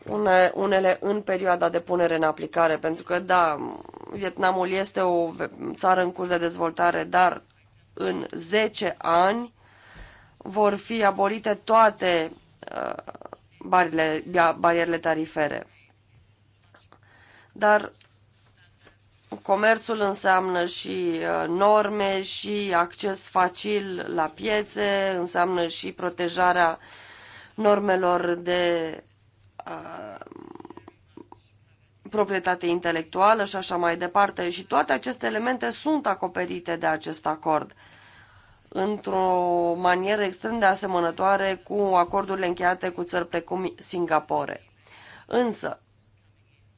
une, unele în perioada de punere în aplicare, pentru că, da, Vietnamul este o țară în curs de dezvoltare, dar în 10 ani vor fi abolite toate uh, barierele, tarifere. Dar comerțul înseamnă și uh, norme și acces facil la piețe, înseamnă și protejarea normelor de Uh, proprietate intelectuală și așa mai departe. Și toate aceste elemente sunt acoperite de acest acord într-o manieră extrem de asemănătoare cu acordurile încheiate cu țări precum Singapore. Însă,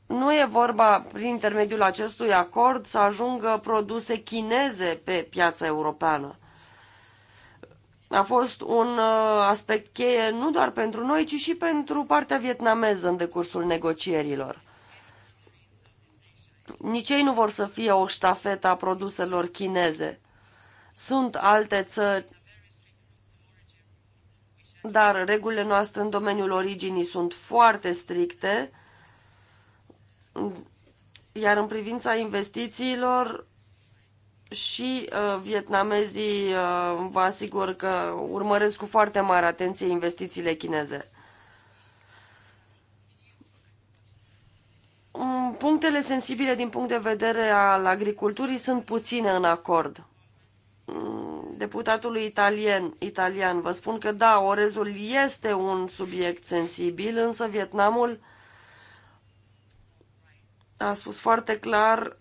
nu e vorba, prin intermediul acestui acord, să ajungă produse chineze pe piața europeană a fost un uh, aspect cheie nu doar pentru noi, ci și pentru partea vietnameză în decursul negocierilor. Nici ei nu vor să fie o ștafetă a produselor chineze. Sunt alte țări, dar regulile noastre în domeniul originii sunt foarte stricte, iar în privința investițiilor, și uh, vietnamezii uh, vă asigur că urmăresc cu foarte mare atenție investițiile chineze. Mm, punctele sensibile din punct de vedere al agriculturii sunt puține în acord. Mm, deputatului italien, italian, vă spun că da, orezul este un subiect sensibil, însă Vietnamul a spus foarte clar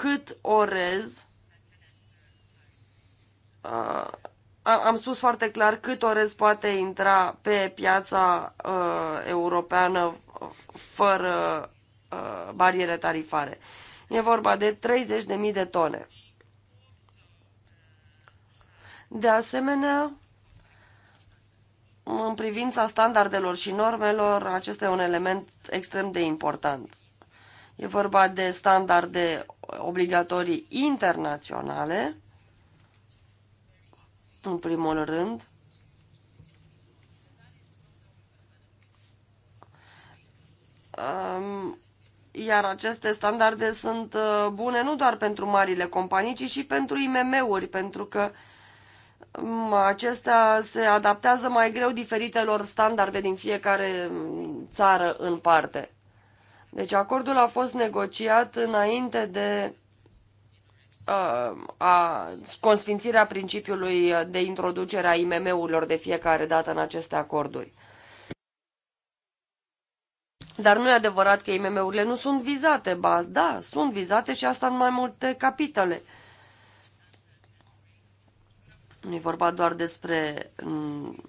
cât orez. Uh, am spus foarte clar cât orez poate intra pe piața uh, europeană uh, fără uh, bariere tarifare. E vorba de 30.000 de tone. De asemenea, în privința standardelor și normelor, acesta e un element extrem de important. E vorba de standarde obligatorii internaționale, în primul rând. Iar aceste standarde sunt uh, bune nu doar pentru marile companii, ci și pentru IMM-uri, pentru că um, acestea se adaptează mai greu diferitelor standarde din fiecare um, țară în parte. Deci acordul a fost negociat înainte de uh, a, consfințirea principiului de introducere a IMM-urilor de fiecare dată în aceste acorduri. Dar nu e adevărat că IMM-urile nu sunt vizate. Ba, da, sunt vizate și asta în mai multe capitole. Nu e vorba doar despre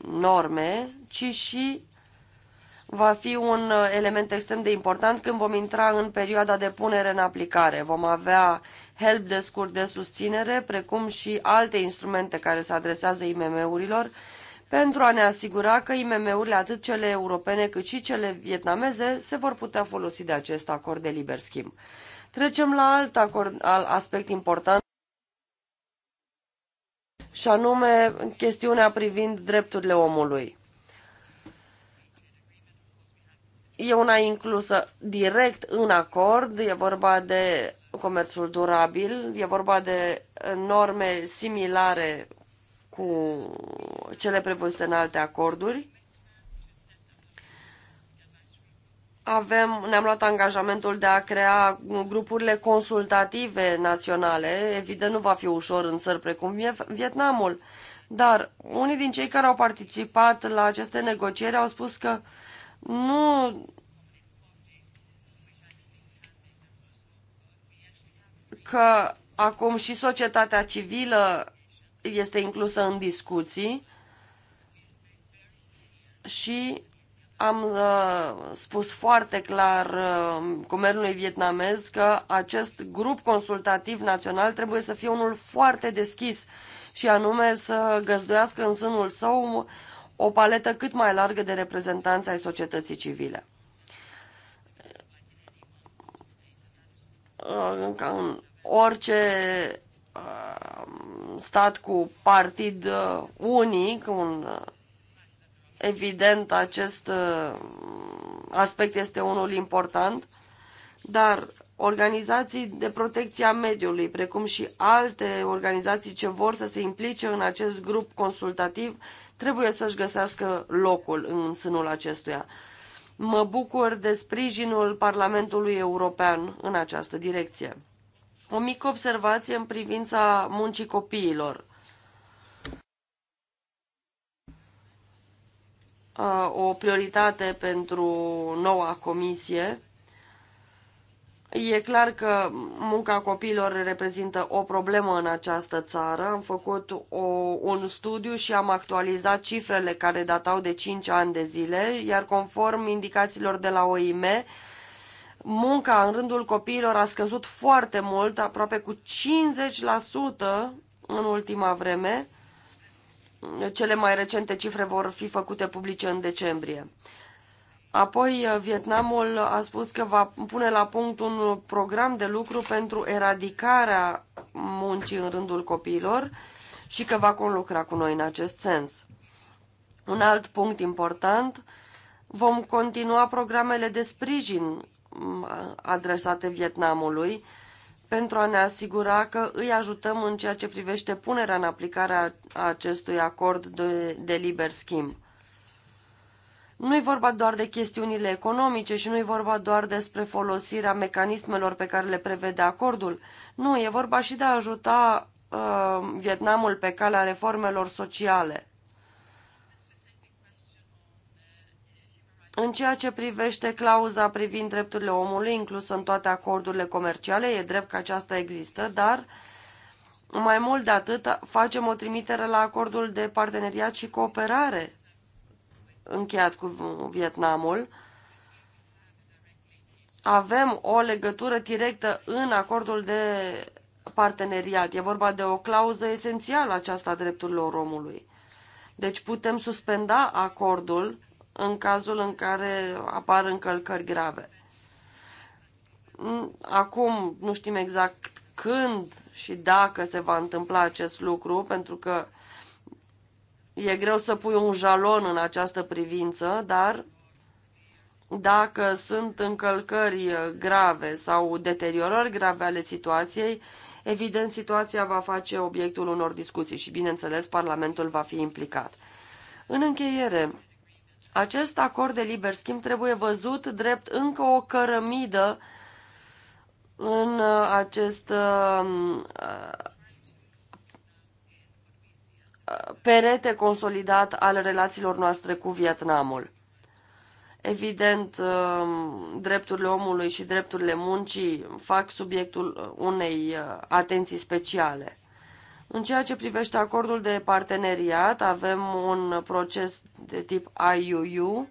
norme, ci și va fi un uh, element extrem de important când vom intra în perioada de punere în aplicare. Vom avea helpdesk-uri de susținere, precum și alte instrumente care se adresează IMM-urilor, pentru a ne asigura că IMM-urile, atât cele europene cât și cele vietnameze, se vor putea folosi de acest acord de liber schimb. Trecem la alt acord, al aspect important, și anume chestiunea privind drepturile omului. e una inclusă direct în acord, e vorba de comerțul durabil, e vorba de norme similare cu cele prevăzute în alte acorduri. Avem, ne-am luat angajamentul de a crea grupurile consultative naționale. Evident, nu va fi ușor în țări precum Vietnamul, dar unii din cei care au participat la aceste negocieri au spus că uh, nu că acum și societatea civilă este inclusă în discuții și am uh, spus foarte clar uh, guvernului vietnamez că acest grup consultativ național trebuie să fie unul foarte deschis și anume să găzduiască în sânul său o paletă cât mai largă de reprezentanți ai societății civile. Uh, în orice uh, stat cu partid uh, unic, un, evident acest aspect este unul important, dar organizații de protecție a mediului, precum și alte organizații ce vor să se implice în acest grup consultativ, trebuie să-și găsească locul în sânul acestuia. Mă bucur de sprijinul Parlamentului European în această direcție. O mică observație în privința muncii copiilor. O prioritate pentru noua comisie E clar că munca copiilor reprezintă o problemă în această țară. Am făcut o, un studiu și am actualizat cifrele care datau de 5 ani de zile, iar conform indicațiilor de la OIM, munca în rândul copiilor a scăzut foarte mult, aproape cu 50% în ultima vreme. Cele mai recente cifre vor fi făcute publice în decembrie. Apoi, uh, Vietnamul a spus că va pune la punct un program de lucru pentru eradicarea muncii în rândul copiilor și că va conlucra cu noi în acest sens. Un alt punct important, vom continua programele de sprijin mm, adresate Vietnamului pentru a ne asigura că îi ajutăm în ceea ce privește punerea în aplicare a acestui acord de, de liber schimb. Nu e vorba doar de chestiunile economice și nu e vorba doar despre folosirea mecanismelor pe care le prevede acordul. Nu, e vorba și de a ajuta uh, Vietnamul pe calea reformelor sociale. În ceea ce privește clauza privind drepturile omului inclusă în toate acordurile comerciale, e drept că aceasta există, dar mai mult de atât facem o trimitere la acordul de parteneriat și cooperare încheiat cu Vietnamul, avem o legătură directă în acordul de parteneriat. E vorba de o clauză esențială aceasta a drepturilor omului. Deci putem suspenda acordul în cazul în care apar încălcări grave. Acum nu știm exact când și dacă se va întâmpla acest lucru, pentru că E greu să pui un jalon în această privință, dar dacă sunt încălcări grave sau deteriorări grave ale situației, evident situația va face obiectul unor discuții și, bineînțeles, Parlamentul va fi implicat. În încheiere, acest acord de liber schimb trebuie văzut drept încă o cărămidă în acest perete consolidat al relațiilor noastre cu Vietnamul. Evident, um, drepturile omului și drepturile muncii fac subiectul unei uh, atenții speciale. În ceea ce privește acordul de parteneriat, avem un proces de tip IUU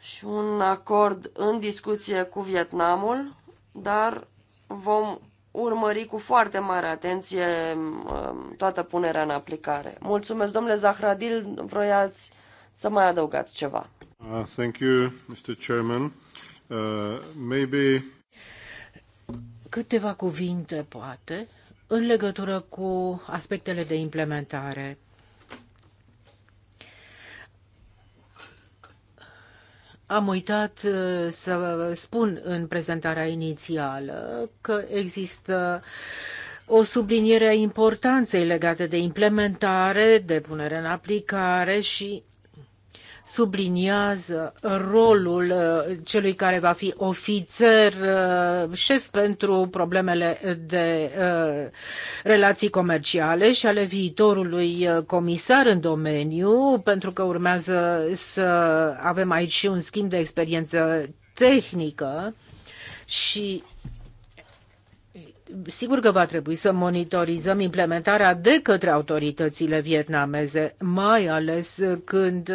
și un acord în discuție cu Vietnamul, dar vom urmări cu foarte mare atenție um, toată punerea în aplicare. Mulțumesc, domnule Zahradil, vroiați să mai adăugați ceva. Uh, thank you, Mr. Chairman. Uh, maybe... Câteva cuvinte, poate, în legătură cu aspectele de implementare. Am uitat uh, să spun în prezentarea inițială că există o subliniere a importanței legate de implementare, de punere în aplicare și subliniază rolul uh, celui care va fi ofițer uh, șef pentru problemele de uh, relații comerciale și ale viitorului comisar în domeniu, pentru că urmează să avem aici și un schimb de experiență tehnică și sigur că va trebui să monitorizăm implementarea de către autoritățile vietnameze, mai ales când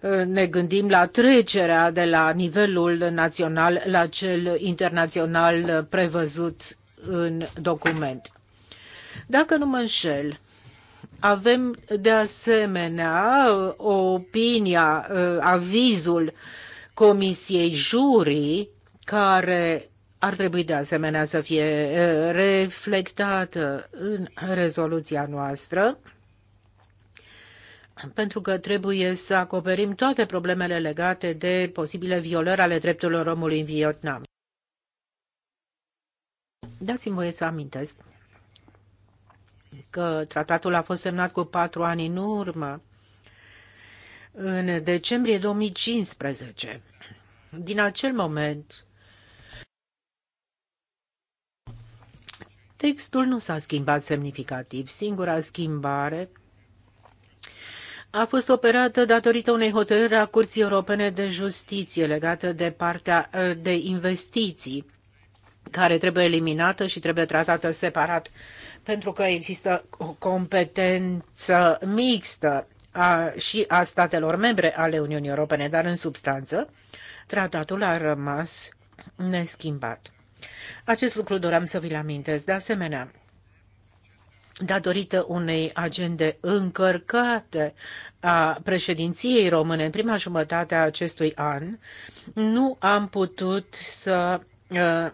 uh, ne gândim la trecerea de la nivelul național la cel internațional prevăzut în document. Dacă nu mă înșel, avem de asemenea uh, opinia, uh, avizul Comisiei Jurii, care ar trebui de asemenea să fie reflectată în rezoluția noastră, pentru că trebuie să acoperim toate problemele legate de posibile violări ale drepturilor omului în Vietnam. Dați-mi voie să amintesc că tratatul a fost semnat cu patru ani în urmă, în decembrie 2015. Din acel moment, Textul nu s-a schimbat semnificativ. Singura schimbare a fost operată datorită unei hotărâri a Curții Europene de Justiție legată de partea de investiții, care trebuie eliminată și trebuie tratată separat, pentru că există o competență mixtă a, și a statelor membre ale Uniunii Europene, dar în substanță tratatul a rămas neschimbat. Acest lucru doream să vi-l amintesc. De asemenea, datorită unei agende încărcate a președinției române în prima jumătate a acestui an, nu am putut să uh,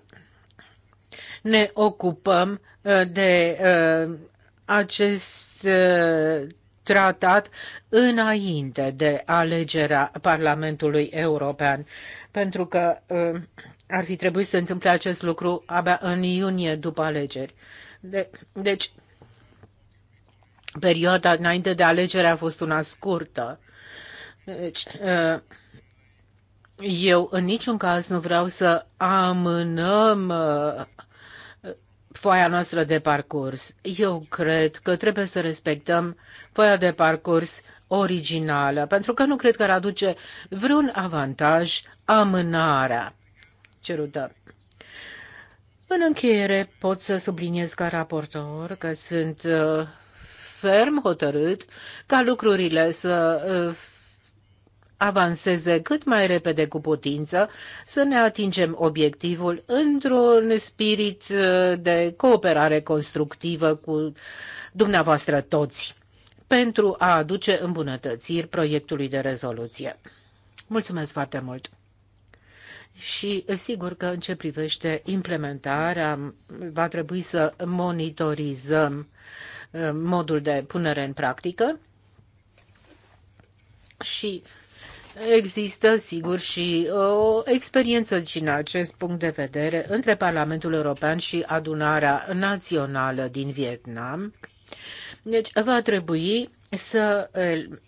ne ocupăm uh, de uh, acest tratat înainte de alegerea Parlamentului European, pentru că ar fi trebuit să întâmple acest lucru abia în iunie după alegeri. De, deci, perioada înainte de alegeri a fost una scurtă. Deci, uh, eu în niciun caz nu vreau să amânăm uh, foaia noastră de parcurs. Eu cred că trebuie să respectăm foaia de parcurs originală, pentru că nu cred că ar aduce vreun avantaj amânarea cerută. În încheiere pot să subliniez ca raportor că sunt uh, ferm hotărât ca lucrurile să uh, avanseze cât mai repede cu putință, să ne atingem obiectivul într-un spirit uh, de cooperare constructivă cu dumneavoastră toți pentru a aduce îmbunătățiri proiectului de rezoluție. Mulțumesc foarte mult! și sigur că în ce privește implementarea va trebui să monitorizăm uh, modul de punere în practică și Există, sigur, și uh, o experiență din acest punct de vedere între Parlamentul European și adunarea națională din Vietnam. Deci va trebui să uh,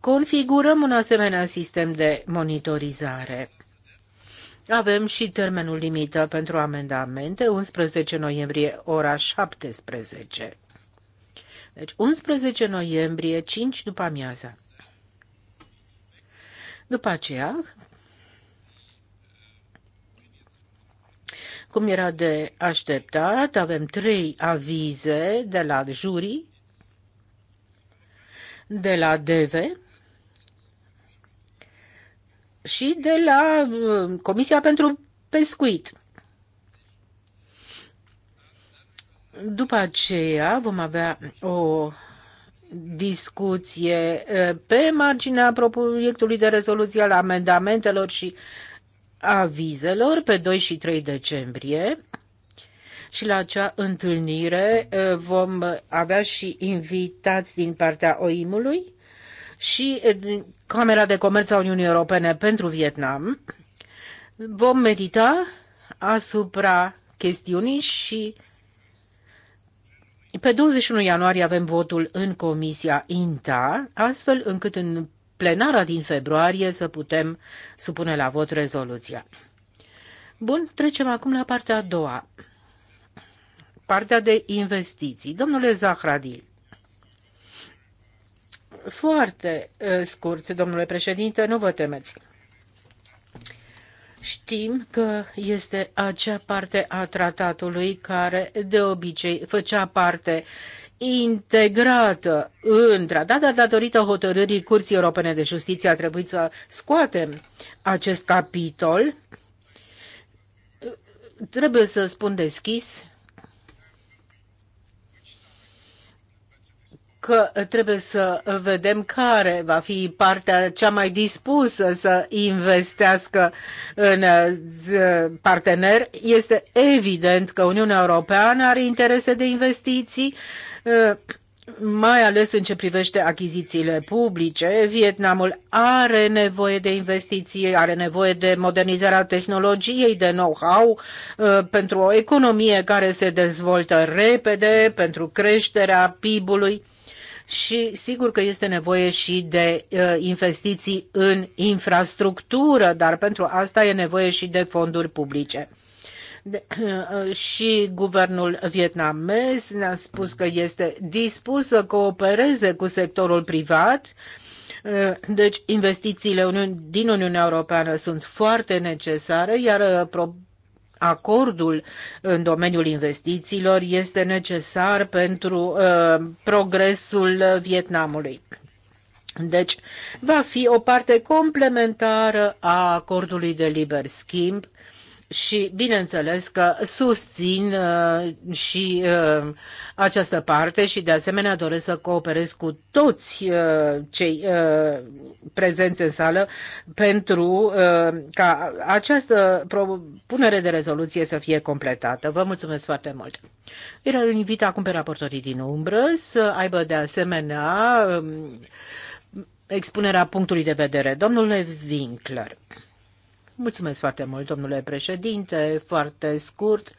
configurăm un asemenea sistem de monitorizare. Avem și termenul limită pentru amendamente, 11 noiembrie, ora 17. Deci 11 noiembrie, 5 după amiaza. După aceea, cum era de așteptat, avem trei avize de la jurii, de la DV și de la uh, Comisia pentru Pescuit. După aceea vom avea o discuție uh, pe marginea proiectului de rezoluție al amendamentelor și avizelor pe 2 și 3 decembrie și la acea întâlnire uh, vom avea și invitați din partea OIM-ului și Camera de Comerț a Uniunii Europene pentru Vietnam, vom medita asupra chestiunii și pe 21 ianuarie avem votul în Comisia INTA, astfel încât în plenara din februarie să putem supune la vot rezoluția. Bun, trecem acum la partea a doua. Partea de investiții. Domnule Zahradil, foarte eh, scurt, domnule președinte, nu vă temeți. Știm că este acea parte a tratatului care de obicei făcea parte integrată în tratat, dar datorită hotărârii Curții Europene de Justiție a trebuit să scoatem acest capitol. Trebuie să spun deschis că trebuie să vedem care va fi partea cea mai dispusă să investească în ă, parteneri. Este evident că Uniunea Europeană are interese de investiții, ă, mai ales în ce privește achizițiile publice. Vietnamul are nevoie de investiții, are nevoie de modernizarea tehnologiei, de know-how ă, pentru o economie care se dezvoltă repede, pentru creșterea PIB-ului și sigur că este nevoie și de uh, investiții în infrastructură, dar pentru asta e nevoie și de fonduri publice. De, uh, și guvernul vietnamez ne-a spus că este dispus să coopereze cu sectorul privat. Uh, deci investițiile din Uniunea Europeană sunt foarte necesare, iar acordul în domeniul investițiilor este necesar pentru uh, progresul Vietnamului. Deci, va fi o parte complementară a acordului de liber schimb și bineînțeles că susțin uh, și uh, această parte și de asemenea doresc să cooperez cu toți uh, cei uh, prezenți în sală pentru uh, ca această propunere de rezoluție să fie completată. Vă mulțumesc foarte mult. Îl invit acum pe raportorii din umbră să aibă de asemenea uh, expunerea punctului de vedere. Domnule Winkler. Mulțumesc foarte mult, domnule președinte. Foarte scurt,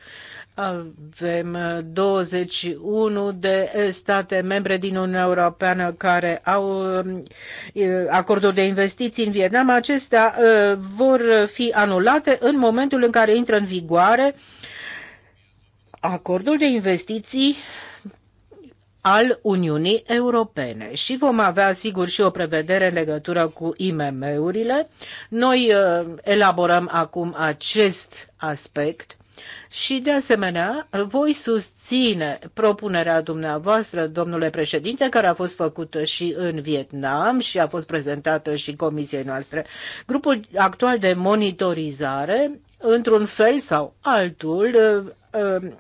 avem 21 de state membre din Uniunea Europeană care au acorduri de investiții în Vietnam. Acestea vor fi anulate în momentul în care intră în vigoare acordul de investiții al Uniunii Europene și vom avea sigur și o prevedere în legătură cu IMM-urile. Noi uh, elaborăm acum acest aspect și, de asemenea, voi susține propunerea dumneavoastră, domnule președinte, care a fost făcută și în Vietnam și a fost prezentată și comisiei noastre. Grupul actual de monitorizare într-un fel sau altul, uh, uh,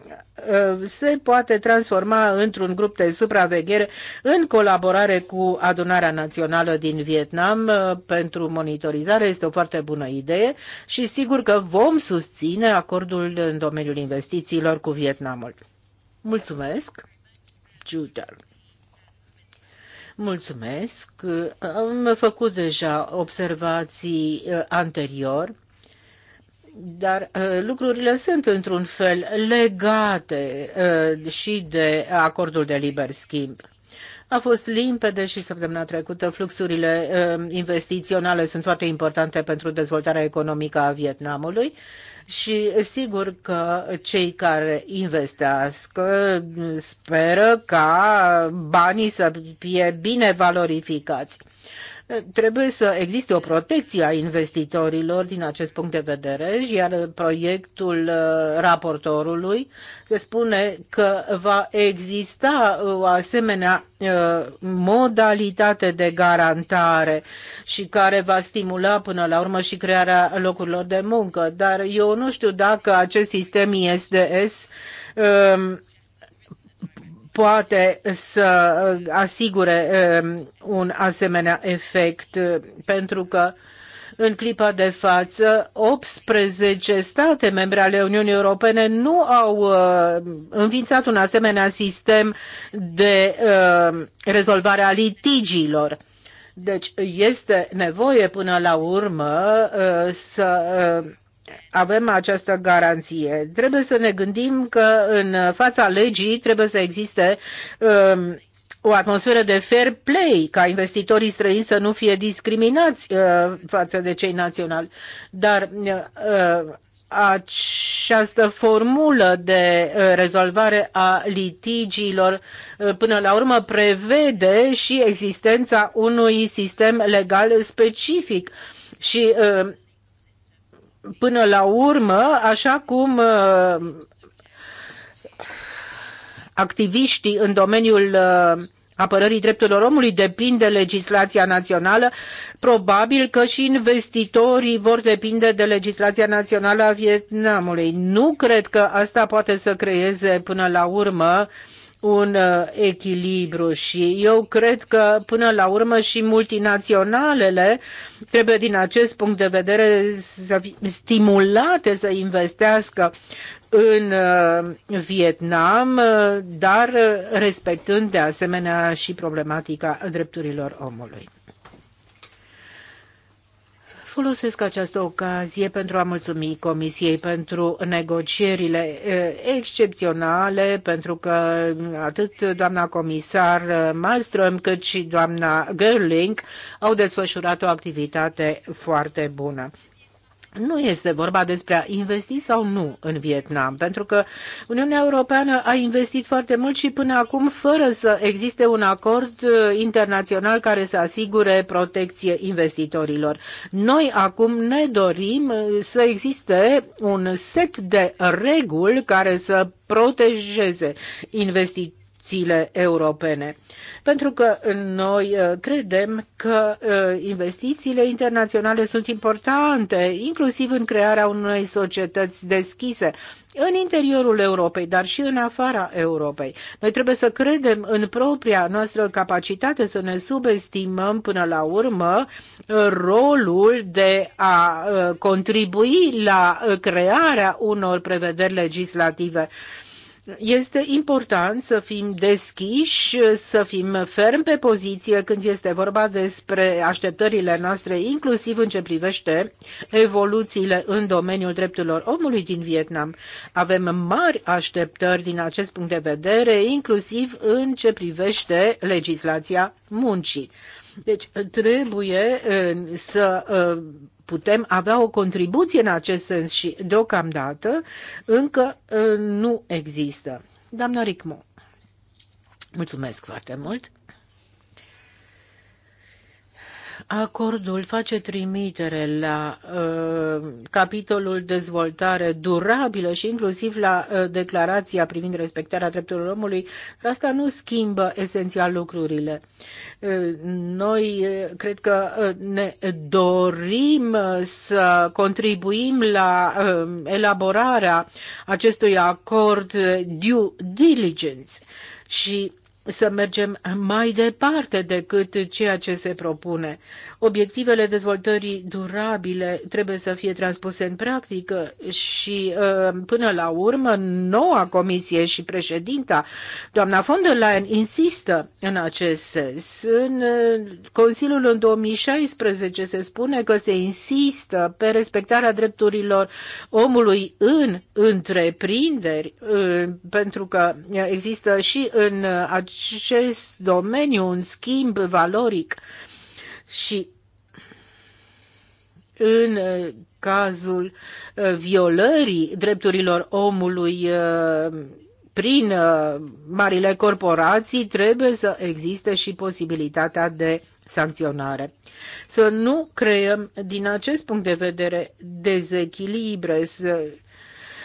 uh, se poate transforma într-un grup de supraveghere în colaborare cu Adunarea Națională din Vietnam pentru monitorizare. Este o foarte bună idee și sigur că vom susține acordul în domeniul investițiilor cu Vietnamul. Mulțumesc, Judel. Mulțumesc. Am făcut deja observații anterior dar uh, lucrurile sunt într-un fel legate uh, și de acordul de liber schimb. A fost limpede și săptămâna trecută fluxurile uh, investiționale sunt foarte importante pentru dezvoltarea economică a Vietnamului și sigur că cei care investească speră ca banii să fie bine valorificați. Trebuie să existe o protecție a investitorilor din acest punct de vedere, iar proiectul uh, raportorului se spune că va exista uh, o asemenea uh, modalitate de garantare și care va stimula până la urmă și crearea locurilor de muncă. Dar eu nu știu dacă acest sistem ISDS poate să uh, asigure um, un asemenea efect, uh, pentru că în clipa de față, 18 state membre ale Uniunii Europene nu au uh, înființat un asemenea sistem de uh, rezolvare a litigiilor. Deci este nevoie până la urmă uh, să uh, avem această garanție. Trebuie să ne gândim că în fața legii trebuie să existe um, o atmosferă de fair play, ca investitorii străini să nu fie discriminați uh, față de cei naționali. Dar uh, această formulă de uh, rezolvare a litigiilor uh, până la urmă prevede și existența unui sistem legal specific și uh, până la urmă, așa cum uh, activiștii în domeniul uh, apărării drepturilor omului depinde legislația națională, probabil că și investitorii vor depinde de legislația națională a Vietnamului. Nu cred că asta poate să creeze până la urmă uh, un uh, echilibru și eu cred că până la urmă și multinaționalele trebuie din acest punct de vedere să fie stimulate să investească în uh, Vietnam, uh, dar respectând de asemenea și problematica drepturilor omului. Folosesc această ocazie pentru a mulțumi Comisiei pentru negocierile excepționale, pentru că atât doamna comisar Malmström cât și doamna Gerling au desfășurat o activitate foarte bună nu este vorba despre a investi sau nu în Vietnam, pentru că Uniunea Europeană a investit foarte mult și până acum fără să existe un acord uh, internațional care să asigure protecție investitorilor. Noi acum ne dorim uh, să existe un set de reguli care să protejeze investitorii instituțiile europene. Pentru că noi uh, credem că uh, investițiile internaționale sunt importante, inclusiv în crearea unei societăți deschise în interiorul Europei, dar și în afara Europei. Noi trebuie să credem în propria noastră capacitate să ne subestimăm până la urmă rolul de a uh, contribui la crearea unor prevederi legislative este important să fim deschiși, să fim ferm pe poziție când este vorba despre așteptările noastre, inclusiv în ce privește evoluțiile în domeniul drepturilor omului din Vietnam. Avem mari așteptări din acest punct de vedere, inclusiv în ce privește legislația muncii. Deci trebuie uh, să uh, putem avea o contribuție în acest sens și deocamdată încă uh, nu există. Doamna Ricmo, mulțumesc foarte mult. Acordul face trimitere la uh, capitolul dezvoltare durabilă și inclusiv la uh, declarația privind respectarea drepturilor omului, asta nu schimbă esențial lucrurile. Uh, noi uh, cred că uh, ne dorim uh, să contribuim la uh, elaborarea acestui acord uh, due diligence și să mergem mai departe decât ceea ce se propune. Obiectivele dezvoltării durabile trebuie să fie transpuse în practică și uh, până la urmă noua comisie și președinta, doamna von der Leyen, insistă în acest sens. În uh, Consiliul în 2016 se spune că se insistă pe respectarea drepturilor omului în întreprinderi, uh, pentru că există și în acest domeniu un schimb valoric și în uh, cazul uh, violării drepturilor omului uh, prin marile corporații trebuie să existe și posibilitatea de sancționare. Să nu creăm din acest punct de vedere dezechilibre, să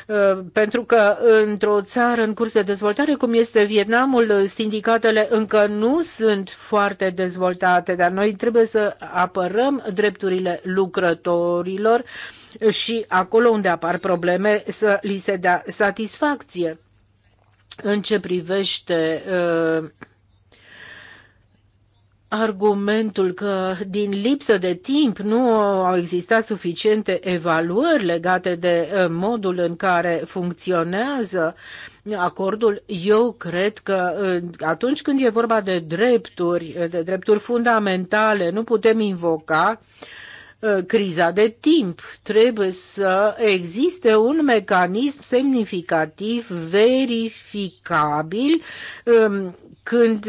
Uh, pentru că într-o țară în curs de dezvoltare, cum este Vietnamul, sindicatele încă nu sunt foarte dezvoltate, dar noi trebuie să apărăm drepturile lucrătorilor și acolo unde apar probleme să li se dea satisfacție. În ce privește uh, argumentul că din lipsă de timp nu au existat suficiente evaluări legate de uh, modul în care funcționează acordul, eu cred că uh, atunci când e vorba de drepturi, uh, de drepturi fundamentale, nu putem invoca criza de timp. Trebuie să existe un mecanism semnificativ, verificabil, um, când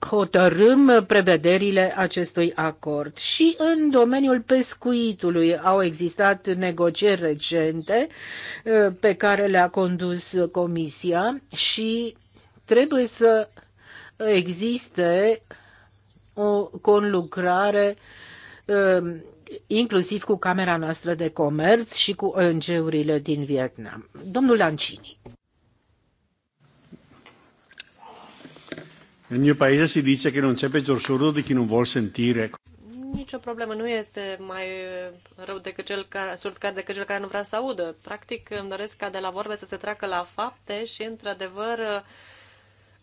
hotărâm prevederile acestui acord. Și în domeniul pescuitului au existat negocieri recente uh, pe care le-a condus Comisia și trebuie să existe o conlucrare uh, inclusiv cu Camera noastră de Comerț și cu ONG-urile din Vietnam. Domnul Lancini. Nel mio paese si dice che non c'è peggior sordo di chi non vuol sentire. Nicio problemă, nu este mai rău decât cel care, surd care decât cel care nu vrea să audă. Practic îmi doresc ca de la vorbe să se treacă la fapte și, într-adevăr,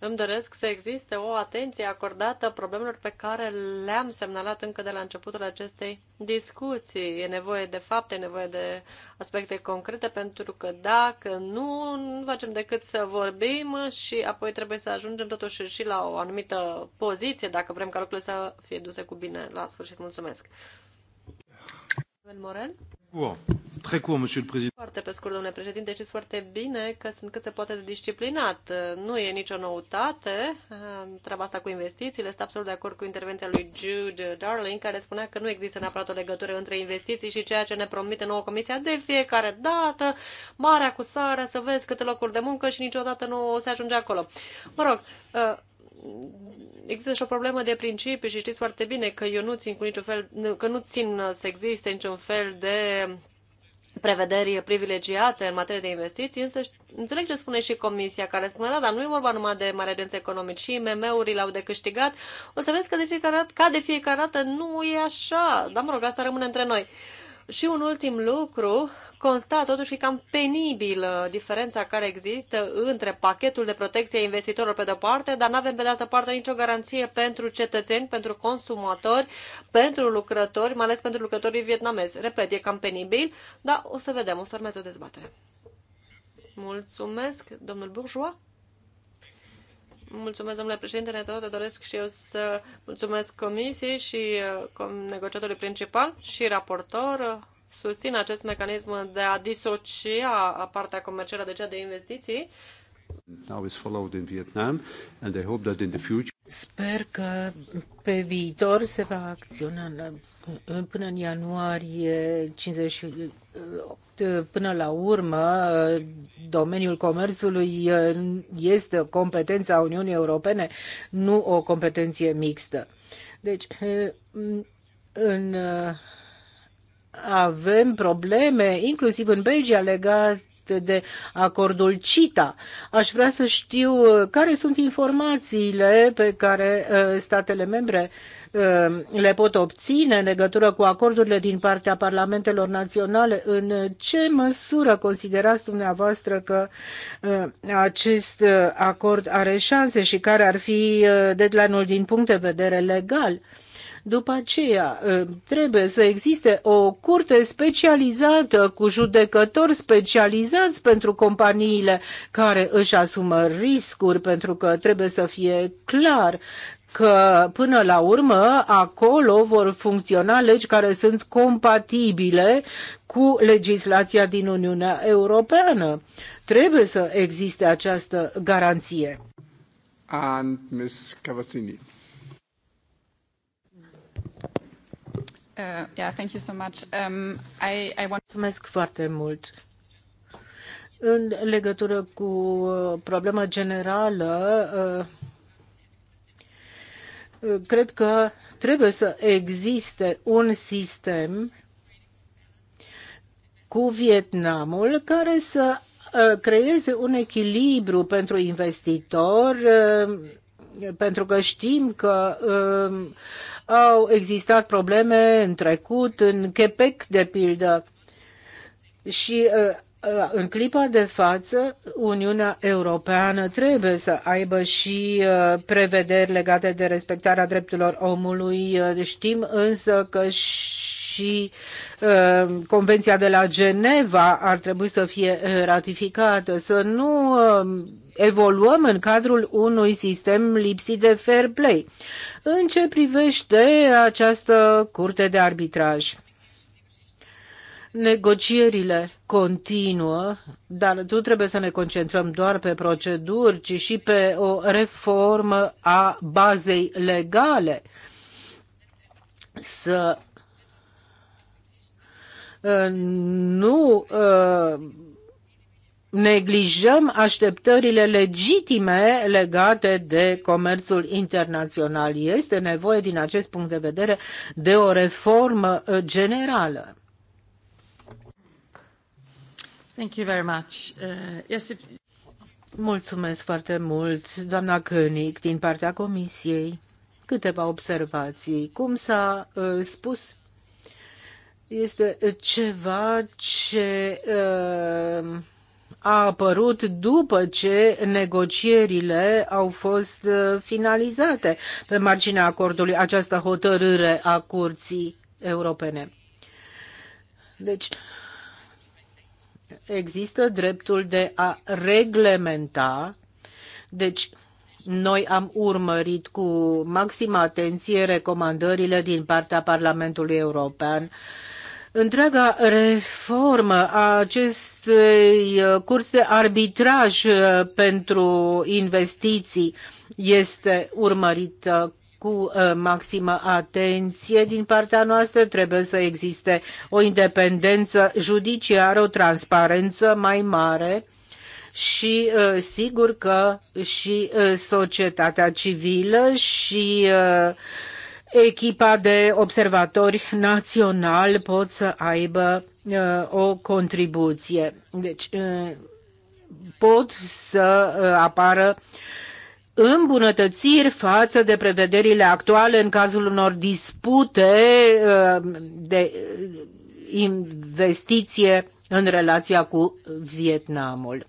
îmi doresc să existe o atenție acordată problemelor pe care le-am semnalat încă de la începutul acestei discuții. E nevoie de fapte, e nevoie de aspecte concrete, pentru că dacă nu, nu facem decât să vorbim și apoi trebuie să ajungem totuși și la o anumită poziție, dacă vrem ca lucrurile să fie duse cu bine la sfârșit. Mulțumesc! Morel? Bun. Très court, monsieur le président. Foarte pe scurt, domnule președinte, știți foarte bine că sunt cât se poate de disciplinat. Nu e nicio noutate treaba asta cu investițiile. Sunt absolut de acord cu intervenția lui Jude Darling, care spunea că nu există neapărat o legătură între investiții și ceea ce ne promite nouă comisia de fiecare dată, marea cu sarea, să vezi câte locuri de muncă și niciodată nu se ajunge acolo. Mă rog, ă, există și o problemă de principiu și știți foarte bine că eu nu țin cu niciun fel, că nu țin să existe niciun fel de prevederi privilegiate în materie de investiții, însă înțeleg ce spune și Comisia, care spune, da, dar nu e vorba numai de mare agenți economici, și MM-urile au de câștigat. O să vezi că de fiecare dată, ca de fiecare dată nu e așa. Dar mă rog, asta rămâne între noi. Și un ultim lucru, consta totuși că cam penibil uh, diferența care există între pachetul de protecție a investitorilor pe de-o parte, dar nu avem pe de altă parte nicio garanție pentru cetățeni, pentru consumatori, pentru lucrători, mai ales pentru lucrătorii vietnamezi. Repet, e cam penibil, dar o să vedem, o să urmeze o dezbatere. Mulțumesc, domnul Bourgeois. Mulțumesc, domnule președinte, tot doresc și eu să mulțumesc comisiei și uh, negociatorului principal și raportor. Susțin acest mecanism de a disocia partea comercială de deci cea de investiții Sper că pe viitor se va acționa până în ianuarie 58, până la urmă domeniul comerțului uh, este competența Uniunii Europene, nu o competenție mixtă. Deci uh, în uh, avem probleme, inclusiv în Belgia, legate de acordul CITA. Aș vrea să știu uh, care sunt informațiile pe care uh, statele membre uh, le pot obține în legătură cu acordurile din partea parlamentelor naționale. În ce măsură considerați dumneavoastră că acest acord are șanse și care ar fi deadline-ul din punct de vedere legal? După aceea, ă, trebuie să existe o curte specializată cu judecători specializați pentru companiile care își asumă riscuri, pentru că trebuie să fie clar că până la urmă acolo vor funcționa legi care sunt compatibile cu legislația din Uniunea Europeană. Trebuie să existe această garanție. And Ms. Cavazzini. Mulțumesc foarte mult. În legătură cu uh, problema generală, uh, uh, cred că trebuie să existe un sistem cu Vietnamul care să creeze un echilibru pentru investitori pentru că știm că um, au existat probleme în trecut, în Quebec, de pildă. Și uh, uh, în clipa de față, Uniunea Europeană trebuie să aibă și uh, prevederi legate de respectarea drepturilor omului. Știm însă că și Convenția de la Geneva ar trebui să fie ratificată, să nu um, evoluăm în cadrul unui sistem lipsit de fair play. În ce privește această curte de arbitraj? Negocierile continuă, dar nu trebuie să ne concentrăm doar pe proceduri, ci și pe o reformă a bazei legale. Să uh, nu uh, neglijăm așteptările legitime legate de comerțul internațional. Este nevoie, din acest punct de vedere, de o reformă uh, generală. Thank you very much. Uh, yes, if... Mulțumesc foarte mult, doamna König, din partea Comisiei. Câteva observații. Cum s-a uh, spus, este uh, ceva ce uh, a apărut după ce negocierile au fost uh, finalizate pe marginea acordului, această hotărâre a Curții Europene. Deci, există dreptul de a reglementa, deci noi am urmărit cu maximă atenție recomandările din partea Parlamentului European uh, Întreaga reformă a acestei uh, curs de arbitraj uh, pentru investiții este urmărită cu uh, maximă atenție din partea noastră. Trebuie să existe o independență judiciară, o transparență mai mare și sigur că și societatea civilă și uh, echipa de observatori național pot să aibă uh, o contribuție. Deci uh, pot să uh, apară îmbunătățiri față de prevederile actuale în cazul unor dispute de investiție în relația cu Vietnamul.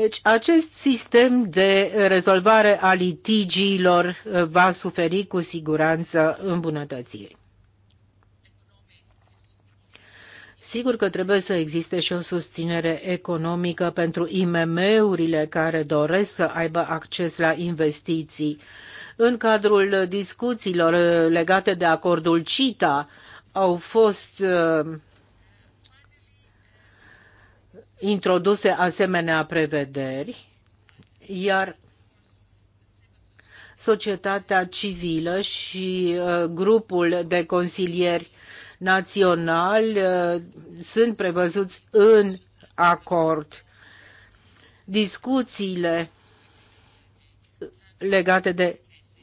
Deci acest sistem de rezolvare a litigiilor uh, va suferi cu siguranță îmbunătățiri. Sigur că trebuie să existe și o susținere economică pentru IMM-urile care doresc să aibă acces la investiții. În cadrul discuțiilor uh, legate de acordul CITA au fost uh, introduse asemenea prevederi, iar societatea civilă și uh, grupul de consilieri naționali uh, sunt prevăzuți în acord. Discuțiile legate de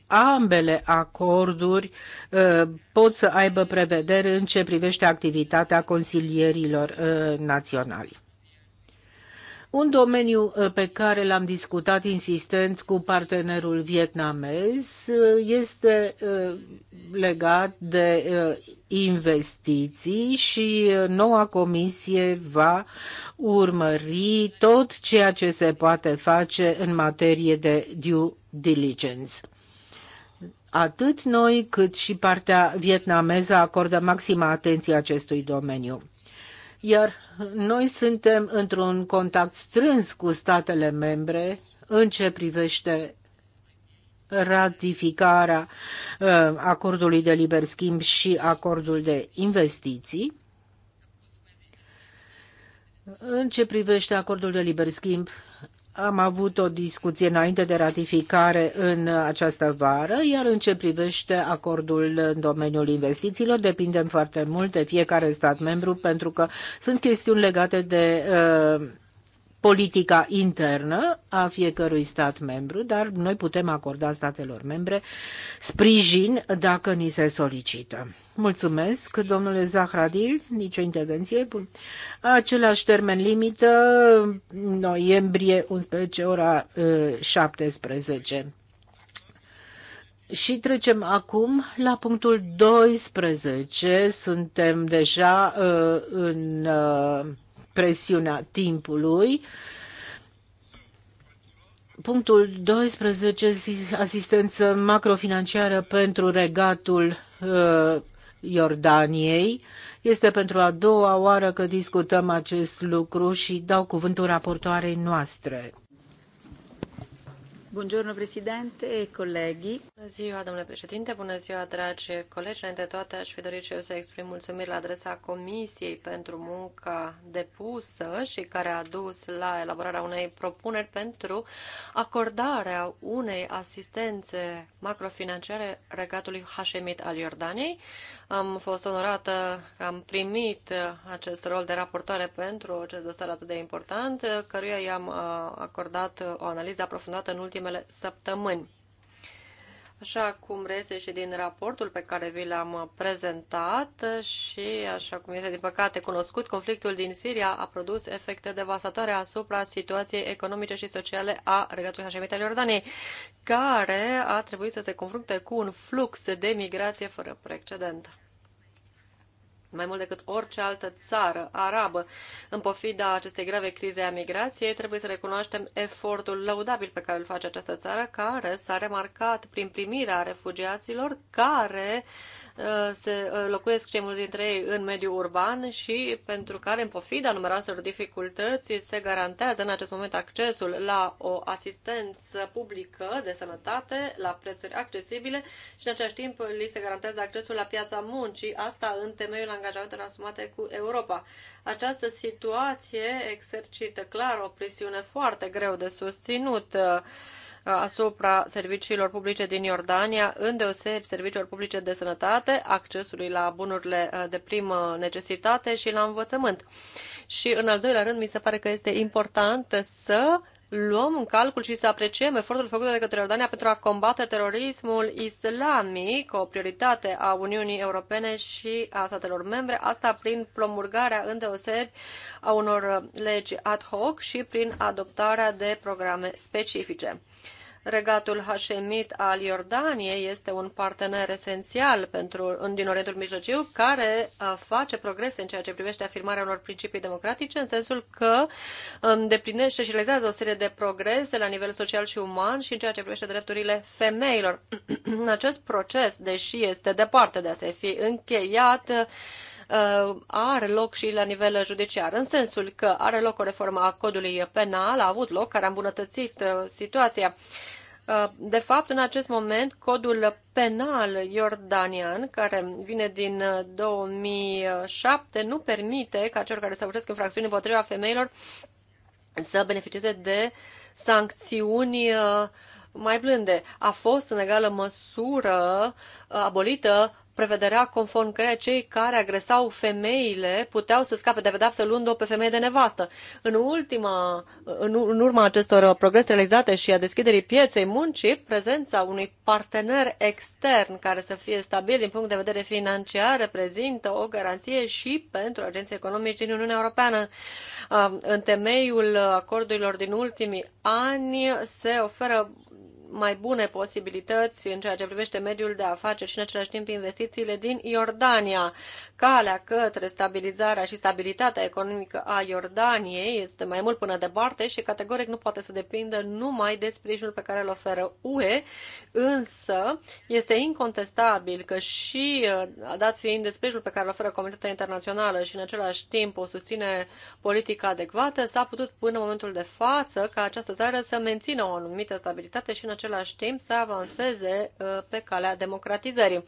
ambele acorduri uh, pot să aibă prevedere în ce privește activitatea consilierilor naționali. Un domeniu uh, pe care l-am discutat insistent cu partenerul vietnamez uh, este uh, legat de investiții și noua comisie va urmări tot ceea ce se poate face în materie de due diligence. Atât noi cât și partea vietnameză acordă maximă atenție acestui domeniu. Iar noi suntem într-un contact strâns cu statele membre în ce privește ratificarea uh, acordului de liber schimb și acordul de investiții. În ce privește acordul de liber schimb, am avut o discuție înainte de ratificare în această vară, iar în ce privește acordul în domeniul investițiilor, depindem foarte mult de fiecare stat membru, pentru că sunt chestiuni legate de uh, politica internă a fiecărui stat membru, dar noi putem acorda statelor membre sprijin dacă ni se solicită. Mulțumesc, domnule Zahradil, nicio intervenție. Bun. Același termen limită, noiembrie 11, ora 17. Și trecem acum la punctul 12. Suntem deja uh, în uh, presiunea timpului. Punctul 12, asistență macrofinanciară pentru regatul uh, Iordaniei. Este pentru a doua oară că discutăm acest lucru și dau cuvântul raportoarei noastre. Buongiorno, Presidente colegi. Bună ziua, domnule președinte, bună ziua, dragi colegi. Înainte de toate, aș fi dorit și eu să exprim mulțumiri la adresa Comisiei pentru munca depusă și care a dus la elaborarea unei propuneri pentru acordarea unei asistențe macrofinanciare regatului Hashemit al Iordaniei am fost onorată că am primit acest rol de raportoare pentru acest dosar atât de important, căruia i-am uh, acordat o analiză aprofundată în ultimele săptămâni. Așa cum reiese și din raportul pe care vi l-am prezentat și așa cum este din păcate cunoscut, conflictul din Siria a produs efecte devastatoare asupra situației economice și sociale a Regatului Hașemit al Iordaniei, care a trebuit să se confrunte cu un flux de migrație fără precedent mai mult decât orice altă țară arabă, în pofida acestei grave crize a migrației, trebuie să recunoaștem efortul laudabil pe care îl face această țară, care s-a remarcat prin primirea refugiaților, care Uh, se uh, locuiesc cei mulți dintre ei în mediul urban și pentru care, în pofida numeroaselor dificultăți, se garantează în acest moment accesul la o asistență publică de sănătate la prețuri accesibile și, în același timp, li se garantează accesul la piața muncii, asta în temeiul angajamentelor asumate cu Europa. Această situație exercită clar o presiune foarte greu de susținut asupra serviciilor publice din Iordania, îndeoseb serviciilor publice de sănătate, accesului la bunurile uh, de primă necesitate și la învățământ. Și în al doilea rând, mi se pare că este important să luăm în calcul și să apreciem efortul făcut de către Iordania pentru a combate terorismul islamic, o prioritate a Uniunii Europene și a statelor membre, asta prin promulgarea în deosebi a unor legi ad hoc și prin adoptarea de programe specifice. Regatul Hashemit al Iordaniei este un partener esențial pentru, din Orientul Mijlociu care face progrese în ceea ce privește afirmarea unor principii democratice în sensul că um, îndeplinește și realizează o serie de progrese la nivel social și uman și în ceea ce privește drepturile femeilor. Acest proces, deși este departe de a se fi încheiat, Uh, are loc și la nivel judiciar, în sensul că are loc o reformă a codului penal, a avut loc, care a îmbunătățit uh, situația. Uh, de fapt, în acest moment, codul penal iordanian, care vine din 2007, nu permite ca celor care săvârșesc infracțiuni împotriva femeilor să beneficieze de sancțiuni mai blânde. A fost în egală măsură abolită prevederea conform căreia cei care agresau femeile puteau să scape de pedeapsă luând-o pe femeie de nevastă. În, ultima, în, în urma acestor progrese realizate și a deschiderii pieței muncii, prezența unui partener extern care să fie stabil din punct de vedere financiar reprezintă o garanție și pentru agenții economici din Uniunea Europeană. În temeiul acordurilor din ultimii ani se oferă mai bune posibilități în ceea ce privește mediul de afaceri și în același timp investițiile din Iordania. Calea către stabilizarea și stabilitatea economică a Iordaniei este mai mult până departe și categoric nu poate să depindă numai de sprijinul pe care îl oferă UE, însă este incontestabil că și uh, dat fiind de sprijinul pe care îl oferă comunitatea internațională și în același timp o susține politică adecvată, s-a putut până în momentul de față ca această țară să mențină o anumită stabilitate și în același timp să avanseze uh, pe calea democratizării.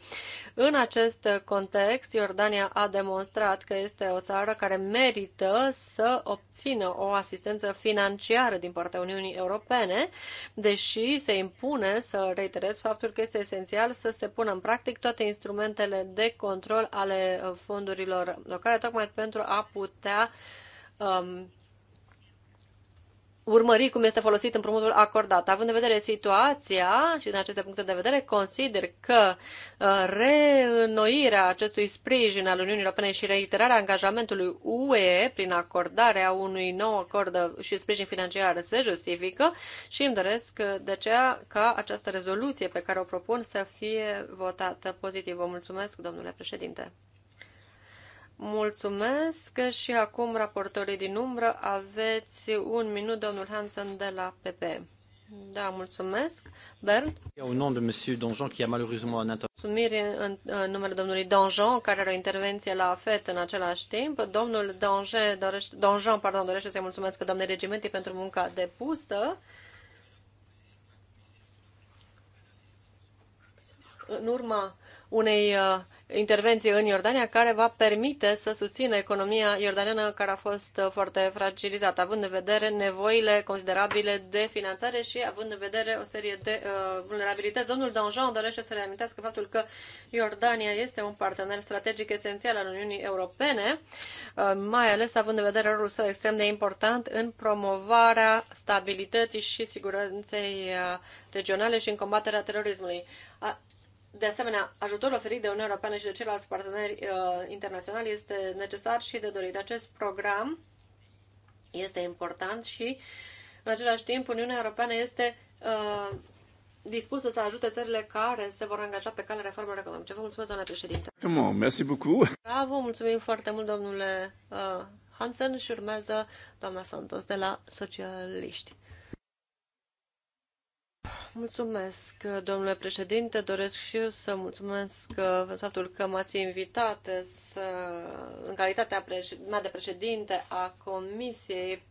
În acest context, Iordania a demonstrat că este o țară care merită să obțină o asistență financiară din partea Uniunii Europene, deși se impune să reiterez faptul că este esențial să se pună în practic toate instrumentele de control ale uh, fondurilor locale, tocmai pentru a putea um, urmări cum este folosit împrumutul acordat. Având în vedere situația și din aceste puncte de vedere, consider că uh, reînnoirea acestui sprijin al Uniunii Europene și reiterarea angajamentului UE prin acordarea unui nou acord și sprijin financiar se justifică și îmi doresc uh, de aceea ca această rezoluție pe care o propun să fie votată pozitiv. Vă mulțumesc, domnule președinte. Mulțumesc și acum raportorii din umbră aveți un minut, domnul Hansen de la PP. Da, mulțumesc. Bernd? Un nume, de monsieur Donjon, qui malheureusement inter... în, în numele domnului Donjon, care are o intervenție la FET în același timp. Domnul Donjon dorește, Donjon, pardon, dorește să-i mulțumesc doamnei regimentii pentru munca depusă. În urma unei uh, intervenție în Iordania care va permite să susțină economia iordaneană care a fost uh, foarte fragilizată, având în vedere nevoile considerabile de finanțare și având în vedere o serie de uh, vulnerabilități. Domnul Danjean dorește să reamintească faptul că Iordania este un partener strategic esențial al Uniunii Europene, uh, mai ales având în vedere rolul său extrem de important în promovarea stabilității și siguranței uh, regionale și în combaterea terorismului. A de asemenea, ajutorul oferit de Uniunea Europeană și de ceilalți parteneri uh, internaționali este necesar și de dorit. Acest program este important și, în același timp, Uniunea Europeană este uh, dispusă să ajute țările care se vor angaja pe calea reformelor economice. Vă mulțumesc, doamna președinte. Come merci beaucoup. Bravo, mulțumim foarte mult, domnule uh, Hansen, și urmează doamna Santos de la Socialiști. Mulțumesc, domnule președinte. Doresc și eu să mulțumesc uh, pentru faptul că m-ați invitat uh, să, în calitatea mea de președinte a Comisiei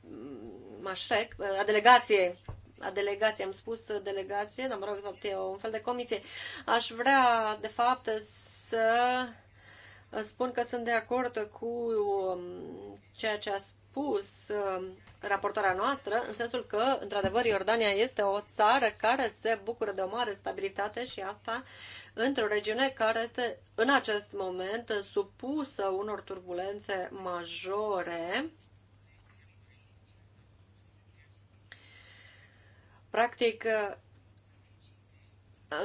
mm, Mașrec, uh, a delegației a delegației, am spus delegație, dar mă rog, de fapt e un fel de comisie. Aș vrea, de fapt, să spun că sunt de acord cu um, ceea ce a spus spus um, raportoarea noastră, în sensul că, într-adevăr, Iordania este o țară care se bucură de o mare stabilitate și asta într-o regiune care este, în acest moment, supusă unor turbulențe majore. Practic,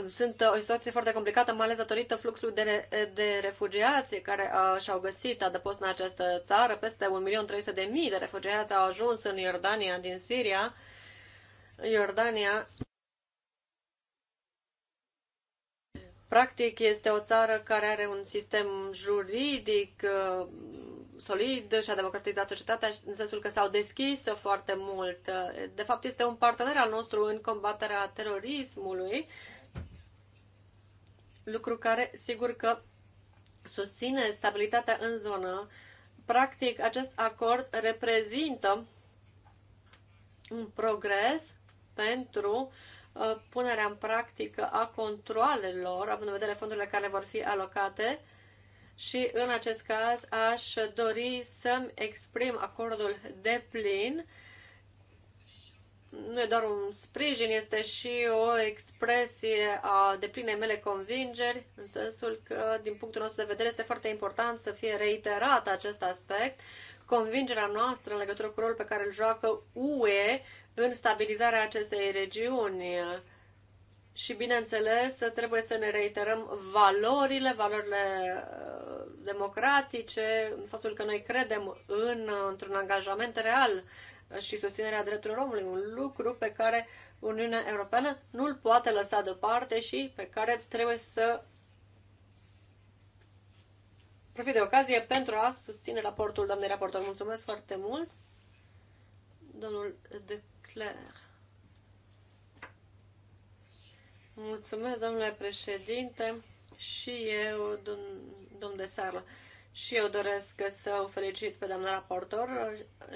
sunt o situație foarte complicată, mai ales datorită fluxului de, de refugiați care și-au găsit adăpost în această țară. Peste 1.300.000 de refugiați au ajuns în Iordania din Siria. Iordania practic este o țară care are un sistem juridic uh, solid și a democratizat societatea în sensul că s-au deschis foarte mult. De fapt, este un partener al nostru în combaterea terorismului lucru care, sigur că susține stabilitatea în zonă. Practic, acest acord reprezintă un progres pentru uh, punerea în practică a controalelor, având în vedere fondurile care vor fi alocate și în acest caz aș dori să-mi exprim acordul de plin nu e doar un sprijin, este și o expresie a deplinei mele convingeri, în sensul că, din punctul nostru de vedere, este foarte important să fie reiterat acest aspect, convingerea noastră în legătură cu rolul pe care îl joacă UE în stabilizarea acestei regiuni. Și, bineînțeles, trebuie să ne reiterăm valorile, valorile uh, democratice, faptul că noi credem în, într-un angajament real și susținerea drepturilor omului, un lucru pe care Uniunea Europeană nu îl poate lăsa deoparte și pe care trebuie să profit de ocazie pentru a susține raportul doamnei raportor. Mulțumesc foarte mult, domnul de Cler. Mulțumesc, domnule președinte, și eu, domn, domn de Sarlă. Și eu doresc să o felicit pe doamna raportor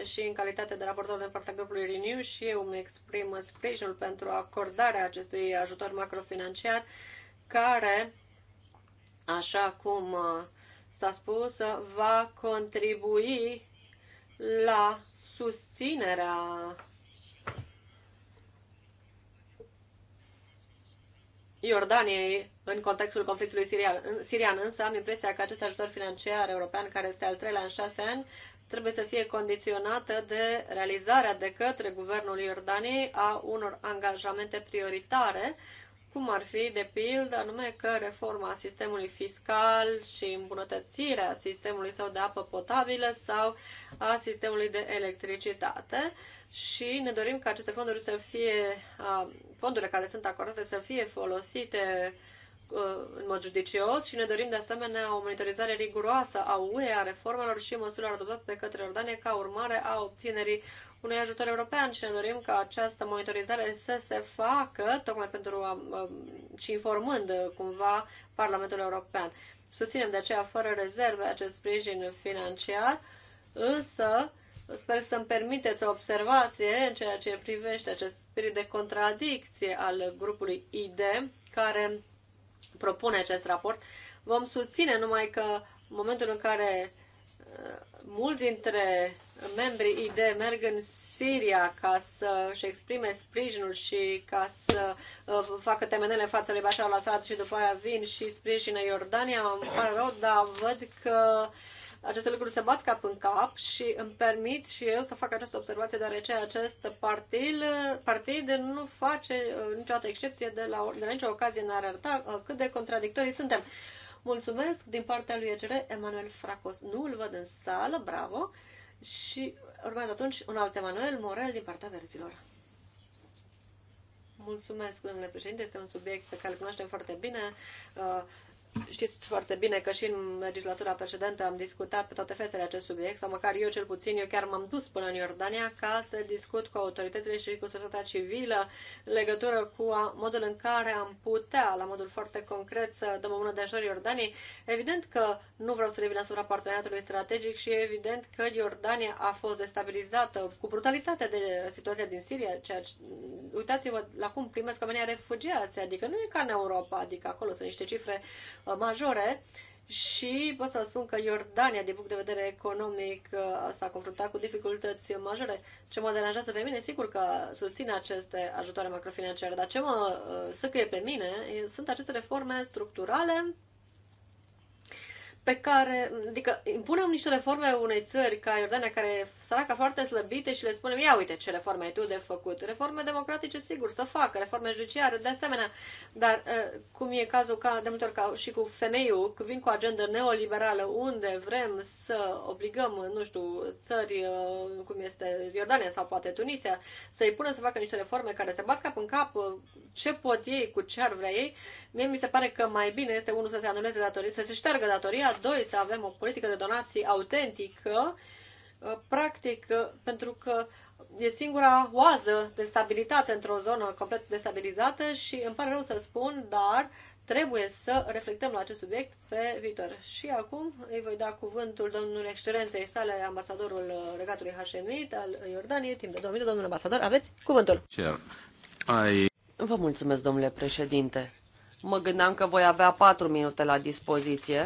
și în calitate de raportor din partea grupului Renew și eu îmi exprim sprijinul pentru acordarea acestui ajutor macrofinanciar care, așa cum uh, s-a spus, va contribui la susținerea Iordaniei în contextul conflictului sirian. sirian însă am impresia că acest ajutor financiar european, care este al treilea în șase ani, trebuie să fie condiționată de realizarea de către guvernul Iordaniei a unor angajamente prioritare, cum ar fi, de pildă, anume că reforma sistemului fiscal și îmbunătățirea sistemului sau de apă potabilă sau a sistemului de electricitate și ne dorim ca aceste fonduri să fie, fondurile care sunt acordate să fie folosite uh, Uh, în mod judicios și ne dorim de asemenea o monitorizare riguroasă a UE, a reformelor și măsurilor adoptate de către Iordania ca urmare a obținerii unui ajutor european și ne dorim ca această monitorizare să se facă tocmai pentru a, um, și informând cumva Parlamentul European. Susținem de aceea fără rezerve acest sprijin financiar, însă Sper să-mi permiteți o observație în ceea ce privește acest spirit de contradicție al grupului ID, care propune acest raport. Vom susține numai că în momentul în care uh, mulți dintre membrii ID merg în Siria ca să-și exprime sprijinul și ca să uh, facă temenele față lui Bashar al-Assad și după aia vin și sprijină Iordania. Îmi pare rău, dar văd că aceste lucruri se bat cap în cap și îmi permit și eu să fac această observație, deoarece acest partid, partid nu face uh, niciodată excepție de la, de la nicio ocazie n-ar arăta uh, cât de contradictorii suntem. Mulțumesc din partea lui ECR, Emanuel Fracos. Nu îl văd în sală, bravo. Și urmează atunci un alt Emanuel Morel din partea verzilor. Mulțumesc, domnule președinte. Este un subiect pe care îl cunoaștem foarte bine. Uh, Știți foarte bine că și în legislatura precedentă am discutat pe toate fețele acest subiect, sau măcar eu cel puțin, eu chiar m-am dus până în Iordania ca să discut cu autoritățile și cu societatea civilă în legătură cu modul în care am putea, la modul foarte concret, să dăm o mână de ajutor Iordaniei. Evident că nu vreau să revin asupra parteneriatului strategic și evident că Iordania a fost destabilizată cu brutalitate de situația din Siria. Ceea ce, uitați-vă la cum primesc oamenii refugiați, adică nu e ca în Europa, adică acolo sunt niște cifre Uh, majore și pot să vă spun că Iordania, din punct de vedere economic, uh, s-a confruntat cu dificultăți majore. Ce mă deranjează pe mine, sigur că susține aceste ajutoare macrofinanciare, dar ce mă uh, săcăie pe mine sunt aceste reforme structurale pe care, adică impunem niște reforme unei țări ca Iordania, care e săraca foarte slăbite și le spunem, ia uite ce reforme ai tu de făcut. Reforme democratice, sigur, să facă, reforme judiciare, de asemenea, dar ă, cum e cazul ca, de multe ori ca și cu femeiul, că vin cu agenda neoliberală, unde vrem să obligăm, nu știu, țări ă, cum este Iordania sau poate Tunisia, să-i pună să facă niște reforme care se bat cap în cap ă, ce pot ei, cu ce ar vrea ei, mie mi se pare că mai bine este unul să se anuleze datoria, să se șteargă datoria, doi, să avem o politică de donații autentică, uh, practic, uh, pentru că e singura oază de stabilitate într-o zonă complet destabilizată și îmi pare rău să spun, dar trebuie să reflectăm la acest subiect pe viitor. Și acum îi voi da cuvântul domnului excelenței sale, ambasadorul uh, regatului Hașemit al Iordaniei, timp de două minute. Domnule ambasador, aveți cuvântul. Ai... Vă mulțumesc, domnule președinte. Mă gândeam că voi avea patru minute la dispoziție,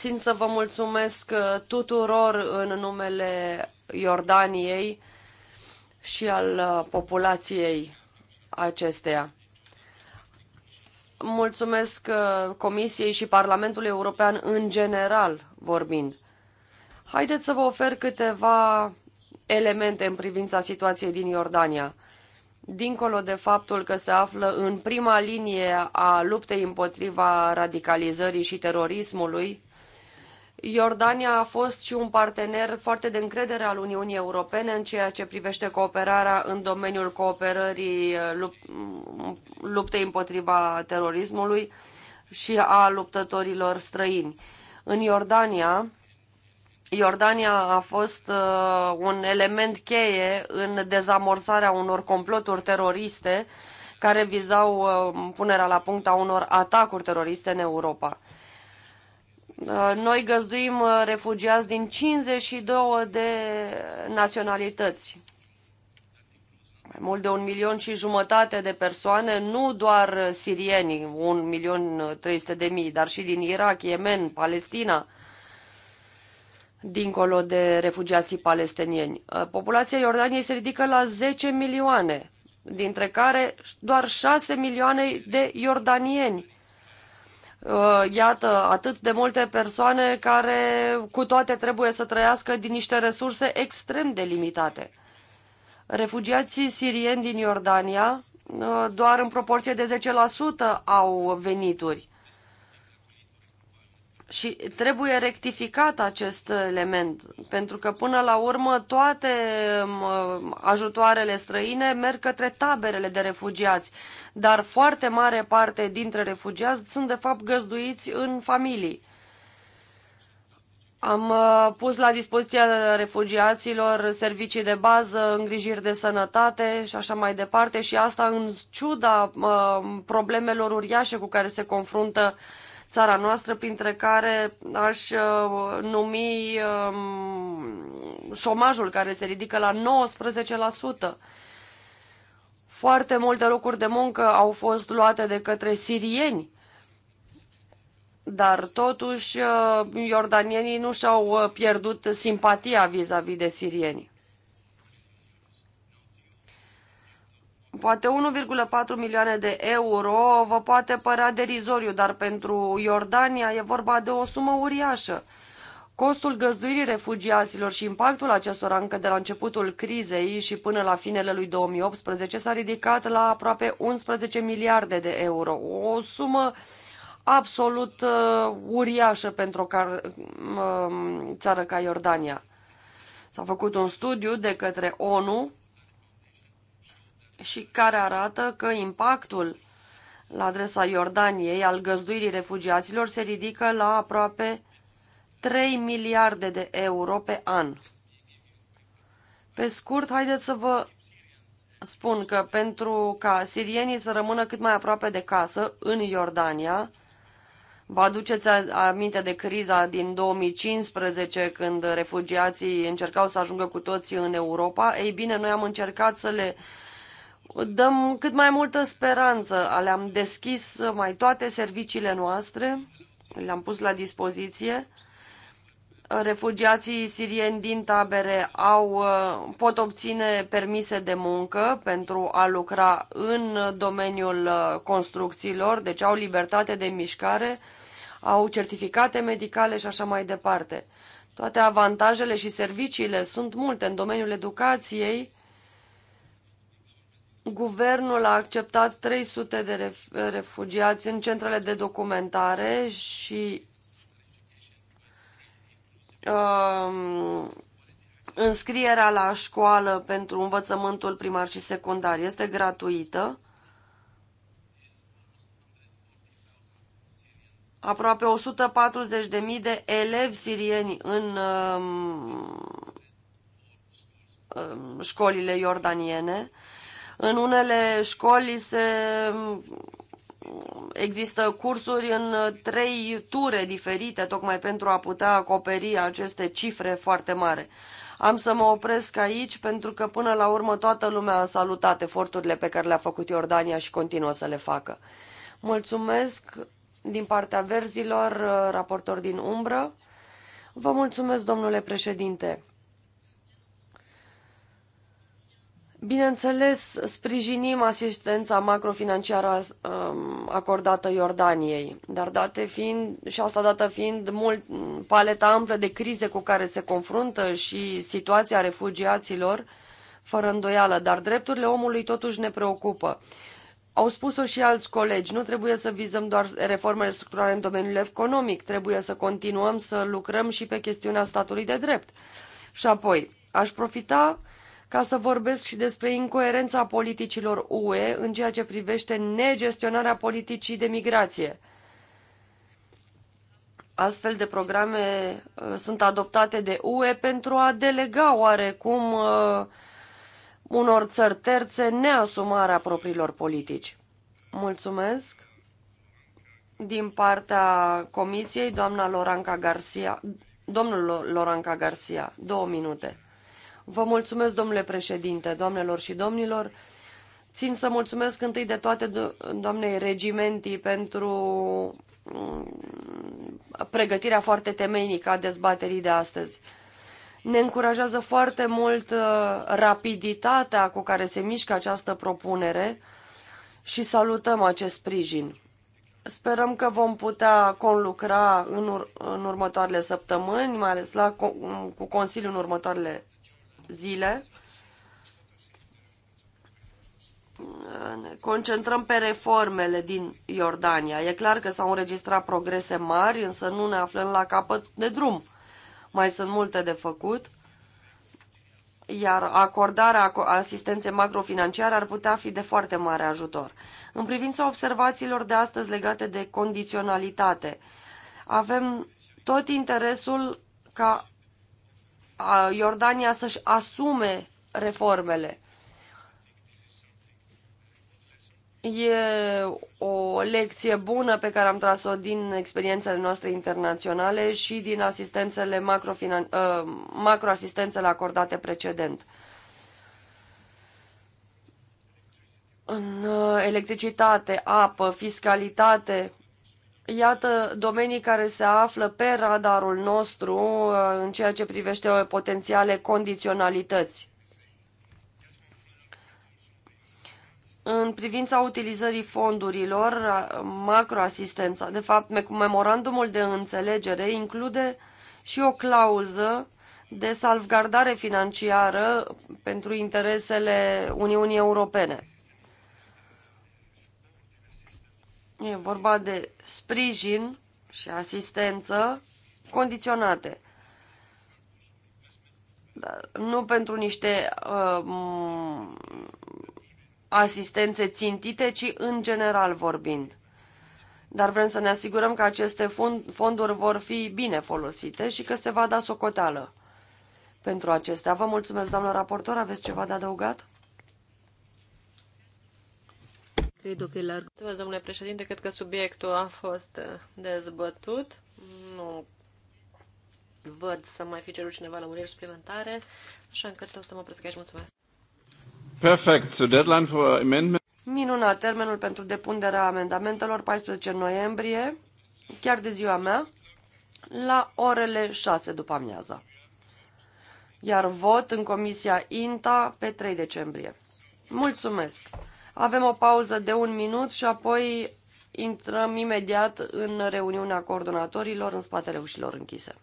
Țin să vă mulțumesc uh, tuturor în numele Iordaniei și al uh, populației acesteia. Mulțumesc uh, Comisiei și Parlamentului European în general vorbind. Haideți să vă ofer câteva elemente în privința situației din Iordania. Dincolo de faptul că se află în prima linie a luptei împotriva radicalizării și terorismului, Iordania a fost și un partener foarte de încredere al Uniunii Europene în ceea ce privește cooperarea în domeniul cooperării lup luptei împotriva terorismului și a luptătorilor străini. În Iordania, Iordania a fost uh, un element cheie în dezamorsarea unor comploturi teroriste care vizau uh, punerea la punct a unor atacuri teroriste în Europa. Uh, noi găzduim uh, refugiați din 52 de naționalități. Mai mult de un milion și jumătate de persoane, nu doar sirieni, un milion uh, trei de mii, dar și din Irak, Yemen, Palestina, dincolo de refugiații palestinieni. Populația Iordaniei se ridică la 10 milioane, dintre care doar 6 milioane de iordanieni Uh, iată, atât de multe persoane care cu toate trebuie să trăiască din niște resurse extrem de limitate. Refugiații sirieni din Iordania uh, doar în proporție de 10% au venituri. Și trebuie rectificat acest element, pentru că până la urmă toate ajutoarele străine merg către taberele de refugiați, dar foarte mare parte dintre refugiați sunt de fapt găzduiți în familii. Am uh, pus la dispoziția refugiaților servicii de bază, îngrijiri de sănătate și așa mai departe și asta în ciuda uh, problemelor uriașe cu care se confruntă uh, țara noastră, printre care aș uh, numi um, șomajul care se ridică la 19%. Foarte multe locuri de muncă au fost luate de către sirieni, dar totuși uh, iordanienii nu și-au uh, pierdut simpatia vis-a-vis -vis de sirieni. Poate 1,4 milioane de euro vă poate părea derizoriu, dar pentru Iordania e vorba de o sumă uriașă. Costul găzduirii refugiaților și impactul acestora încă de la începutul crizei și până la finele lui 2018 s-a ridicat la aproape 11 miliarde de euro, o sumă absolut uh, uriașă pentru o car, uh, țară ca Iordania. S-a făcut un studiu de către ONU și care arată că impactul la adresa Iordaniei al găzduirii refugiaților se ridică la aproape 3 miliarde de euro pe an. Pe scurt, haideți să vă spun că pentru ca sirienii să rămână cât mai aproape de casă, în Iordania, vă aduceți aminte de criza din 2015, când refugiații încercau să ajungă cu toții în Europa? Ei bine, noi am încercat să le uh, dăm cât mai multă speranță. Le-am deschis mai toate serviciile noastre, le-am pus la dispoziție. Refugiații sirieni din tabere au, uh, pot obține permise de muncă pentru a lucra în domeniul uh, construcțiilor, deci au libertate de mișcare, au certificate medicale și așa mai departe. Toate avantajele și serviciile sunt multe în domeniul educației, Guvernul a acceptat 300 de refugiați în centrele de documentare și um, înscrierea la școală pentru învățământul primar și secundar este gratuită. Aproape 140.000 de elevi sirieni în um, um școlile iordaniene în unele școli se există cursuri în trei ture diferite, tocmai pentru a putea acoperi aceste cifre foarte mari. Am să mă opresc aici pentru că până la urmă toată lumea a salutat eforturile pe care le-a făcut Iordania și continuă să le facă. Mulțumesc din partea verzilor, raportor din umbră. Vă mulțumesc, domnule președinte. Bineînțeles, sprijinim asistența macrofinanciară um, acordată Iordaniei, dar date fiind, și asta dată fiind mult, paleta amplă de crize cu care se confruntă și situația refugiaților, fără îndoială, dar drepturile omului totuși ne preocupă. Au spus-o și alți colegi, nu trebuie să vizăm doar reformele structurale în domeniul economic, trebuie să continuăm să lucrăm și pe chestiunea statului de drept. Și apoi, aș profita ca să vorbesc și despre incoerența politicilor UE în ceea ce privește negestionarea politicii de migrație. Astfel de programe uh, sunt adoptate de UE pentru a delega oarecum uh, unor țări terțe neasumarea propriilor politici. Mulțumesc! Din partea Comisiei, doamna Loranca Garcia, domnul Loranca Garcia, două minute. Vă mulțumesc, domnule președinte, doamnelor și domnilor. Țin să mulțumesc întâi de toate doamnei regimentii pentru mm, pregătirea foarte temeinică a dezbaterii de astăzi. Ne încurajează foarte mult uh, rapiditatea cu care se mișcă această propunere și salutăm acest sprijin. Sperăm că vom putea conlucra în, ur în următoarele săptămâni, mai ales la, cu Consiliul în următoarele zile. Ne concentrăm pe reformele din Iordania. E clar că s-au înregistrat progrese mari, însă nu ne aflăm la capăt de drum. Mai sunt multe de făcut iar acordarea asistenței macrofinanciare ar putea fi de foarte mare ajutor. În privința observațiilor de astăzi legate de condiționalitate, avem tot interesul ca Iordania să-și asume reformele. E o lecție bună pe care am tras-o din experiențele noastre internaționale și din asistențele ă, macroasistențele acordate precedent. În ă, electricitate, apă, fiscalitate, Iată domenii care se află pe radarul nostru uh, în ceea ce privește uh, potențiale condiționalități. În privința utilizării fondurilor, uh, macroasistența, de fapt, memorandumul de înțelegere include și o clauză de salvgardare financiară pentru interesele Uniunii Europene. E vorba de sprijin și asistență condiționate. Dar nu pentru niște uh, asistențe țintite, ci în general vorbind. Dar vrem să ne asigurăm că aceste fonduri vor fi bine folosite și că se va da socoteală. Pentru acestea, vă mulțumesc, doamnă raportor, aveți ceva de adăugat? Cred că larg. Mulțumesc, domnule președinte. Cred că subiectul a fost uh, dezbătut. Nu văd să mai fi cerut cineva lămuriri suplimentare, așa încât o să mă opresc aici. Mulțumesc. Perfect. So deadline for amendment. Minunat. Termenul pentru depunerea amendamentelor 14 noiembrie, chiar de ziua mea, la orele 6 după amiaza. Iar vot în comisia INTA pe 3 decembrie. Mulțumesc! Avem o pauză de un minut și apoi intrăm imediat în reuniunea coordonatorilor în spatele ușilor închise.